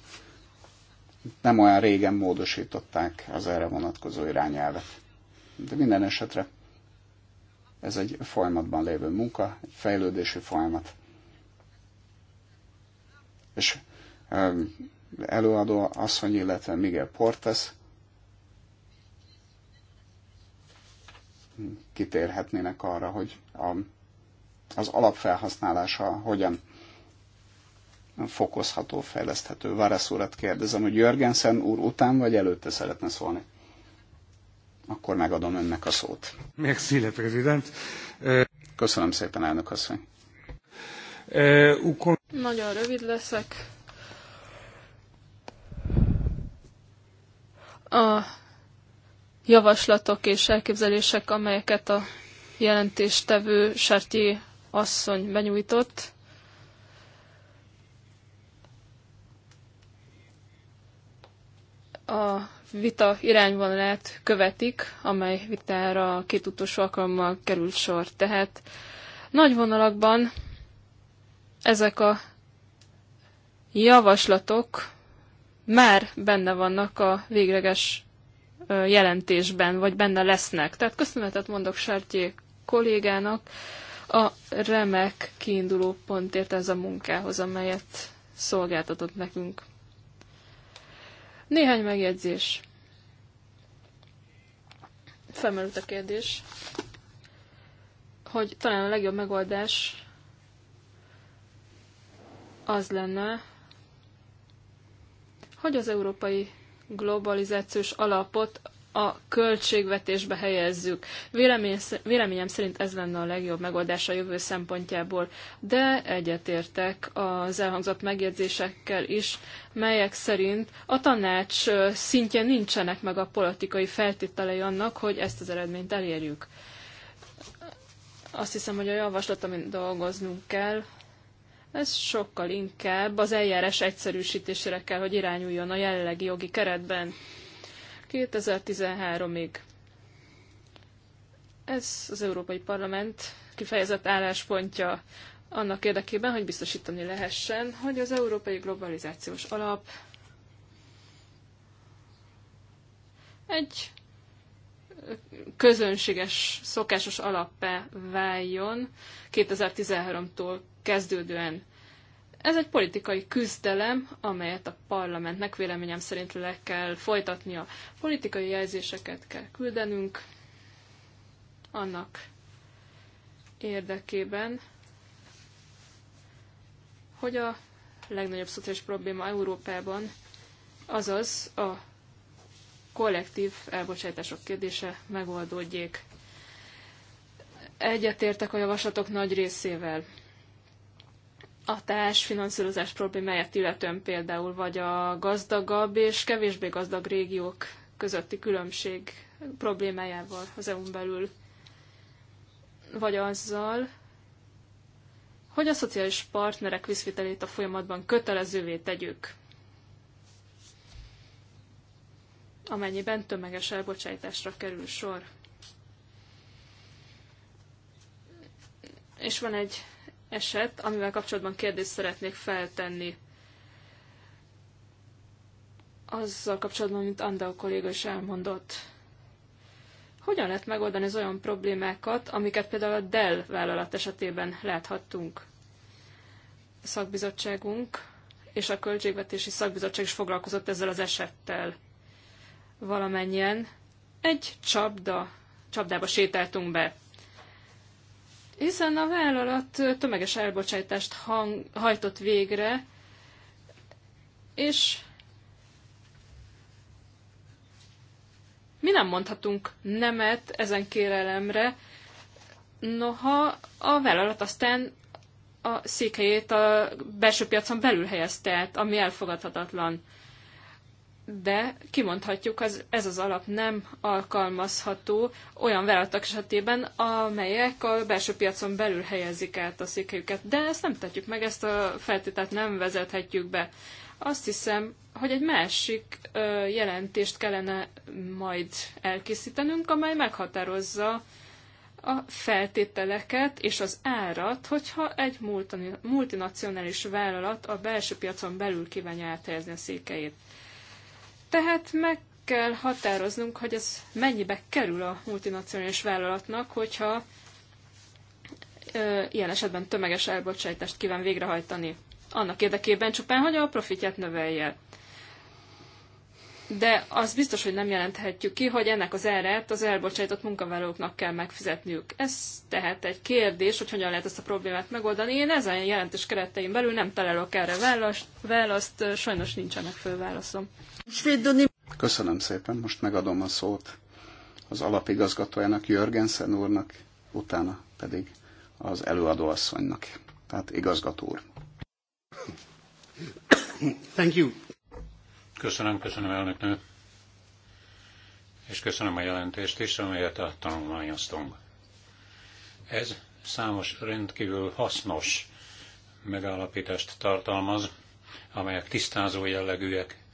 nem olyan régen módosították az erre vonatkozó irányelvet. De minden esetre ez egy folyamatban lévő munka, egy fejlődési folyamat. És előadó asszony, illetve Miguel Portes kitérhetnének arra, hogy a az alapfelhasználása hogyan fokozható, fejleszthető. Várász urat kérdezem, hogy Jörgensen úr után vagy előtte szeretne szólni? Akkor megadom önnek a szót. Még szíle, prezident. Eh, köszönöm szépen, elnök asszony. Eh, Nagyon rövid leszek. A javaslatok és elképzelések, amelyeket a jelentéstevő Sertyi asszony benyújtott. A vita irányvonalát követik, amely vitára két utolsó alkalommal került sor. Tehát nagy vonalakban ezek a javaslatok már benne vannak a végleges jelentésben, vagy benne lesznek. Tehát köszönetet mondok Sertjé kollégának, a remek kiinduló pontért ez a munkához, amelyet szolgáltatott nekünk. Néhány megjegyzés. Felmerült a kérdés, hogy talán a legjobb megoldás az lenne, hogy az európai globalizációs alapot a költségvetésbe helyezzük. Vélemény, véleményem szerint ez lenne a legjobb megoldás a jövő szempontjából, de egyetértek az elhangzott megjegyzésekkel is, melyek szerint a tanács szintjén nincsenek meg a politikai feltételei annak, hogy ezt az eredményt elérjük. Azt hiszem, hogy a javaslat, amin dolgoznunk kell, ez sokkal inkább az eljárás egyszerűsítésére kell, hogy irányuljon a jelenlegi jogi keretben. 2013-ig. Ez az Európai Parlament kifejezett álláspontja annak érdekében, hogy biztosítani lehessen, hogy az Európai Globalizációs Alap egy közönséges, szokásos alappá váljon 2013-tól kezdődően. Ez egy politikai küzdelem, amelyet a parlamentnek véleményem szerint le kell folytatnia. Politikai jelzéseket kell küldenünk annak érdekében, hogy a legnagyobb szociális probléma Európában, azaz a kollektív elbocsátások kérdése megoldódjék. Egyetértek a javaslatok nagy részével a finanszírozás problémáját illetően például, vagy a gazdagabb és kevésbé gazdag régiók közötti különbség problémájával az EU-n belül, vagy azzal, hogy a szociális partnerek visszvitelét a folyamatban kötelezővé tegyük, amennyiben tömeges elbocsátásra kerül sor. És van egy eset, amivel kapcsolatban kérdést szeretnék feltenni. Azzal kapcsolatban, mint Andal kolléga is elmondott. Hogyan lehet megoldani az olyan problémákat, amiket például a Dell vállalat esetében láthattunk? A szakbizottságunk és a költségvetési szakbizottság is foglalkozott ezzel az esettel. Valamennyien egy csapda, csapdába sétáltunk be hiszen a vállalat tömeges elbocsátást hang, hajtott végre, és mi nem mondhatunk nemet ezen kérelemre, noha a vállalat aztán a székhelyét a belső piacon belül helyezte, ami elfogadhatatlan de kimondhatjuk, az, ez az alap nem alkalmazható olyan vállalatok esetében, amelyek a belső piacon belül helyezik át a székhelyüket. De ezt nem tetjük meg, ezt a feltételt nem vezethetjük be. Azt hiszem, hogy egy másik ö, jelentést kellene majd elkészítenünk, amely meghatározza a feltételeket és az árat, hogyha egy multinacionális vállalat a belső piacon belül kívánja áthelyezni a székelyét. Tehát meg kell határoznunk, hogy ez mennyibe kerül a multinacionális vállalatnak, hogyha ö, ilyen esetben tömeges elbocsájtást kíván végrehajtani. Annak érdekében csupán, hogy a profitját növelje. De az biztos, hogy nem jelenthetjük ki, hogy ennek az árát az elbocsájtott munkavállalóknak kell megfizetniük. Ez tehát egy kérdés, hogy hogyan lehet ezt a problémát megoldani. Én ezen jelentős keretein belül nem találok erre választ, választ sajnos nincsenek fő válaszom. Köszönöm szépen, most megadom a szót az alapigazgatójának, Jörgensen úrnak, utána pedig az előadóasszonynak, tehát igazgató úr. Thank you. Köszönöm, köszönöm elnök És köszönöm a jelentést is, amelyet a tanulmányoztunk. Ez számos rendkívül hasznos megállapítást tartalmaz, amelyek tisztázó jellegűek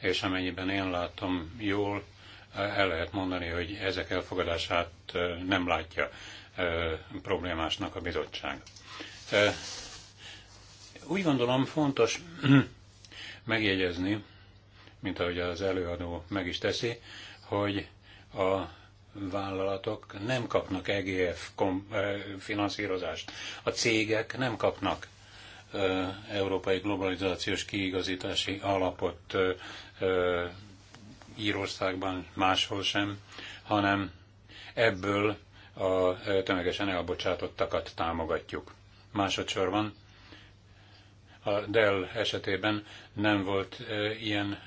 és amennyiben én látom jól, el lehet mondani, hogy ezek elfogadását nem látja problémásnak a bizottság. Úgy gondolom fontos megjegyezni, mint ahogy az előadó meg is teszi, hogy a vállalatok nem kapnak EGF finanszírozást. A cégek nem kapnak európai globalizációs kiigazítási alapot Írországban, máshol sem, hanem ebből a tömegesen elbocsátottakat támogatjuk. Másodszorban a Dell esetében nem volt ilyen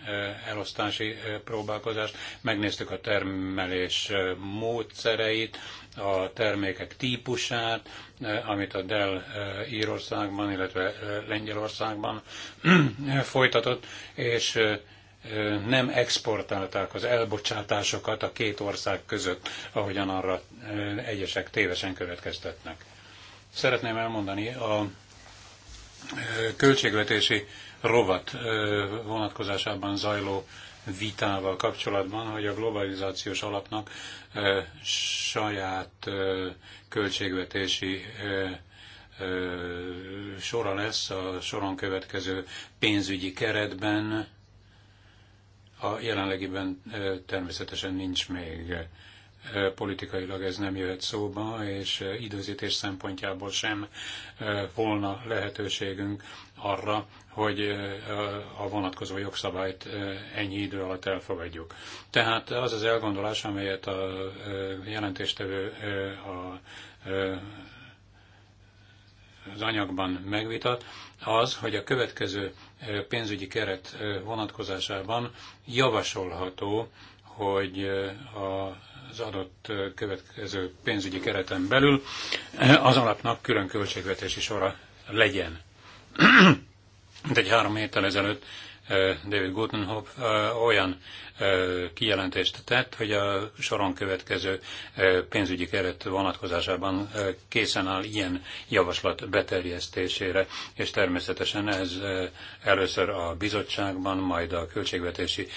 elosztási próbálkozás. Megnéztük a termelés módszereit, a termékek típusát, amit a Dell Írországban, illetve Lengyelországban folytatott, és nem exportálták az elbocsátásokat a két ország között, ahogyan arra egyesek tévesen következtetnek. Szeretném elmondani a költségvetési rovat vonatkozásában zajló vitával kapcsolatban, hogy a globalizációs alapnak saját költségvetési sora lesz a soron következő pénzügyi keretben, a jelenlegiben természetesen nincs még politikailag ez nem jöhet szóba, és időzítés szempontjából sem volna lehetőségünk arra, hogy a vonatkozó jogszabályt ennyi idő alatt elfogadjuk. Tehát az az elgondolás, amelyet a jelentéstevő a az anyagban megvitat, az, hogy a következő pénzügyi keret vonatkozásában javasolható, hogy az adott következő pénzügyi kereten belül az alapnak külön költségvetési sora legyen. Mint egy három héttel ezelőtt David Gutenhoff olyan kijelentést tett, hogy a soron következő pénzügyi keret vonatkozásában készen áll ilyen javaslat beterjesztésére, és természetesen ez először a bizottságban, majd a költségvetési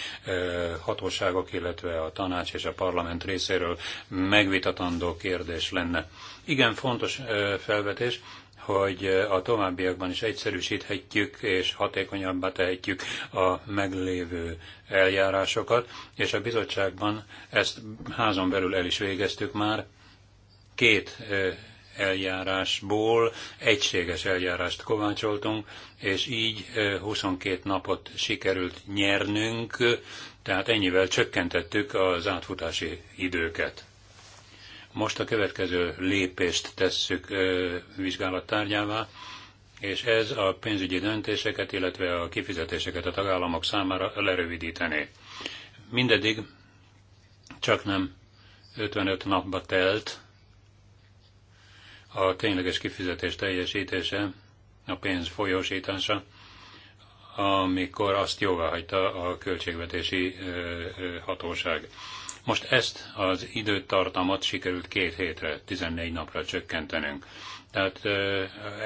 hatóságok, illetve a tanács és a parlament részéről megvitatandó kérdés lenne. Igen, fontos felvetés, hogy a továbbiakban is egyszerűsíthetjük és hatékonyabbá tehetjük a meglévő eljárásokat, és a bizottságban ezt házon belül el is végeztük már. Két eljárásból egységes eljárást kovácsoltunk, és így 22 napot sikerült nyernünk, tehát ennyivel csökkentettük az átfutási időket. Most a következő lépést tesszük vizsgálat tárgyává, és ez a pénzügyi döntéseket, illetve a kifizetéseket a tagállamok számára lerövidítené. Mindedig csak nem 55 napba telt a tényleges kifizetés teljesítése, a pénz folyósítása, amikor azt jóvá hagyta a költségvetési hatóság. Most ezt az időtartamot sikerült két hétre, 14 napra csökkentenünk. Tehát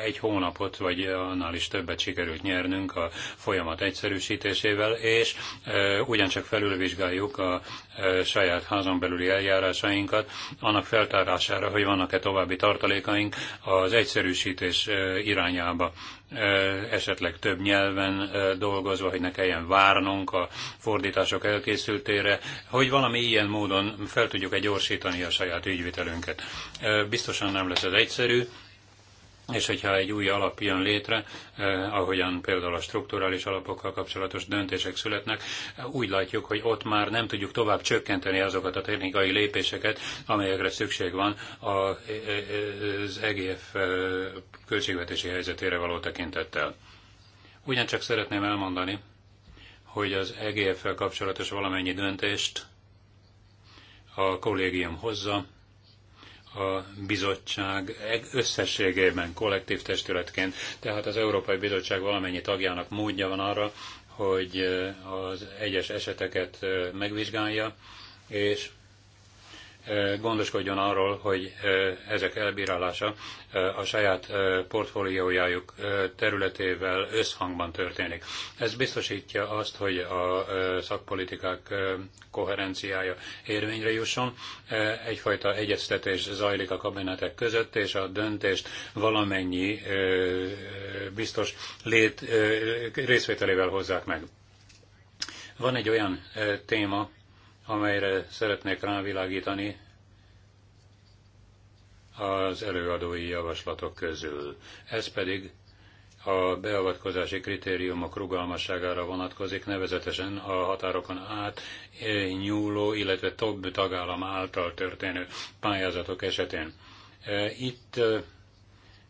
egy hónapot, vagy annál is többet sikerült nyernünk a folyamat egyszerűsítésével, és ugyancsak felülvizsgáljuk a saját házon belüli eljárásainkat, annak feltárására, hogy vannak-e további tartalékaink az egyszerűsítés irányába esetleg több nyelven dolgozva, hogy ne kelljen várnunk a fordítások elkészültére, hogy valami ilyen módon fel tudjuk-e gyorsítani a saját ügyvitelünket. Biztosan nem lesz ez egyszerű, és hogyha egy új alap jön létre, eh, ahogyan például a strukturális alapokkal kapcsolatos döntések születnek, eh, úgy látjuk, hogy ott már nem tudjuk tovább csökkenteni azokat a technikai lépéseket, amelyekre szükség van eh, eh, az EGF költségvetési helyzetére való tekintettel. Ugyancsak szeretném elmondani, hogy az EGF-fel kapcsolatos valamennyi döntést a kollégium hozza, a bizottság összességében, kollektív testületként, tehát az Európai Bizottság valamennyi tagjának módja van arra, hogy az egyes eseteket megvizsgálja, és gondoskodjon arról, hogy ezek elbírálása a saját portfóliójájuk területével összhangban történik. Ez biztosítja azt, hogy a szakpolitikák koherenciája érvényre jusson, egyfajta egyeztetés zajlik a kabinetek között, és a döntést valamennyi biztos lét, részvételével hozzák meg. Van egy olyan téma, amelyre szeretnék rávilágítani az előadói javaslatok közül. Ez pedig a beavatkozási kritériumok rugalmasságára vonatkozik, nevezetesen a határokon át nyúló, illetve több tagállam által történő pályázatok esetén. Itt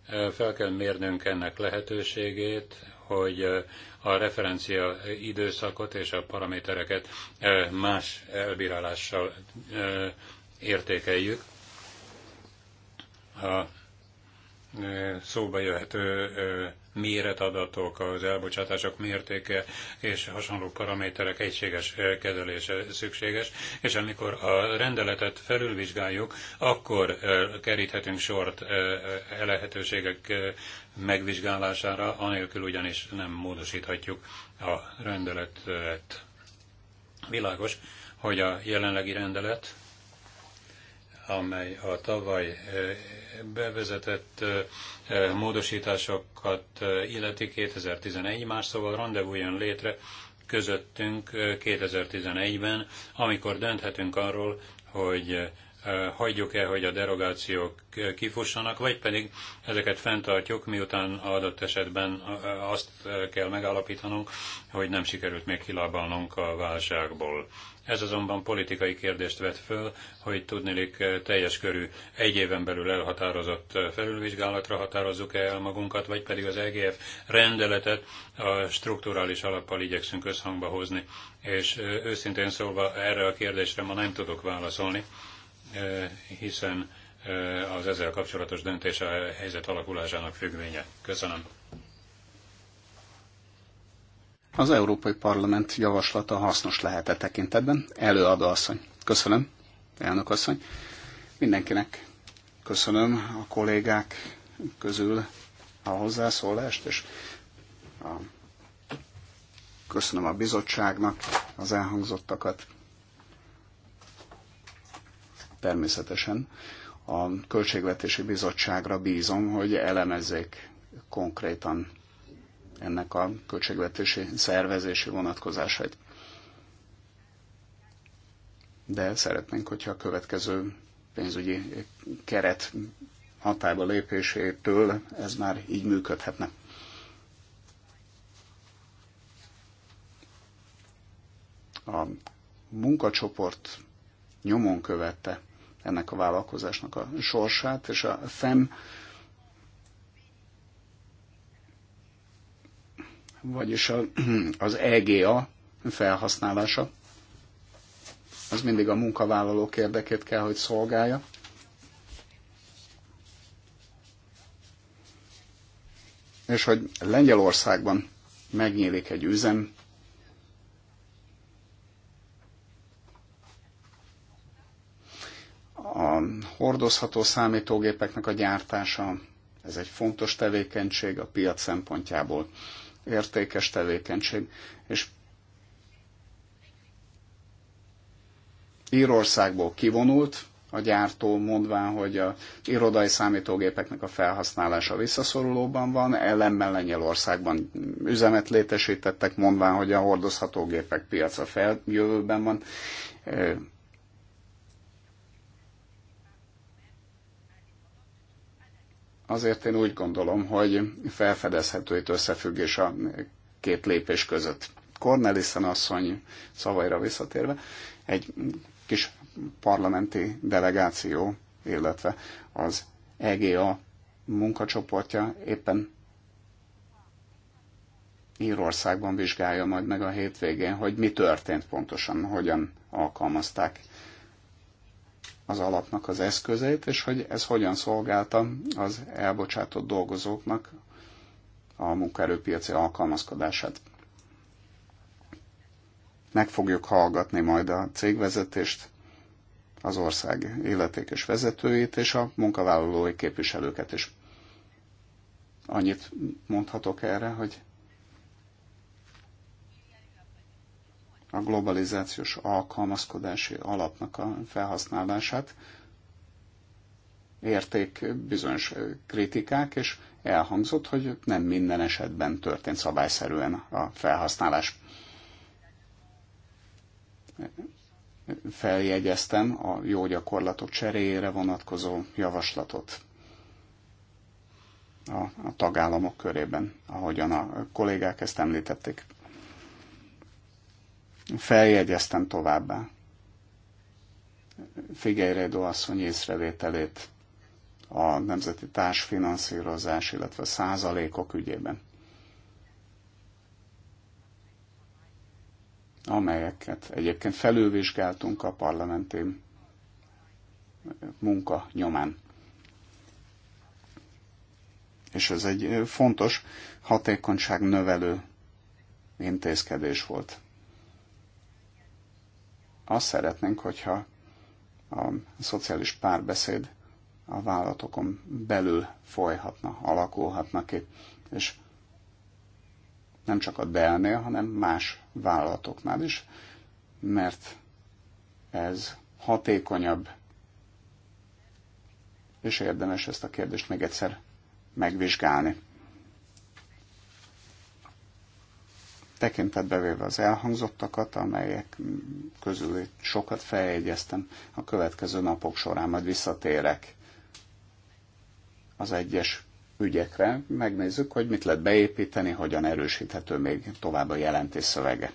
eh, fel kell mérnünk ennek lehetőségét, hogy eh, a referencia időszakot és a paramétereket eh, más elbírálással eh, értékeljük. A szóba jöhető méretadatok, az elbocsátások mértéke és hasonló paraméterek egységes kezelése szükséges, és amikor a rendeletet felülvizsgáljuk, akkor keríthetünk sort lehetőségek megvizsgálására, anélkül ugyanis nem módosíthatjuk a rendeletet. Világos, hogy a jelenlegi rendelet amely a tavaly eh, bevezetett eh, eh, módosításokat illeti 2011, más szóval rendezvú létre közöttünk 2011-ben, amikor dönthetünk arról, hogy hagyjuk-e, hogy a derogációk kifussanak, vagy pedig ezeket fenntartjuk, miután adott esetben azt kell megállapítanunk, hogy nem sikerült még kilábalnunk a válságból. Ez azonban politikai kérdést vet föl, hogy tudnélik eh, teljes körű egy éven belül elhatározott eh, felülvizsgálatra határozzuk -e el magunkat, vagy pedig az EGF rendeletet a strukturális alappal igyekszünk összhangba hozni. És eh, őszintén szólva erre a kérdésre ma nem tudok válaszolni, hiszen az ezzel kapcsolatos döntés a helyzet alakulásának függvénye. Köszönöm. Az Európai Parlament javaslata hasznos lehet e tekintetben. Előadó asszony. Köszönöm, elnök asszony. Mindenkinek köszönöm a kollégák közül a hozzászólást, és a... köszönöm a bizottságnak az elhangzottakat. Természetesen a Költségvetési Bizottságra bízom, hogy elemezzék konkrétan ennek a költségvetési szervezési vonatkozásait. De szeretnénk, hogyha a következő pénzügyi keret hatályba lépésétől ez már így működhetne. A munkacsoport nyomon követte ennek a vállalkozásnak a sorsát, és a FEM vagyis a, az EGA felhasználása, az mindig a munkavállalók érdekét kell, hogy szolgálja. És hogy Lengyelországban megnyílik egy üzem, a hordozható számítógépeknek a gyártása, ez egy fontos tevékenység a piac szempontjából értékes tevékenység. És Írországból kivonult a gyártó, mondván, hogy a irodai számítógépeknek a felhasználása visszaszorulóban van, ellenben Lengyelországban üzemet létesítettek, mondván, hogy a hordozható gépek piaca feljövőben van azért én úgy gondolom, hogy felfedezhető itt összefüggés a két lépés között. Cornelissen asszony szavaira visszatérve, egy kis parlamenti delegáció, illetve az EGA munkacsoportja éppen Írországban vizsgálja majd meg a hétvégén, hogy mi történt pontosan, hogyan alkalmazták az alapnak az eszközeit, és hogy ez hogyan szolgálta az elbocsátott dolgozóknak a munkaerőpiaci alkalmazkodását. Meg fogjuk hallgatni majd a cégvezetést, az ország életékes vezetőit és a munkavállalói képviselőket is. Annyit mondhatok erre, hogy a globalizációs alkalmazkodási alapnak a felhasználását érték bizonyos kritikák, és elhangzott, hogy nem minden esetben történt szabályszerűen a felhasználás. Feljegyeztem a jó gyakorlatok cseréjére vonatkozó javaslatot a, a tagállamok körében, ahogyan a kollégák ezt említették feljegyeztem továbbá Figyeljredó asszony észrevételét a nemzeti társfinanszírozás, illetve százalékok ügyében, amelyeket egyébként felülvizsgáltunk a parlamenti munka nyomán. És ez egy fontos hatékonyság növelő intézkedés volt azt szeretnénk, hogyha a szociális párbeszéd a vállalatokon belül folyhatna, alakulhatna ki, és nem csak a Dell-nél, hanem más vállalatoknál is, mert ez hatékonyabb, és érdemes ezt a kérdést még egyszer megvizsgálni. Tekintetbe véve az elhangzottakat, amelyek közül sokat feljegyeztem, a következő napok során majd visszatérek az egyes ügyekre, megnézzük, hogy mit lehet beépíteni, hogyan erősíthető még tovább a jelentés szövege.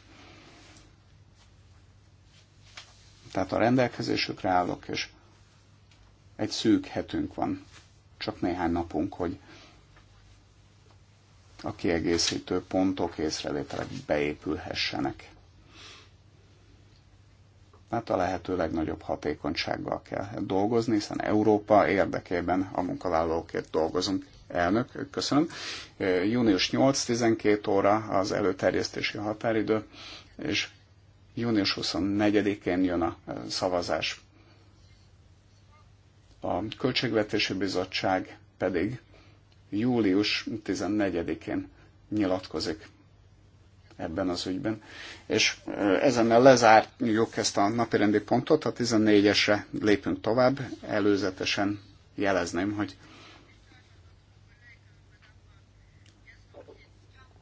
Tehát a rendelkezésükre állok, és egy szűk hetünk van, csak néhány napunk, hogy a kiegészítő pontok, észrevételek beépülhessenek. Mert hát a lehető legnagyobb hatékonysággal kell dolgozni, hiszen Európa érdekében a munkavállalókért dolgozunk. Elnök, köszönöm. Június 8-12 óra az előterjesztési határidő, és június 24-én jön a szavazás. A Költségvetési Bizottság pedig július 14-én nyilatkozik ebben az ügyben. És eh, ezennel lezárjuk ezt a napirendi pontot, a 14-esre lépünk tovább. Előzetesen jelezném, hogy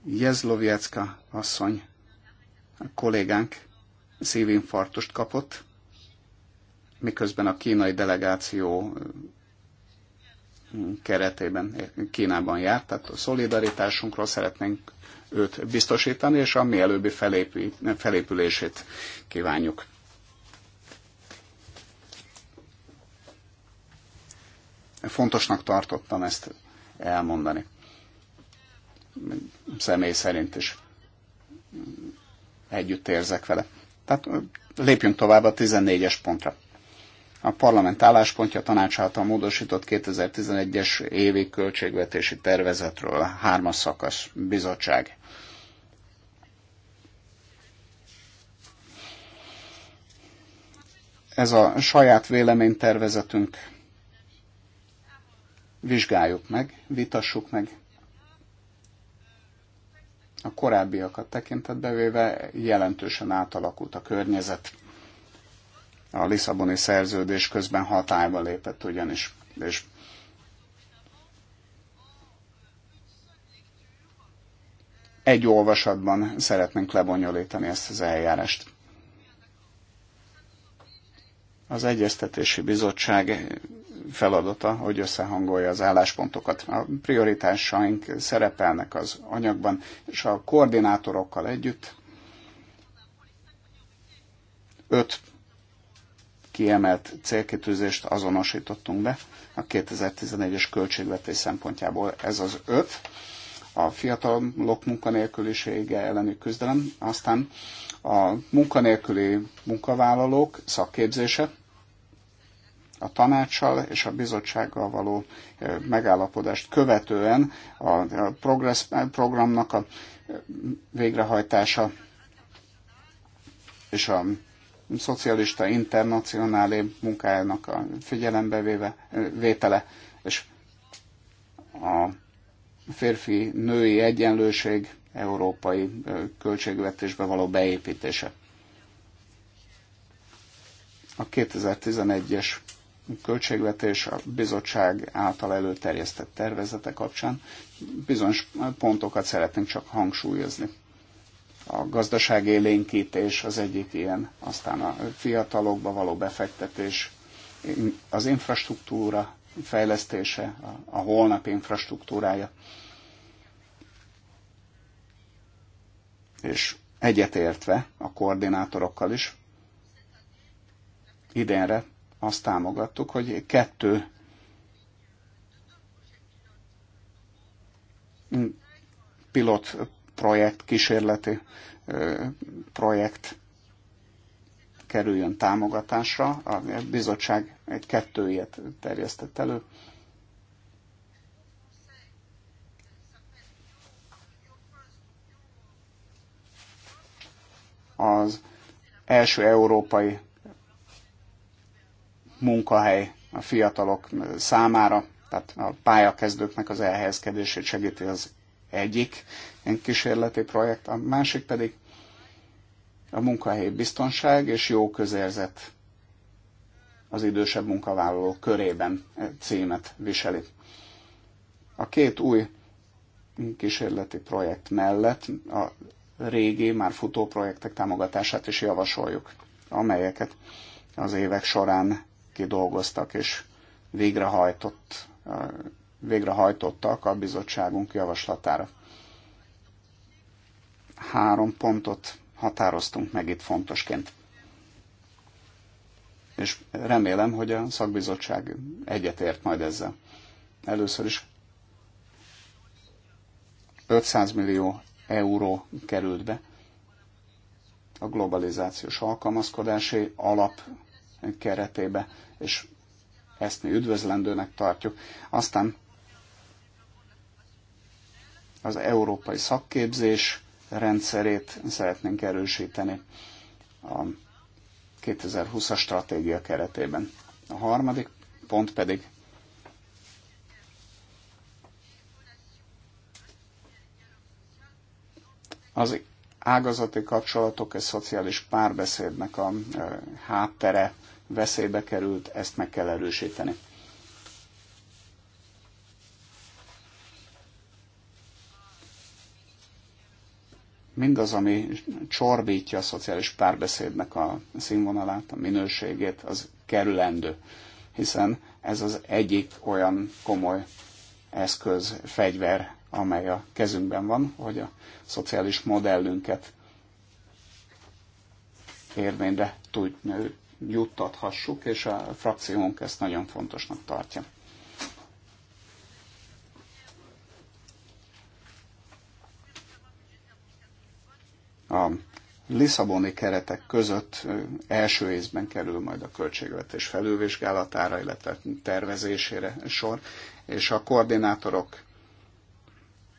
Jezlovjecka asszony, a kollégánk szívinfarktust kapott, miközben a kínai delegáció keretében Kínában járt, tehát a szolidaritásunkról szeretnénk őt biztosítani, és a mielőbbi előbbi felépülését kívánjuk. Fontosnak tartottam ezt elmondani. Személy szerint is együtt érzek vele. Tehát lépjünk tovább a 14-es pontra a parlament álláspontja tanács által módosított 2011-es évi költségvetési tervezetről hármas szakasz bizottság. Ez a saját véleménytervezetünk. Vizsgáljuk meg, vitassuk meg. A korábbiakat tekintetbe véve jelentősen átalakult a környezet a Lisszaboni szerződés közben hatályba lépett ugyanis. És egy olvasatban szeretnénk lebonyolítani ezt az eljárást. Az Egyeztetési Bizottság feladata, hogy összehangolja az álláspontokat. A prioritásaink szerepelnek az anyagban, és a koordinátorokkal együtt öt kiemelt célkitűzést azonosítottunk be a 2011-es költségvetés szempontjából. Ez az öt, a fiatalok munkanélkülisége elleni küzdelem, aztán a munkanélküli munkavállalók szakképzése, a tanácssal és a bizottsággal való megállapodást követően a progress, programnak a végrehajtása és a szocialista internacionálé munkájának a figyelembe véve, vétele, és a férfi-női egyenlőség európai költségvetésbe való beépítése. A 2011-es költségvetés a bizottság által előterjesztett tervezete kapcsán bizonyos pontokat szeretnénk csak hangsúlyozni a gazdaságélénkítés az egyik ilyen, aztán a fiatalokba való befektetés, az infrastruktúra fejlesztése, a holnap infrastruktúrája. És egyetértve a koordinátorokkal is, idénre azt támogattuk, hogy kettő pilot projekt, kísérleti projekt kerüljön támogatásra. A bizottság egy kettőjét terjesztett elő. Az első európai munkahely a fiatalok számára, tehát a pályakezdőknek az elhelyezkedését segíti az egyik kísérleti projekt, a másik pedig a munkahelyi biztonság és jó közérzet az idősebb munkavállalók körében e címet viseli. A két új kísérleti projekt mellett a régi, már futó projektek támogatását is javasoljuk, amelyeket az évek során kidolgoztak és végrehajtott végrehajtottak a bizottságunk javaslatára. Három pontot határoztunk meg itt fontosként. És remélem, hogy a szakbizottság egyetért majd ezzel. Először is 500 millió euró került be a globalizációs alkalmazkodási alap keretébe, és ezt mi üdvözlendőnek tartjuk. Aztán az európai szakképzés rendszerét szeretnénk erősíteni a 2020-as stratégia keretében. A harmadik pont pedig az ágazati kapcsolatok és szociális párbeszédnek a háttere veszélybe került, ezt meg kell erősíteni. mindaz, ami csorbítja a szociális párbeszédnek a színvonalát, a minőségét, az kerülendő. Hiszen ez az egyik olyan komoly eszköz, fegyver, amely a kezünkben van, hogy a szociális modellünket érvényre tud, juttathassuk, és a frakciónk ezt nagyon fontosnak tartja. a Lisszaboni keretek között első észben kerül majd a költségvetés felülvizsgálatára, illetve tervezésére sor, és a koordinátorok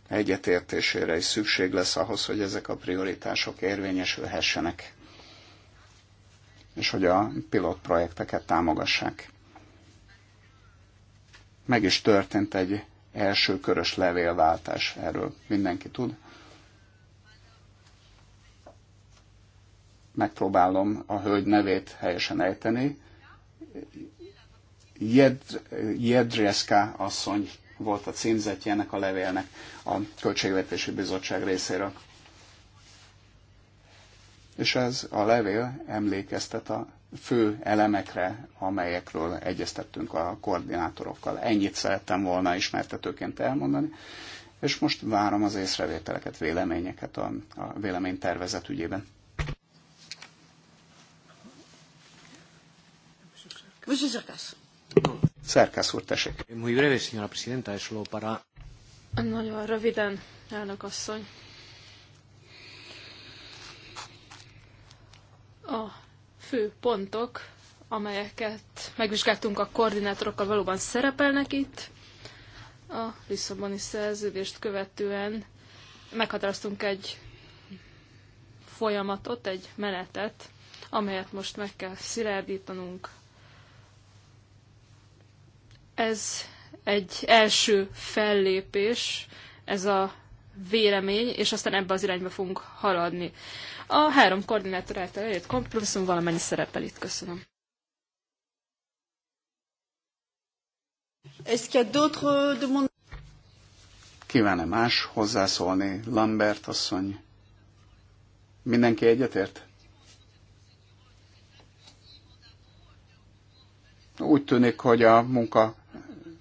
egyetértésére is szükség lesz ahhoz, hogy ezek a prioritások érvényesülhessenek, és hogy a pilotprojekteket támogassák. Meg is történt egy első körös levélváltás, erről mindenki tud megpróbálom a hölgy nevét helyesen ejteni. Jed, Jedrieska asszony volt a címzetje ennek a levélnek a Költségvetési Bizottság részéről. És ez a levél emlékeztet a fő elemekre, amelyekről egyeztettünk a koordinátorokkal. Ennyit szerettem volna ismertetőként elmondani, és most várom az észrevételeket, véleményeket a, a véleménytervezet ügyében. Monsieur Szerkász. Szerkász úr, tessék. Muy breve, señora presidenta, es solo para... Nagyon röviden, elnök asszony. A fő pontok, amelyeket megvizsgáltunk a koordinátorokkal, valóban szerepelnek itt. A Lisszaboni szerződést követően meghatároztunk egy folyamatot, egy menetet, amelyet most meg kell szilárdítanunk. Ez egy első fellépés, ez a vélemény, és aztán ebbe az irányba fogunk haladni. A három koordinátor által elért kompromisszum valamennyi szerepel itt. Köszönöm. Kíván-e más hozzászólni? Lambert asszony. Mindenki egyetért? Úgy tűnik, hogy a munka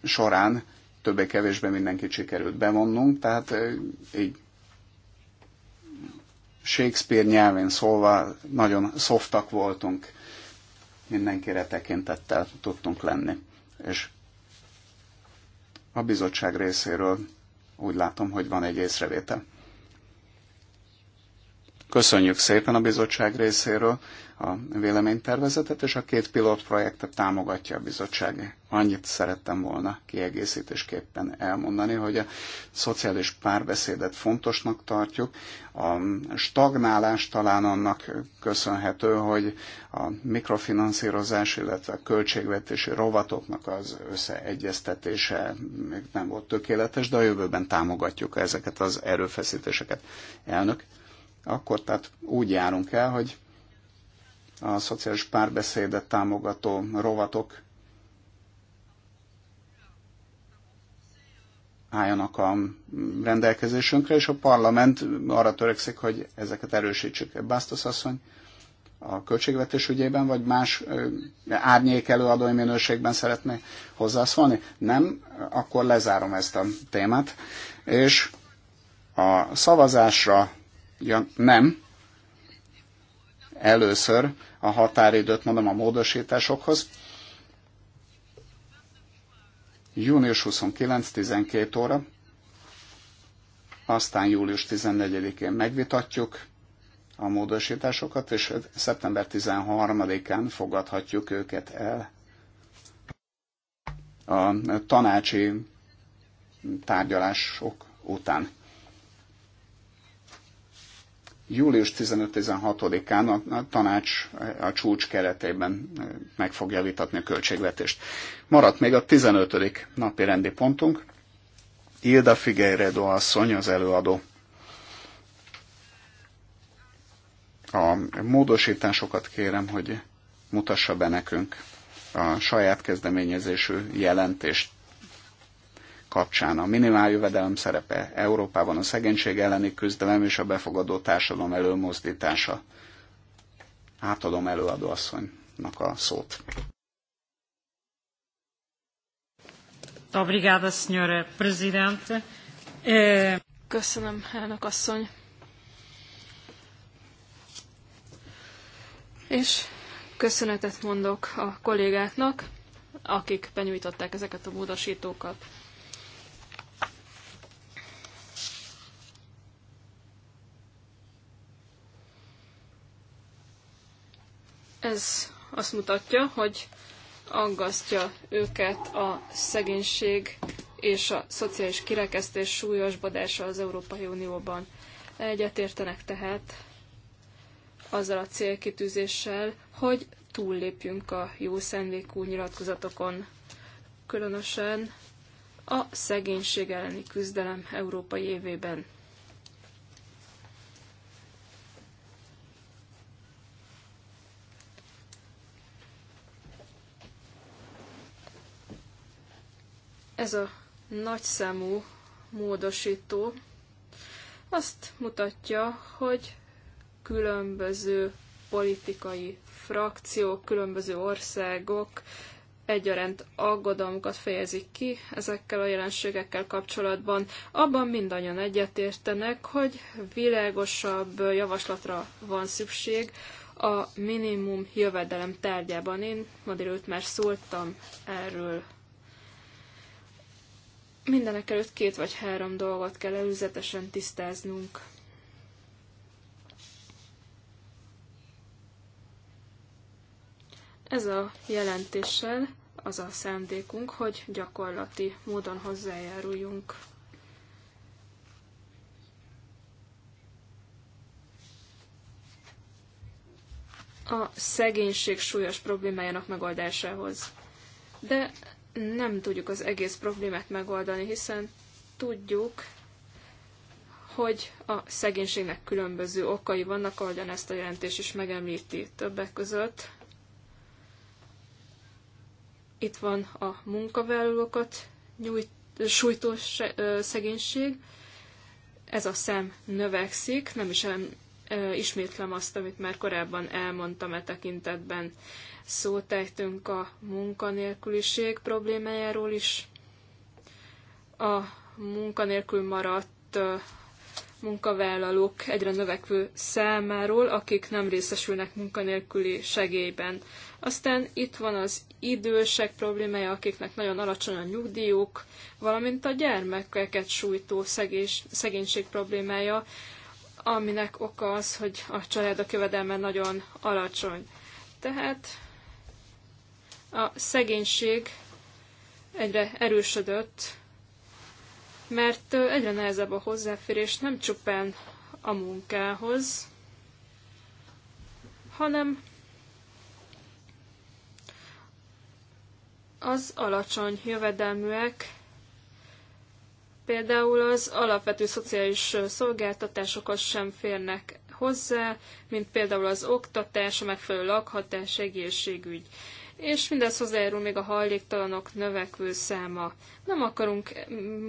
során többé-kevésbé mindenkit sikerült bevonnunk, tehát így Shakespeare nyelvén szólva nagyon szoftak voltunk, mindenkire tekintettel tudtunk lenni. És a bizottság részéről úgy látom, hogy van egy észrevétel. Köszönjük szépen a bizottság részéről a véleménytervezetet, és a két pilot projektet támogatja a bizottság. Annyit szerettem volna kiegészítésképpen elmondani, hogy a szociális párbeszédet fontosnak tartjuk. A stagnálás talán annak köszönhető, hogy a mikrofinanszírozás, illetve a költségvetési rovatoknak az összeegyeztetése még nem volt tökéletes, de a jövőben támogatjuk ezeket az erőfeszítéseket. Elnök, akkor tehát úgy járunk el, hogy a szociális párbeszédet támogató rovatok álljanak a rendelkezésünkre, és a parlament arra törekszik, hogy ezeket erősítsük. Bastos asszony a költségvetés ügyében, vagy más árnyék előadói minőségben szeretné hozzászólni? Nem? Akkor lezárom ezt a témát. És a szavazásra Ja, nem. Először a határidőt mondom a módosításokhoz. Június 29-12 óra, aztán július 14-én megvitatjuk a módosításokat, és szeptember 13-án fogadhatjuk őket el a tanácsi tárgyalások után július 15-16-án a tanács a csúcs keretében meg fogja vitatni a költségvetést. Maradt még a 15. napi rendi pontunk. Ilda Figueiredo asszony az előadó. A módosításokat kérem, hogy mutassa be nekünk a saját kezdeményezésű jelentést kapcsán a minimáljövedelem szerepe Európában, a szegénység elleni küzdelem és a befogadó társadalom előmozdítása. Átadom asszonynak a szót. Obrigada, signore presidente. Köszönöm, elnök asszony. És köszönetet mondok a kollégáknak, akik benyújtották ezeket a módosítókat. Ez azt mutatja, hogy aggasztja őket a szegénység és a szociális kirekesztés súlyosbodása az Európai Unióban. Egyetértenek tehát azzal a célkitűzéssel, hogy túllépjünk a jó szendékú nyilatkozatokon. Különösen a szegénység elleni küzdelem európai évében. Ez a nagyszámú módosító azt mutatja, hogy különböző politikai frakciók, különböző országok egyaránt aggodalmukat fejezik ki ezekkel a jelenségekkel kapcsolatban. Abban mindannyian egyetértenek, hogy világosabb javaslatra van szükség a minimum jövedelem tárgyában. Én ma délőtt már szóltam erről Mindenek előtt két vagy három dolgot kell előzetesen tisztáznunk. Ez a jelentéssel az a szándékunk, hogy gyakorlati módon hozzájáruljunk a szegénység súlyos problémájának megoldásához. De nem tudjuk az egész problémát megoldani, hiszen tudjuk, hogy a szegénységnek különböző okai vannak, ahogyan ezt a jelentés is megemlíti többek között. Itt van a munkavállalókat nyújt, sújtó szegénység, ez a szem növekszik, nem is ismétlem azt, amit már korábban elmondtam e tekintetben. Szót ejtünk a munkanélküliség problémájáról is. A munkanélkül maradt munkavállalók egyre növekvő számáról, akik nem részesülnek munkanélküli segélyben. Aztán itt van az idősek problémája, akiknek nagyon alacsony a nyugdíjuk, valamint a gyermekeket sújtó szegés, szegénység problémája, aminek oka az, hogy a család a jövedelme nagyon alacsony. Tehát a szegénység egyre erősödött, mert egyre nehezebb a hozzáférés nem csupán a munkához, hanem az alacsony jövedelműek például az alapvető szociális szolgáltatásokhoz sem férnek hozzá, mint például az oktatás, a megfelelő lakhatás, egészségügy és mindez hozzájárul még a hajléktalanok növekvő száma. Nem akarunk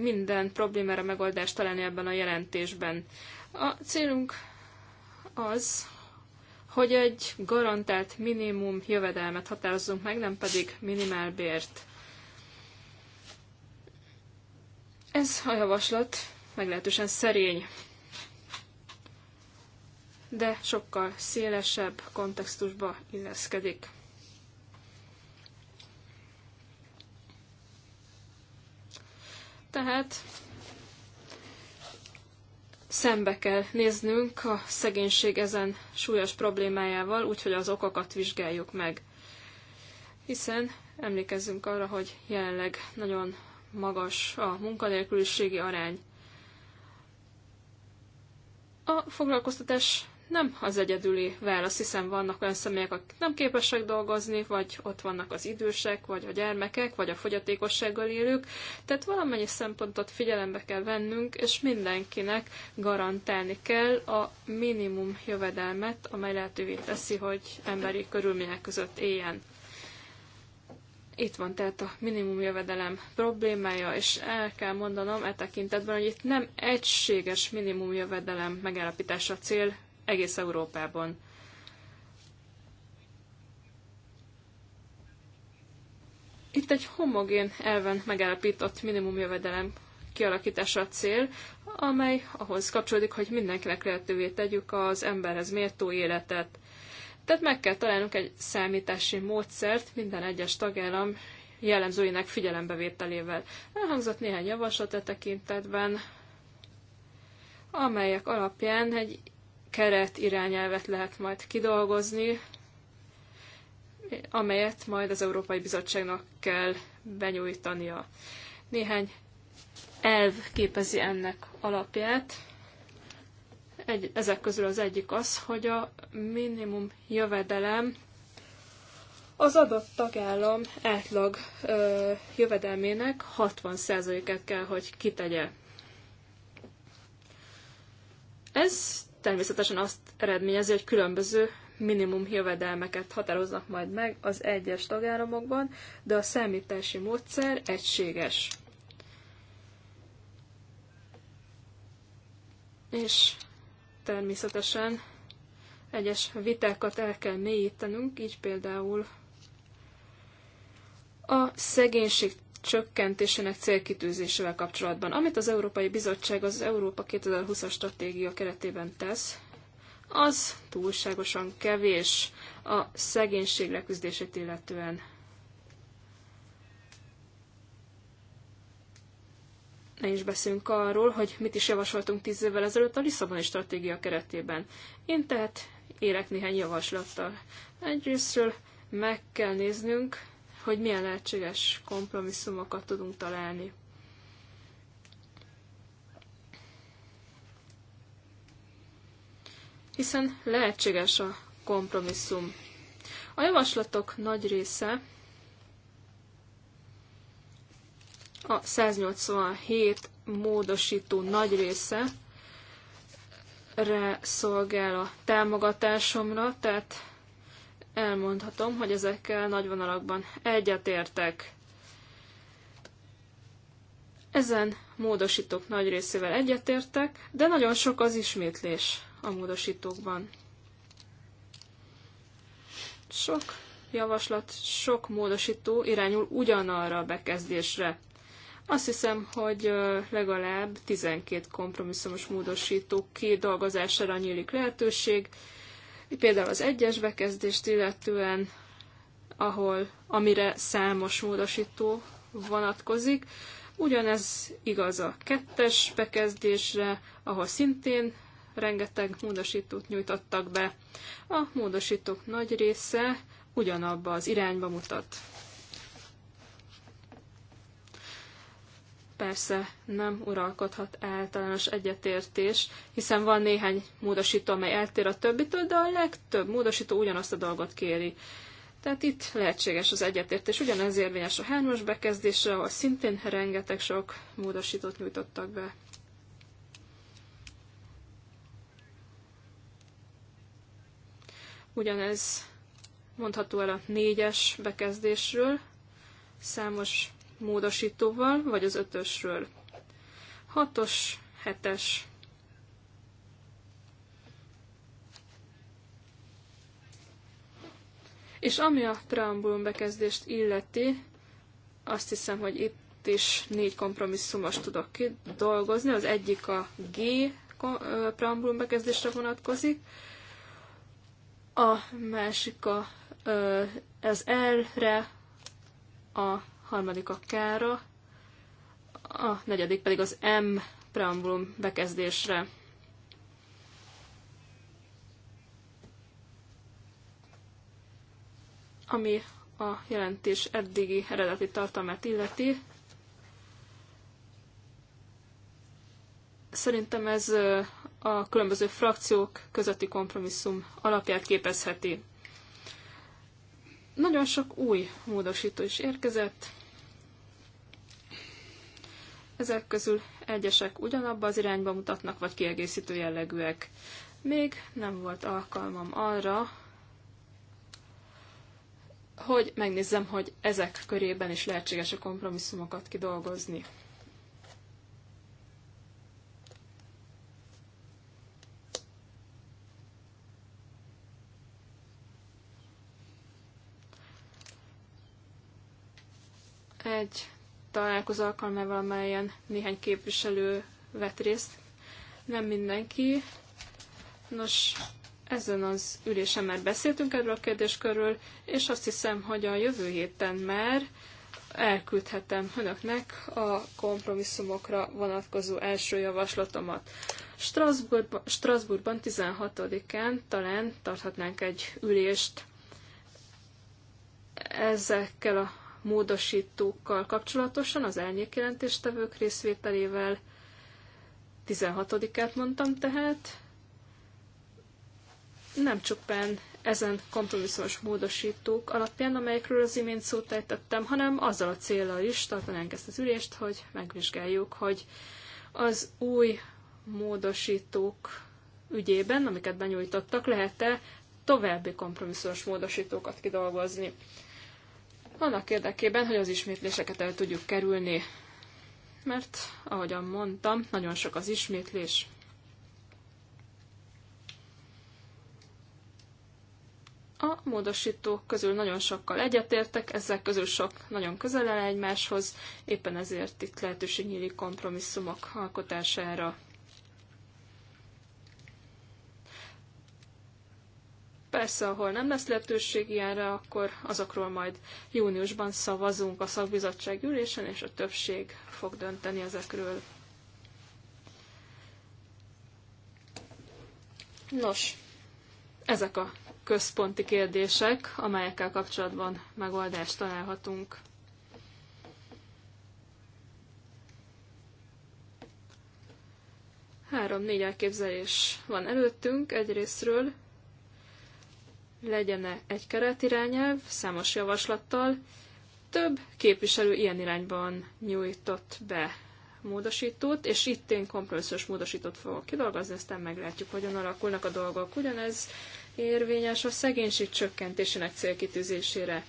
minden problémára megoldást találni ebben a jelentésben. A célunk az, hogy egy garantált minimum jövedelmet határozzunk meg, nem pedig minimálbért. Ez a javaslat meglehetősen szerény, de sokkal szélesebb kontextusba illeszkedik. Tehát szembe kell néznünk a szegénység ezen súlyos problémájával, úgyhogy az okokat vizsgáljuk meg. Hiszen emlékezzünk arra, hogy jelenleg nagyon magas a munkanélküliségi arány. A foglalkoztatás nem az egyedüli válasz, hiszen vannak olyan személyek, akik nem képesek dolgozni, vagy ott vannak az idősek, vagy a gyermekek, vagy a fogyatékossággal élők. Tehát valamennyi szempontot figyelembe kell vennünk, és mindenkinek garantálni kell a minimum jövedelmet, amely lehetővé teszi, hogy emberi körülmények között éljen. Itt van tehát a minimum jövedelem problémája, és el kell mondanom e tekintetben, hogy itt nem egységes minimum jövedelem megállapítása cél, egész Európában. Itt egy homogén elven megállapított minimumjövedelem kialakítása a cél, amely ahhoz kapcsolódik, hogy mindenkinek lehetővé tegyük az emberhez méltó életet. Tehát meg kell találnunk egy számítási módszert minden egyes tagállam jellemzőinek figyelembevételével. Elhangzott néhány javaslat a e tekintetben, amelyek alapján egy keret irányelvet lehet majd kidolgozni, amelyet majd az Európai Bizottságnak kell benyújtania. Néhány elv képezi ennek alapját. Egy, ezek közül az egyik az, hogy a minimum jövedelem az adott tagállam átlag ö, jövedelmének 60 et kell, hogy kitegye. Ez természetesen azt eredményezi, hogy különböző minimum jövedelmeket határoznak majd meg az egyes tagállamokban, de a számítási módszer egységes. És természetesen egyes vitákat el kell mélyítenünk, így például a szegénység csökkentésének célkitűzésével kapcsolatban. Amit az Európai Bizottság az Európa 2020-as stratégia keretében tesz, az túlságosan kevés a szegénység leküzdését illetően. Ne is beszélünk arról, hogy mit is javasoltunk tíz évvel ezelőtt a Lisszaboni stratégia keretében. Én tehát érek néhány javaslattal. Egyrésztről meg kell néznünk, hogy milyen lehetséges kompromisszumokat tudunk találni. Hiszen lehetséges a kompromisszum. A javaslatok nagy része a 187 módosító nagy része re szolgál a támogatásomra, tehát elmondhatom, hogy ezekkel nagy vonalakban egyetértek. Ezen módosítók nagy részével egyetértek, de nagyon sok az ismétlés a módosítókban. Sok javaslat, sok módosító irányul ugyanarra a bekezdésre. Azt hiszem, hogy legalább 12 kompromisszumos módosító kidolgozására nyílik lehetőség, Például az egyes bekezdést illetően, ahol, amire számos módosító vonatkozik, ugyanez igaz a kettes bekezdésre, ahol szintén rengeteg módosítót nyújtottak be. A módosítók nagy része ugyanabba az irányba mutat. persze nem uralkodhat általános egyetértés, hiszen van néhány módosító, amely eltér a többitől, de a legtöbb módosító ugyanazt a dolgot kéri. Tehát itt lehetséges az egyetértés. Ugyanez érvényes a hármas bekezdésre, ahol szintén rengeteg sok módosítót nyújtottak be. Ugyanez mondható el a négyes bekezdésről. Számos módosítóval, vagy az ötösről. Hatos, hetes. És ami a preambulum bekezdést illeti, azt hiszem, hogy itt is négy kompromisszumos tudok dolgozni. Az egyik a G preambulum bekezdésre vonatkozik, a másik a, az L-re, a harmadik a kára, a negyedik pedig az M preambulum bekezdésre. Ami a jelentés eddigi eredeti tartalmát illeti, szerintem ez a különböző frakciók közötti kompromisszum alapját képezheti. Nagyon sok új módosító is érkezett, ezek közül egyesek ugyanabba az irányba mutatnak, vagy kiegészítő jellegűek. Még nem volt alkalmam arra, hogy megnézzem, hogy ezek körében is lehetséges a kompromisszumokat kidolgozni. Egy találkozó alkalmával, amelyen néhány képviselő vett részt. Nem mindenki. Nos, ezen az ülésen már beszéltünk erről a kérdéskörről, és azt hiszem, hogy a jövő héten már elküldhetem önöknek a kompromisszumokra vonatkozó első javaslatomat. Strasbourgban, Strasbourgban 16-án talán tarthatnánk egy ülést ezekkel a módosítókkal kapcsolatosan, az árnyékjelentéstevők részvételével. 16-át mondtam tehát. Nem csupán ezen kompromisszumos módosítók alapján, amelyekről az imént szót ejtettem, hanem azzal a célra is tartanánk ezt az ülést, hogy megvizsgáljuk, hogy az új módosítók ügyében, amiket benyújtottak, lehet-e további kompromisszumos módosítókat kidolgozni annak érdekében, hogy az ismétléseket el tudjuk kerülni. Mert, ahogyan mondtam, nagyon sok az ismétlés. A módosítók közül nagyon sokkal egyetértek, ezek közül sok nagyon közel áll egymáshoz, éppen ezért itt lehetőség nyílik kompromisszumok alkotására. Persze, ahol nem lesz lehetőség ilyenre, akkor azokról majd júniusban szavazunk a szakbizottság ülésen, és a többség fog dönteni ezekről. Nos, ezek a központi kérdések, amelyekkel kapcsolatban megoldást találhatunk. Három-négy elképzelés van előttünk egyrésztről, legyen-e egy keretirányelv számos javaslattal. Több képviselő ilyen irányban nyújtott be módosítót, és itt én kompromisszus módosítót fogok kidolgozni, aztán meglátjuk, hogyan alakulnak a dolgok. Ugyanez érvényes a szegénység csökkentésének célkitűzésére.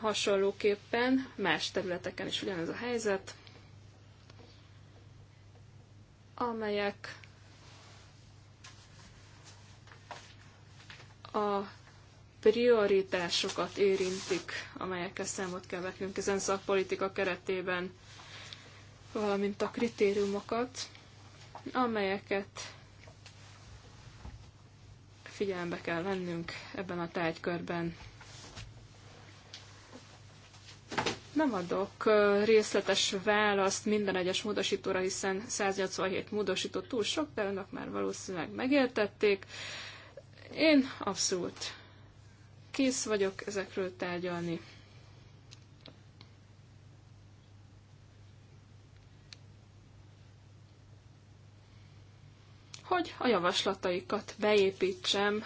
Hasonlóképpen más területeken is ugyanez a helyzet, amelyek a prioritásokat érintik, amelyekkel számot kell vetnünk ezen szakpolitika keretében, valamint a kritériumokat, amelyeket figyelembe kell vennünk ebben a tárgykörben. Nem adok részletes választ minden egyes módosítóra, hiszen 187 módosító túl sok, de önök már valószínűleg megértették. Én abszolút kész vagyok ezekről tárgyalni. Hogy a javaslataikat beépítsem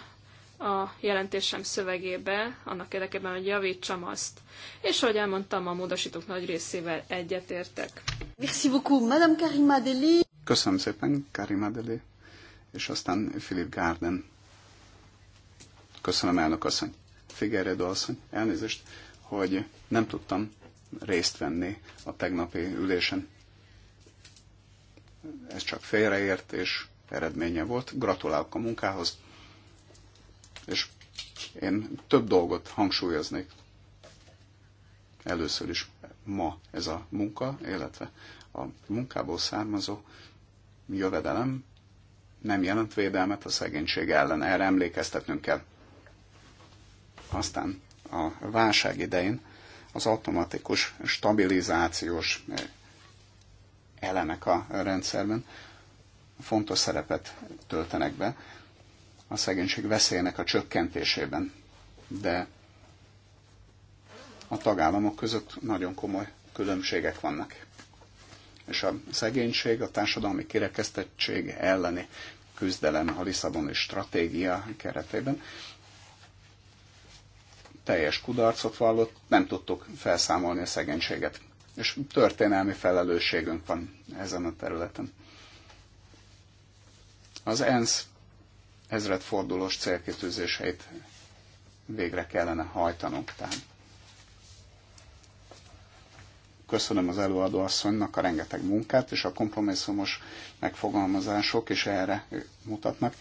a jelentésem szövegébe, annak érdekében, hogy javítsam azt. És ahogy elmondtam, a módosítók nagy részével egyetértek. Merci beaucoup, Madame Karima Deli. Köszönöm szépen, Karima Deli. És aztán Philip Garden. Köszönöm, elnök asszony. Figueredo asszony, elnézést, hogy nem tudtam részt venni a tegnapi ülésen. Ez csak félreértés eredménye volt. Gratulálok a munkához, és én több dolgot hangsúlyoznék. Először is ma ez a munka, illetve a munkából származó jövedelem nem jelent védelmet a szegénység ellen. Erre emlékeztetnünk kell. Aztán a válság idején az automatikus stabilizációs eh, elemek a rendszerben fontos szerepet töltenek be a szegénység veszélyének a csökkentésében. De a tagállamok között nagyon komoly különbségek vannak. És a szegénység, a társadalmi kirekesztettség elleni küzdelem a Lisszaboni stratégia keretében teljes kudarcot vallott, nem tudtuk felszámolni a szegénységet. És történelmi felelősségünk van ezen a területen. Az ENSZ ezredfordulós célkitűzéseit végre kellene hajtanunk. Tehát köszönöm az előadó asszonynak a rengeteg munkát, és a kompromisszumos megfogalmazások is erre mutatnak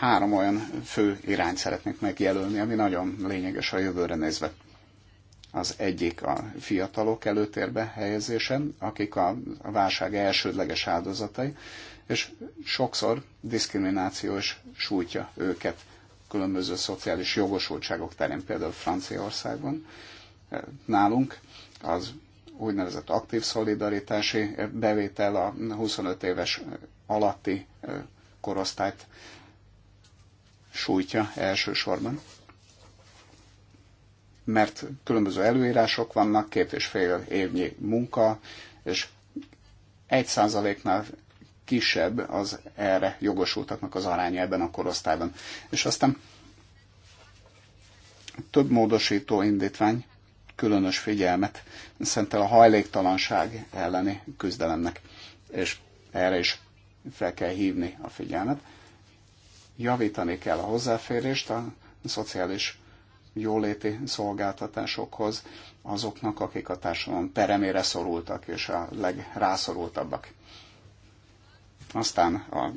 három olyan fő irányt szeretnék megjelölni, ami nagyon lényeges a jövőre nézve. Az egyik a fiatalok előtérbe helyezésen, akik a válság elsődleges áldozatai, és sokszor diszkrimináció is sújtja őket különböző szociális jogosultságok terén, például Franciaországban. Nálunk az úgynevezett aktív szolidaritási bevétel a 25 éves alatti korosztályt sújtja elsősorban, mert különböző előírások vannak, két és fél évnyi munka, és egy százaléknál kisebb az erre jogosultaknak az aránya ebben a korosztályban. És aztán több módosító indítvány különös figyelmet szentel a hajléktalanság elleni küzdelemnek, és erre is fel kell hívni a figyelmet javítani kell a hozzáférést a szociális jóléti szolgáltatásokhoz azoknak, akik a társadalom peremére szorultak és a legrászorultabbak. Aztán a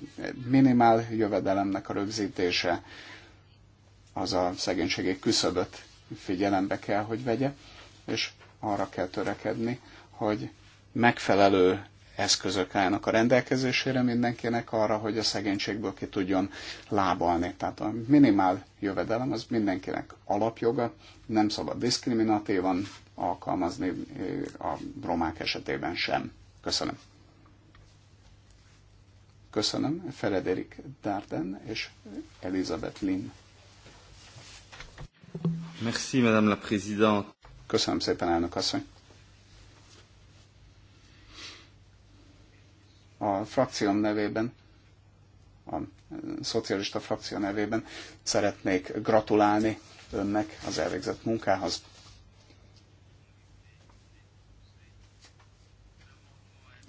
minimál jövedelemnek a rögzítése az a szegénységi küszöböt figyelembe kell, hogy vegye, és arra kell törekedni, hogy megfelelő eszközök állnak a rendelkezésére mindenkinek arra, hogy a szegénységből ki tudjon lábalni. Tehát a minimál jövedelem az mindenkinek alapjoga, nem szabad diszkriminatívan alkalmazni a romák esetében sem. Köszönöm. Köszönöm Frederik Darden és Elizabeth Lin. Merci, Madame la Présidente. Köszönöm szépen, elnök asszony. a frakcióm nevében, a szocialista frakció nevében szeretnék gratulálni önnek az elvégzett munkához.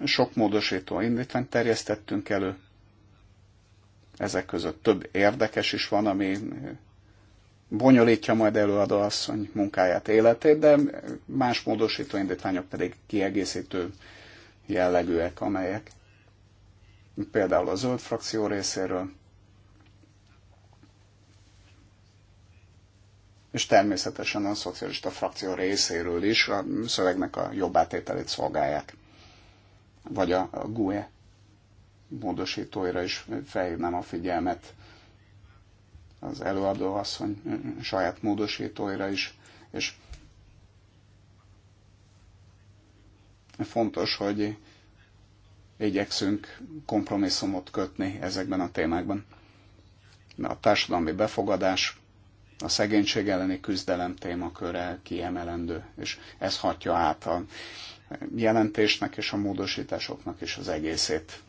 Sok módosító indítványt terjesztettünk elő, ezek között több érdekes is van, ami bonyolítja majd előadó asszony munkáját, életét, de más módosító indítványok pedig kiegészítő jellegűek, amelyek például a zöld frakció részéről, és természetesen a szocialista frakció részéről is a szövegnek a jobb átételét szolgálják. Vagy a, a GUE módosítóira is felhívnám a figyelmet, az előadó asszony saját módosítóira is, és fontos, hogy igyekszünk kompromisszumot kötni ezekben a témákban. A társadalmi befogadás, a szegénység elleni küzdelem témaköre kiemelendő, és ez hatja át a jelentésnek és a módosításoknak is az egészét.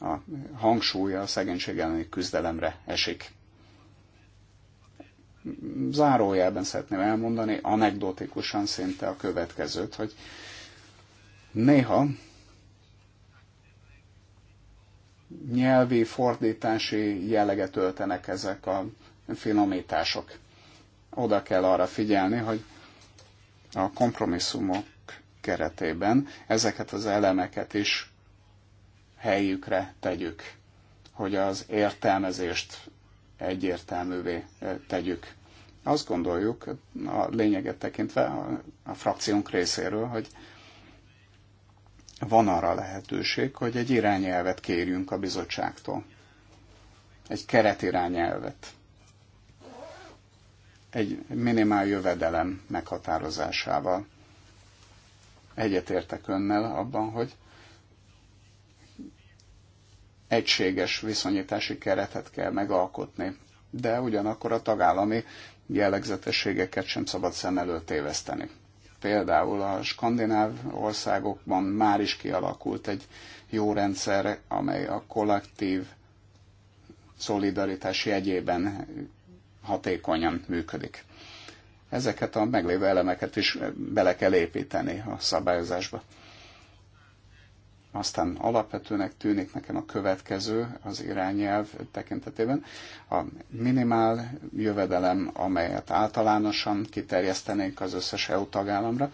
A hangsúlya a szegénység elleni küzdelemre esik. Zárójelben szeretném elmondani, anekdotikusan szinte a következőt, hogy néha nyelvi, fordítási jelleget öltenek ezek a finomítások. Oda kell arra figyelni, hogy a kompromisszumok keretében ezeket az elemeket is helyükre tegyük, hogy az értelmezést egyértelművé tegyük. Azt gondoljuk, a lényeget tekintve a, a frakciónk részéről, hogy van arra lehetőség, hogy egy irányelvet kérjünk a bizottságtól. Egy keretirányelvet. Egy minimál jövedelem meghatározásával. Egyetértek önnel abban, hogy egységes viszonyítási keretet kell megalkotni, de ugyanakkor a tagállami jellegzetességeket sem szabad szem előtt téveszteni. Például a skandináv országokban már is kialakult egy jó rendszer, amely a kollektív szolidaritás jegyében hatékonyan működik. Ezeket a meglévő elemeket is bele kell építeni a szabályozásba. Aztán alapvetőnek tűnik nekem a következő az irányelv tekintetében. A minimál jövedelem, amelyet általánosan kiterjesztenénk az összes EU tagállamra,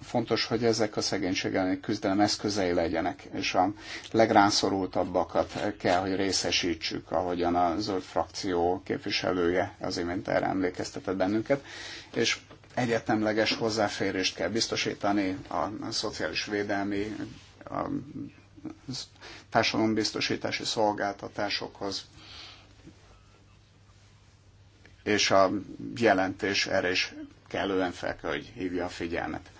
fontos, hogy ezek a szegénység elleni küzdelem eszközei legyenek, és a legrászorultabbakat kell, hogy részesítsük, ahogyan a zöld frakció képviselője az imént erre emlékeztetett bennünket, és egyetemleges hozzáférést kell biztosítani a szociális védelmi, a társadalombiztosítási szolgáltatásokhoz, és a jelentés erre is kellően fel kell, hogy hívja a figyelmet.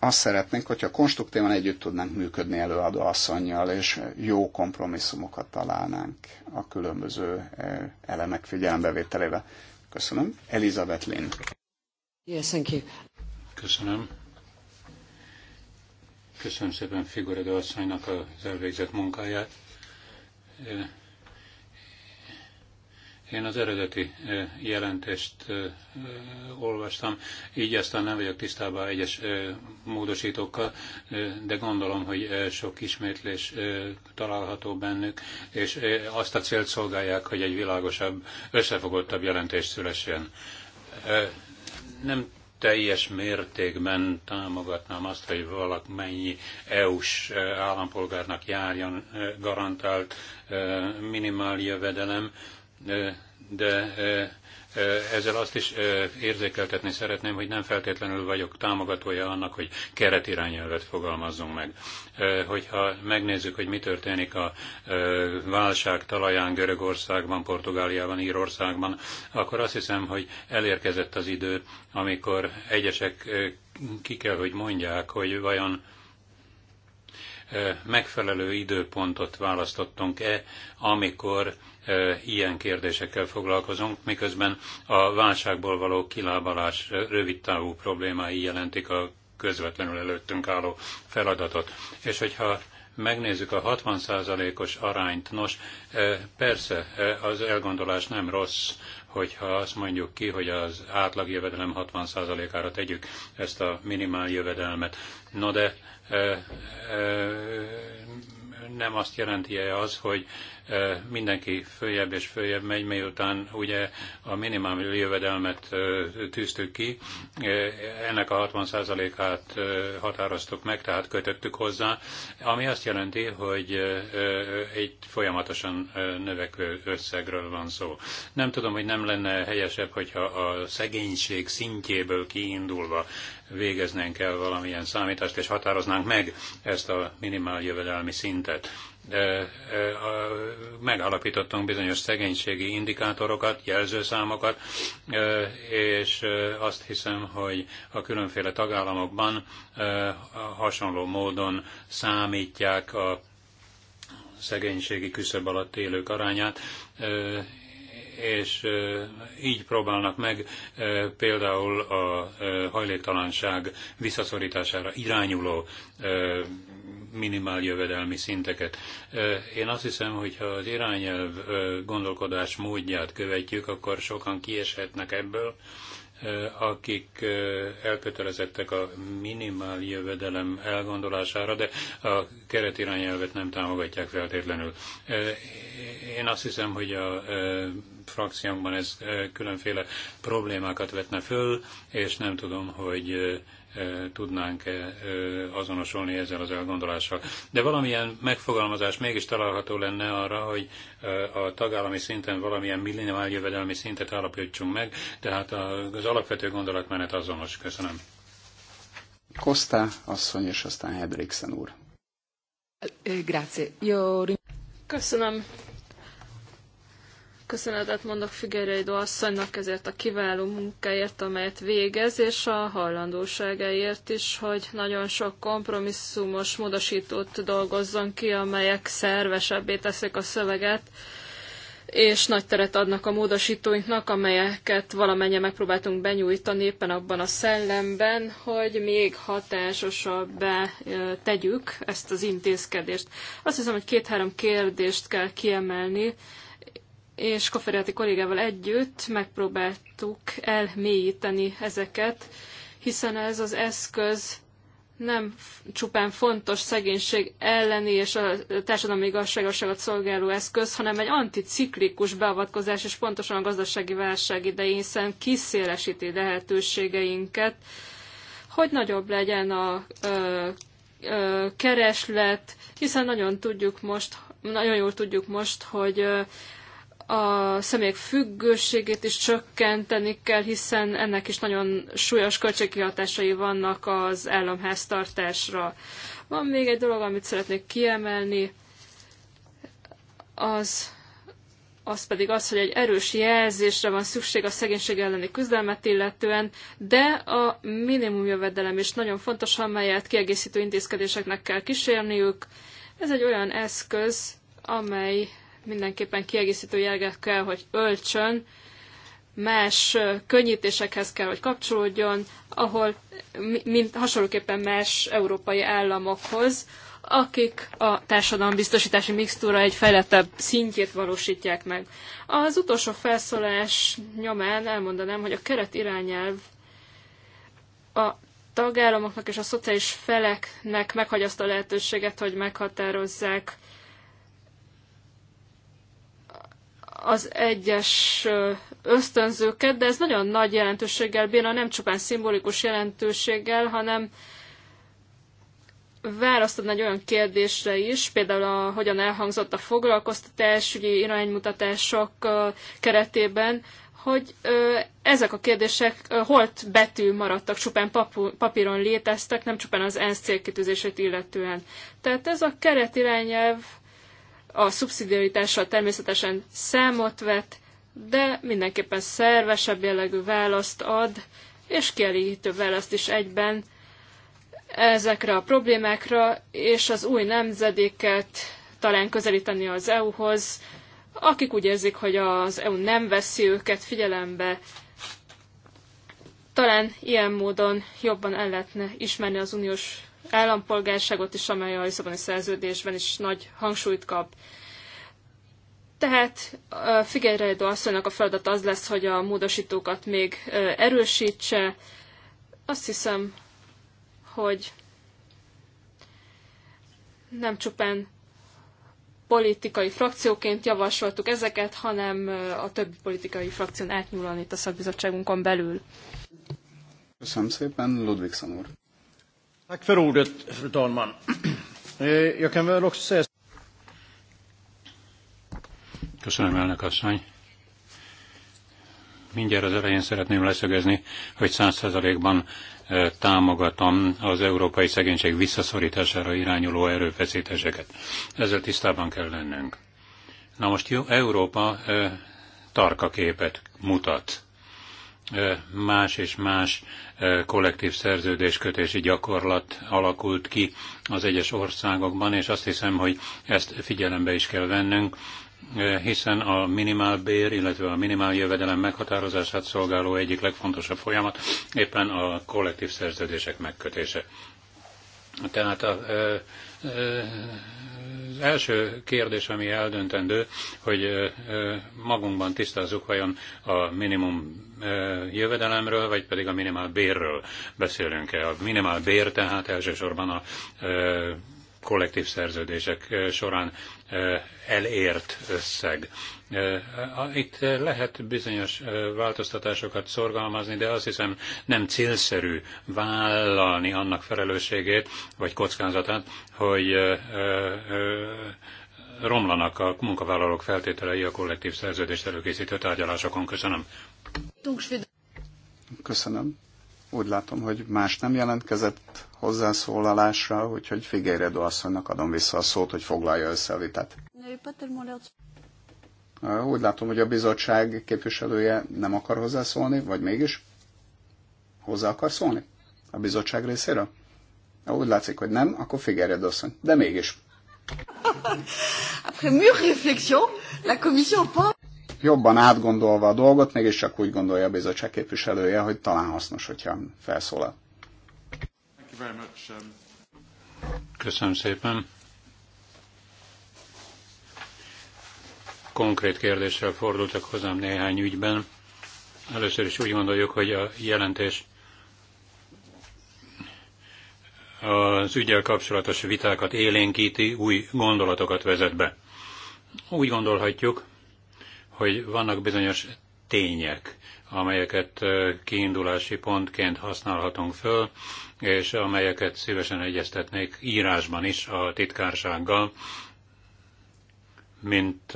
Azt szeretnénk, hogyha konstruktívan együtt tudnánk működni előadó asszonynal, és jó kompromisszumokat találnánk a különböző eh, elemek figyelembevételével. Köszönöm. Elizabeth Lynn. Yes, thank you. Köszönöm. Köszönöm szépen Figuredo asszonynak az elvégzett munkáját. Én az eredeti jelentést olvastam, így aztán nem vagyok tisztában egyes módosítókkal, de gondolom, hogy sok ismétlés található bennük, és azt a célt szolgálják, hogy egy világosabb, összefogottabb jelentés szülessen. Nem teljes mértékben támogatnám azt, hogy valamennyi EU-s állampolgárnak járjon garantált minimál jövedelem, de ezzel azt is érzékeltetni szeretném, hogy nem feltétlenül vagyok támogatója annak, hogy keretirányelvet fogalmazzunk meg. Hogyha megnézzük, hogy mi történik a válság talaján Görögországban, Portugáliában, Írországban, akkor azt hiszem, hogy elérkezett az idő, amikor egyesek ki kell, hogy mondják, hogy vajon megfelelő időpontot választottunk-e, amikor ilyen kérdésekkel foglalkozunk, miközben a válságból való kilábalás rövidtávú problémái jelentik a közvetlenül előttünk álló feladatot. És hogyha megnézzük a 60%-os arányt, nos, persze az elgondolás nem rossz, hogyha azt mondjuk ki, hogy az átlag jövedelem 60%-ára tegyük ezt a minimál jövedelmet. No de nem azt jelenti -e az, hogy mindenki följebb és följebb megy, miután ugye a minimál jövedelmet tűztük ki, ennek a 60%-át határoztuk meg, tehát kötöttük hozzá, ami azt jelenti, hogy egy folyamatosan növekvő összegről van szó. Nem tudom, hogy nem lenne helyesebb, hogyha a szegénység szintjéből kiindulva végeznénk el valamilyen számítást, és határoznánk meg ezt a minimál jövedelmi szintet. De e, megalapítottunk bizonyos szegénységi indikátorokat, jelzőszámokat, e, és e, azt hiszem, hogy a különféle tagállamokban hasonló módon számítják a szegénységi küszöb alatt élők arányát, és így próbálnak meg például a hajléktalanság visszaszorítására irányuló minimál jövedelmi szinteket. Én azt hiszem, hogy ha az irányelv gondolkodás módját követjük, akkor sokan kieshetnek ebből, akik elkötelezettek a minimál jövedelem elgondolására, de a keretirányelvet nem támogatják feltétlenül. Én azt hiszem, hogy a frakciómban ez különféle problémákat vetne föl, és nem tudom, hogy tudnánk -e azonosulni ezzel az elgondolással. De valamilyen megfogalmazás mégis található lenne arra, hogy a tagállami szinten valamilyen minimál jövedelmi szintet állapítsunk meg, tehát az alapvető gondolatmenet azonos. Köszönöm. Costa asszony, és aztán Hedrickson úr. Grazie. Jó. Köszönöm. Köszönetet mondok Figereidó asszonynak ezért a kiváló munkáért, amelyet végez, és a hajlandóságáért is, hogy nagyon sok kompromisszumos módosítót dolgozzon ki, amelyek szervesebbé teszik a szöveget, és nagy teret adnak a módosítóinknak, amelyeket valamennyien megpróbáltunk benyújtani éppen abban a szellemben, hogy még hatásosabbá tegyük ezt az intézkedést. Azt hiszem, hogy két-három kérdést kell kiemelni, és Koferati kollégával együtt megpróbáltuk elmélyíteni ezeket, hiszen ez az eszköz nem csupán fontos szegénység elleni és a társadalmi igazságosságot szolgáló eszköz, hanem egy anticiklikus beavatkozás, és pontosan a gazdasági válság idején, hiszen kiszélesíti lehetőségeinket, hogy nagyobb legyen a ö, ö, kereslet, hiszen nagyon tudjuk most, nagyon jól tudjuk most, hogy a személyek függőségét is csökkenteni kell, hiszen ennek is nagyon súlyos költségkihatásai vannak az államháztartásra. Van még egy dolog, amit szeretnék kiemelni, az, az pedig az, hogy egy erős jelzésre van szükség a szegénység elleni küzdelmet illetően, de a minimum jövedelem is nagyon fontos, amelyet kiegészítő intézkedéseknek kell kísérniük. Ez egy olyan eszköz, amely mindenképpen kiegészítő jelget kell, hogy öltsön, más könnyítésekhez kell, hogy kapcsolódjon, ahol mint hasonlóképpen más európai államokhoz, akik a társadalombiztosítási mixtúra egy fejlettebb szintjét valósítják meg. Az utolsó felszólás nyomán elmondanám, hogy a keret irányelv a tagállamoknak és a szociális feleknek azt a lehetőséget, hogy meghatározzák az egyes ösztönzőket, de ez nagyon nagy jelentőséggel bírna, nem csupán szimbolikus jelentőséggel, hanem választod egy olyan kérdésre is, például a, hogyan elhangzott a ügyi iránymutatások keretében, hogy ö, ezek a kérdések ö, holt betű maradtak, csupán papu, papíron léteztek, nem csupán az ENSZ célkitűzését illetően. Tehát ez a keretirányelv a szubszidiaritással természetesen számot vet, de mindenképpen szervesebb jellegű választ ad, és kielégítő választ is egyben ezekre a problémákra, és az új nemzedéket talán közelíteni az EU-hoz, akik úgy érzik, hogy az EU nem veszi őket figyelembe, talán ilyen módon jobban el lehetne ismerni az uniós állampolgárságot is, amely a Lisszaboni szerződésben is nagy hangsúlyt kap. Tehát Figyeljrejdó asszonynak a feladat az lesz, hogy a módosítókat még erősítse. Azt hiszem, hogy nem csupán politikai frakcióként javasoltuk ezeket, hanem a többi politikai frakción átnyúlani, itt a szakbizottságunkon belül. Köszönöm szépen, Ludvig úr. Tack för ordet, fru talman. Eh, jag kan väl också säga... Köszönöm, elnök asszony. Mindjárt az elején szeretném leszögezni, hogy százszerzalékban eh, támogatom az európai szegénység visszaszorítására irányuló erőfeszítéseket. Ezzel tisztában kell lennünk. Na most jó, Európa eh, tarka képet mutat más és más kollektív szerződéskötési gyakorlat alakult ki az egyes országokban, és azt hiszem, hogy ezt figyelembe is kell vennünk, hiszen a bér, illetve a minimál jövedelem meghatározását szolgáló egyik legfontosabb folyamat éppen a kollektív szerződések megkötése. Tehát a az első kérdés, ami eldöntendő, hogy magunkban tisztázzuk, vajon a minimum jövedelemről, vagy pedig a minimál bérről beszélünk-e. A minimál bér tehát elsősorban a kollektív szerződések során elért összeg. Itt lehet bizonyos változtatásokat szorgalmazni, de azt hiszem nem célszerű vállalni annak felelősségét vagy kockázatát, hogy romlanak a munkavállalók feltételei a kollektív szerződést előkészítő tárgyalásokon. Köszönöm. Köszönöm úgy látom, hogy más nem jelentkezett hozzászólalásra, úgyhogy Figueiredo asszonynak adom vissza a szót, hogy foglalja össze a vitát. Uh, úgy látom, hogy a bizottság képviselője nem akar hozzászólni, vagy mégis? Hozzá akar szólni? A bizottság részéről? Úgy látszik, hogy nem, akkor Figueiredo asszony. De mégis. Après mûre réflexion, la commission pense jobban átgondolva a dolgot, mégis csak úgy gondolja a bizottság képviselője, hogy talán hasznos, hogyha felszólal. Um, Köszönöm szépen. Konkrét kérdéssel fordultak hozzám néhány ügyben. Először is úgy gondoljuk, hogy a jelentés az ügyel kapcsolatos vitákat élénkíti, új gondolatokat vezet be. Úgy gondolhatjuk, hogy vannak bizonyos tények, amelyeket kiindulási pontként használhatunk föl, és amelyeket szívesen egyeztetnék írásban is a titkársággal, mint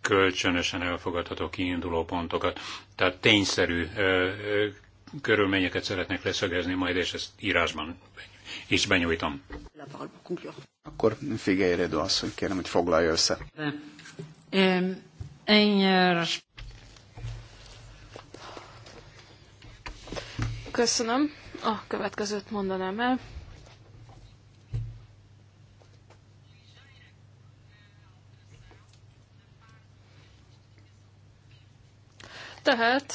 kölcsönösen elfogadható kiinduló pontokat. Tehát tényszerű körülményeket szeretnék leszögezni majd, és ezt írásban is benyújtom. Akkor azt, hogy kérem, hogy foglalja össze. Em... Köszönöm. A következőt mondanám el. Tehát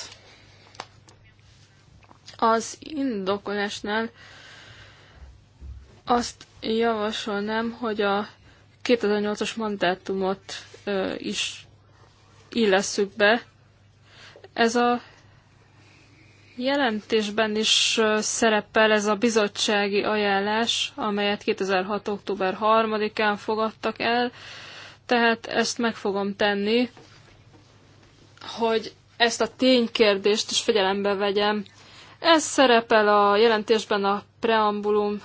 az indokolásnál azt javasolnám, hogy a 2008-as mandátumot ö, is illesszük be. Ez a jelentésben is szerepel ez a bizottsági ajánlás, amelyet 2006. október 3-án fogadtak el, tehát ezt meg fogom tenni, hogy ezt a ténykérdést is figyelembe vegyem. Ez szerepel a jelentésben a preambulum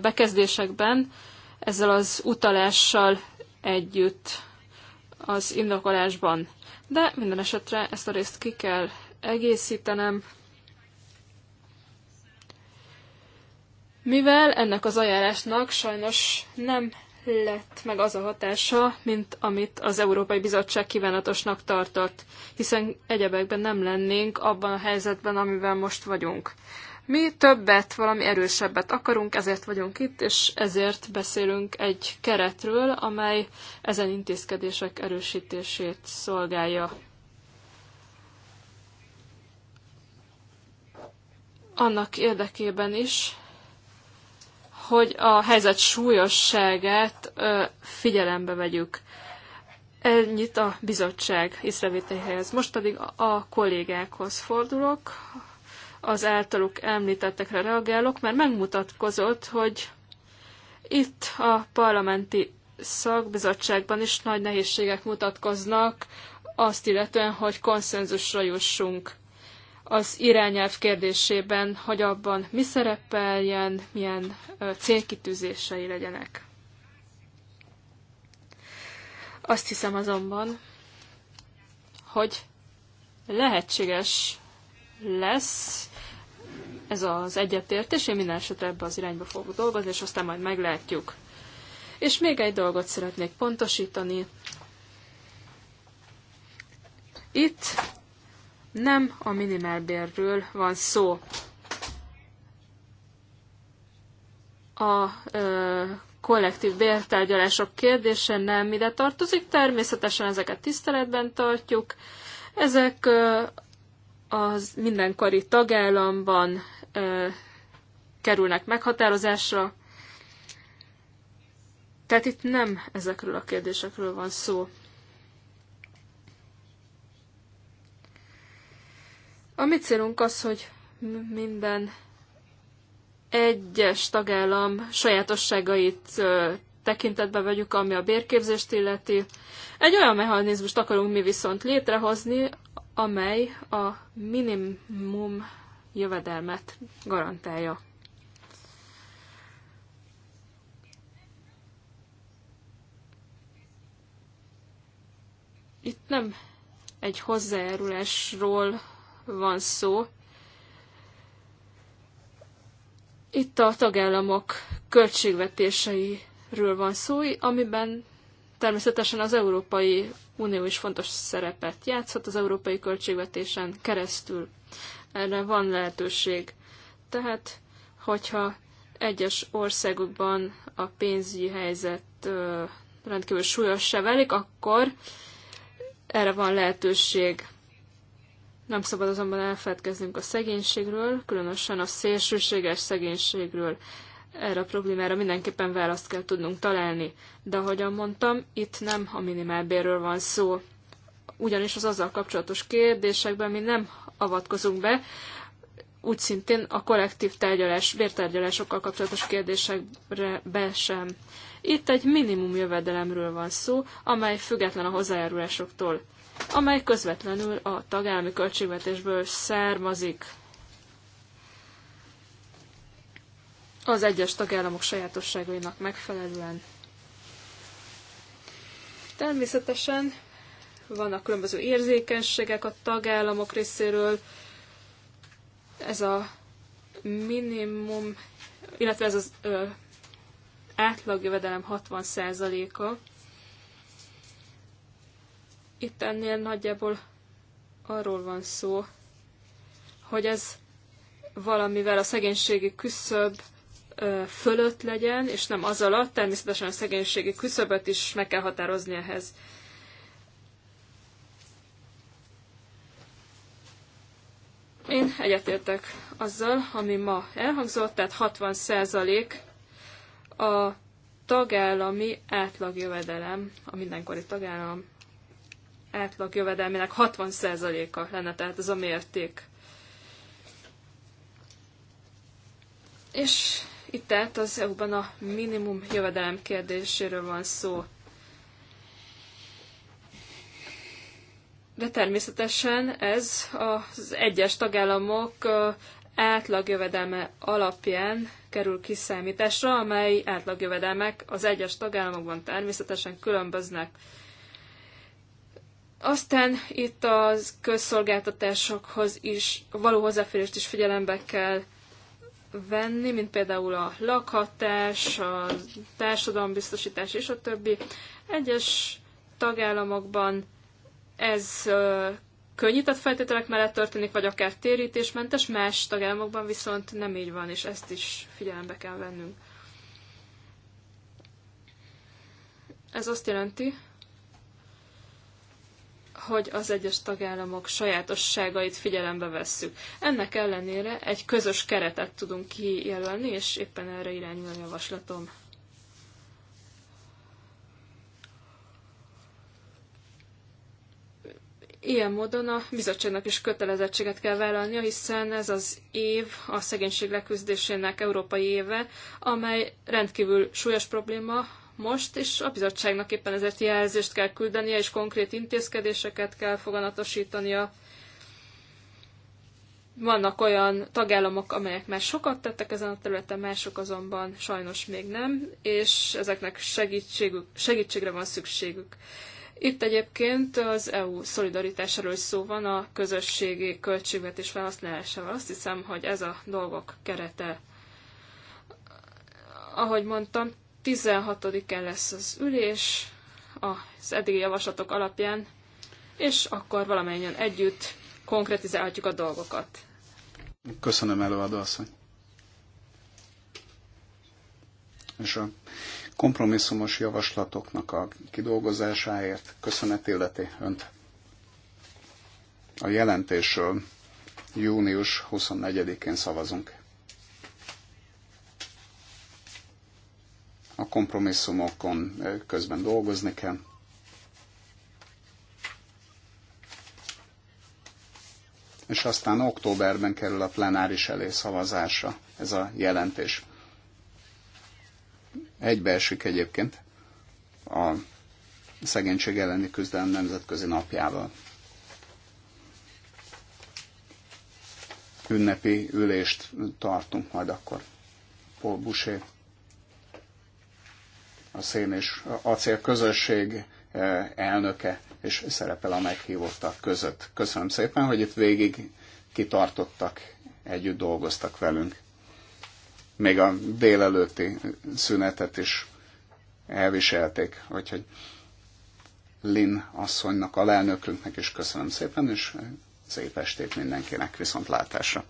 bekezdésekben, ezzel az utalással együtt az indokolásban. De minden esetre ezt a részt ki kell egészítenem, mivel ennek az ajánlásnak sajnos nem lett meg az a hatása, mint amit az Európai Bizottság kívánatosnak tartott, hiszen egyebekben nem lennénk abban a helyzetben, amiben most vagyunk. Mi többet, valami erősebbet akarunk, ezért vagyunk itt, és ezért beszélünk egy keretről, amely ezen intézkedések erősítését szolgálja. Annak érdekében is, hogy a helyzet súlyosságát figyelembe vegyük. Ennyit a bizottság észrevételéhez. Most pedig a kollégákhoz fordulok, az általuk említettekre reagálok, mert megmutatkozott, hogy itt a parlamenti szakbizottságban is nagy nehézségek mutatkoznak, azt illetően, hogy konszenzusra jussunk az irányelv kérdésében, hogy abban mi szerepeljen, milyen célkitűzései legyenek. Azt hiszem azonban, hogy lehetséges lesz ez az egyetértés, én minden esetre ebbe az irányba fogok dolgozni, és aztán majd meglátjuk. És még egy dolgot szeretnék pontosítani. Itt nem a minimálbérről van szó. A ö, kollektív bértárgyalások kérdése nem ide tartozik, természetesen ezeket tiszteletben tartjuk. Ezek az mindenkori tagállamban kerülnek meghatározásra. Tehát itt nem ezekről a kérdésekről van szó. A mi célunk az, hogy minden egyes tagállam sajátosságait tekintetbe vegyük, ami a bérképzést illeti. Egy olyan mechanizmust akarunk mi viszont létrehozni, amely a minimum jövedelmet garantálja. Itt nem egy hozzájárulásról van szó. Itt a tagállamok költségvetéseiről van szó, amiben természetesen az Európai Unió is fontos szerepet játszhat az európai költségvetésen keresztül erre van lehetőség. Tehát, hogyha egyes országokban a pénzügyi helyzet rendkívül se velik, akkor erre van lehetőség. Nem szabad azonban elfeledkeznünk a szegénységről, különösen a szélsőséges szegénységről. Erre a problémára mindenképpen választ kell tudnunk találni. De ahogyan mondtam, itt nem a minimálbérről van szó ugyanis az azzal kapcsolatos kérdésekben mi nem avatkozunk be, úgy szintén a kollektív tárgyalás, bértárgyalásokkal kapcsolatos be sem. Itt egy minimum jövedelemről van szó, amely független a hozzájárulásoktól, amely közvetlenül a tagállami költségvetésből származik. Az egyes tagállamok sajátosságainak megfelelően. Természetesen vannak különböző érzékenységek a tagállamok részéről. Ez a minimum, illetve ez az ö, jövedelem 60%-a. Itt ennél nagyjából arról van szó, hogy ez valamivel a szegénységi küszöb fölött legyen, és nem az alatt. Természetesen a szegénységi küszöböt is meg kell határozni ehhez. Én egyetértek azzal, ami ma elhangzott, tehát 60% a tagállami átlagjövedelem, a mindenkori tagállam átlagjövedelmének 60%-a lenne, tehát ez a mérték. És itt tehát az EU-ban a minimum jövedelem kérdéséről van szó. de természetesen ez az egyes tagállamok átlagjövedelme alapján kerül kiszámításra, amely átlagjövedelmek az egyes tagállamokban természetesen különböznek. Aztán itt az közszolgáltatásokhoz is való hozzáférést is figyelembe kell venni, mint például a lakhatás, a társadalombiztosítás és a többi. Egyes tagállamokban ez könnyített feltételek mellett történik, vagy akár térítésmentes, más tagállamokban viszont nem így van, és ezt is figyelembe kell vennünk. Ez azt jelenti, hogy az egyes tagállamok sajátosságait figyelembe vesszük. Ennek ellenére egy közös keretet tudunk kijelölni, és éppen erre irányul a javaslatom. Ilyen módon a bizottságnak is kötelezettséget kell vállalnia, hiszen ez az év a szegénység leküzdésének európai éve, amely rendkívül súlyos probléma most, és a bizottságnak éppen ezért jelzést kell küldenie, és konkrét intézkedéseket kell foganatosítania. Vannak olyan tagállamok, amelyek már sokat tettek ezen a területen, mások azonban sajnos még nem, és ezeknek segítségük, segítségre van szükségük. Itt egyébként az EU szolidaritásáról is szó van a közösségi költségvetés felhasználásával. Azt hiszem, hogy ez a dolgok kerete. Ahogy mondtam, 16-án lesz az ülés az eddigi javaslatok alapján, és akkor valamennyien együtt konkretizálhatjuk a dolgokat. Köszönöm előadó asszony. És a kompromisszumos javaslatoknak a kidolgozásáért köszönet illeti önt. A jelentésről június 24-én szavazunk. A kompromisszumokon eh, közben dolgozni kell. És aztán októberben kerül a plenáris elé szavazásra ez a jelentés. Egybeesik egyébként a szegénység elleni küzdelem nemzetközi napjával. Ünnepi ülést tartunk majd akkor. Paul Boucher, a szén és acél közösség eh, elnöke, és szerepel a meghívottak között. Köszönöm szépen, hogy itt végig kitartottak, együtt dolgoztak velünk még a délelőtti szünetet is elviselték. Úgyhogy Lin asszonynak, lelnökünknek is köszönöm szépen, és szép estét mindenkinek, viszontlátásra!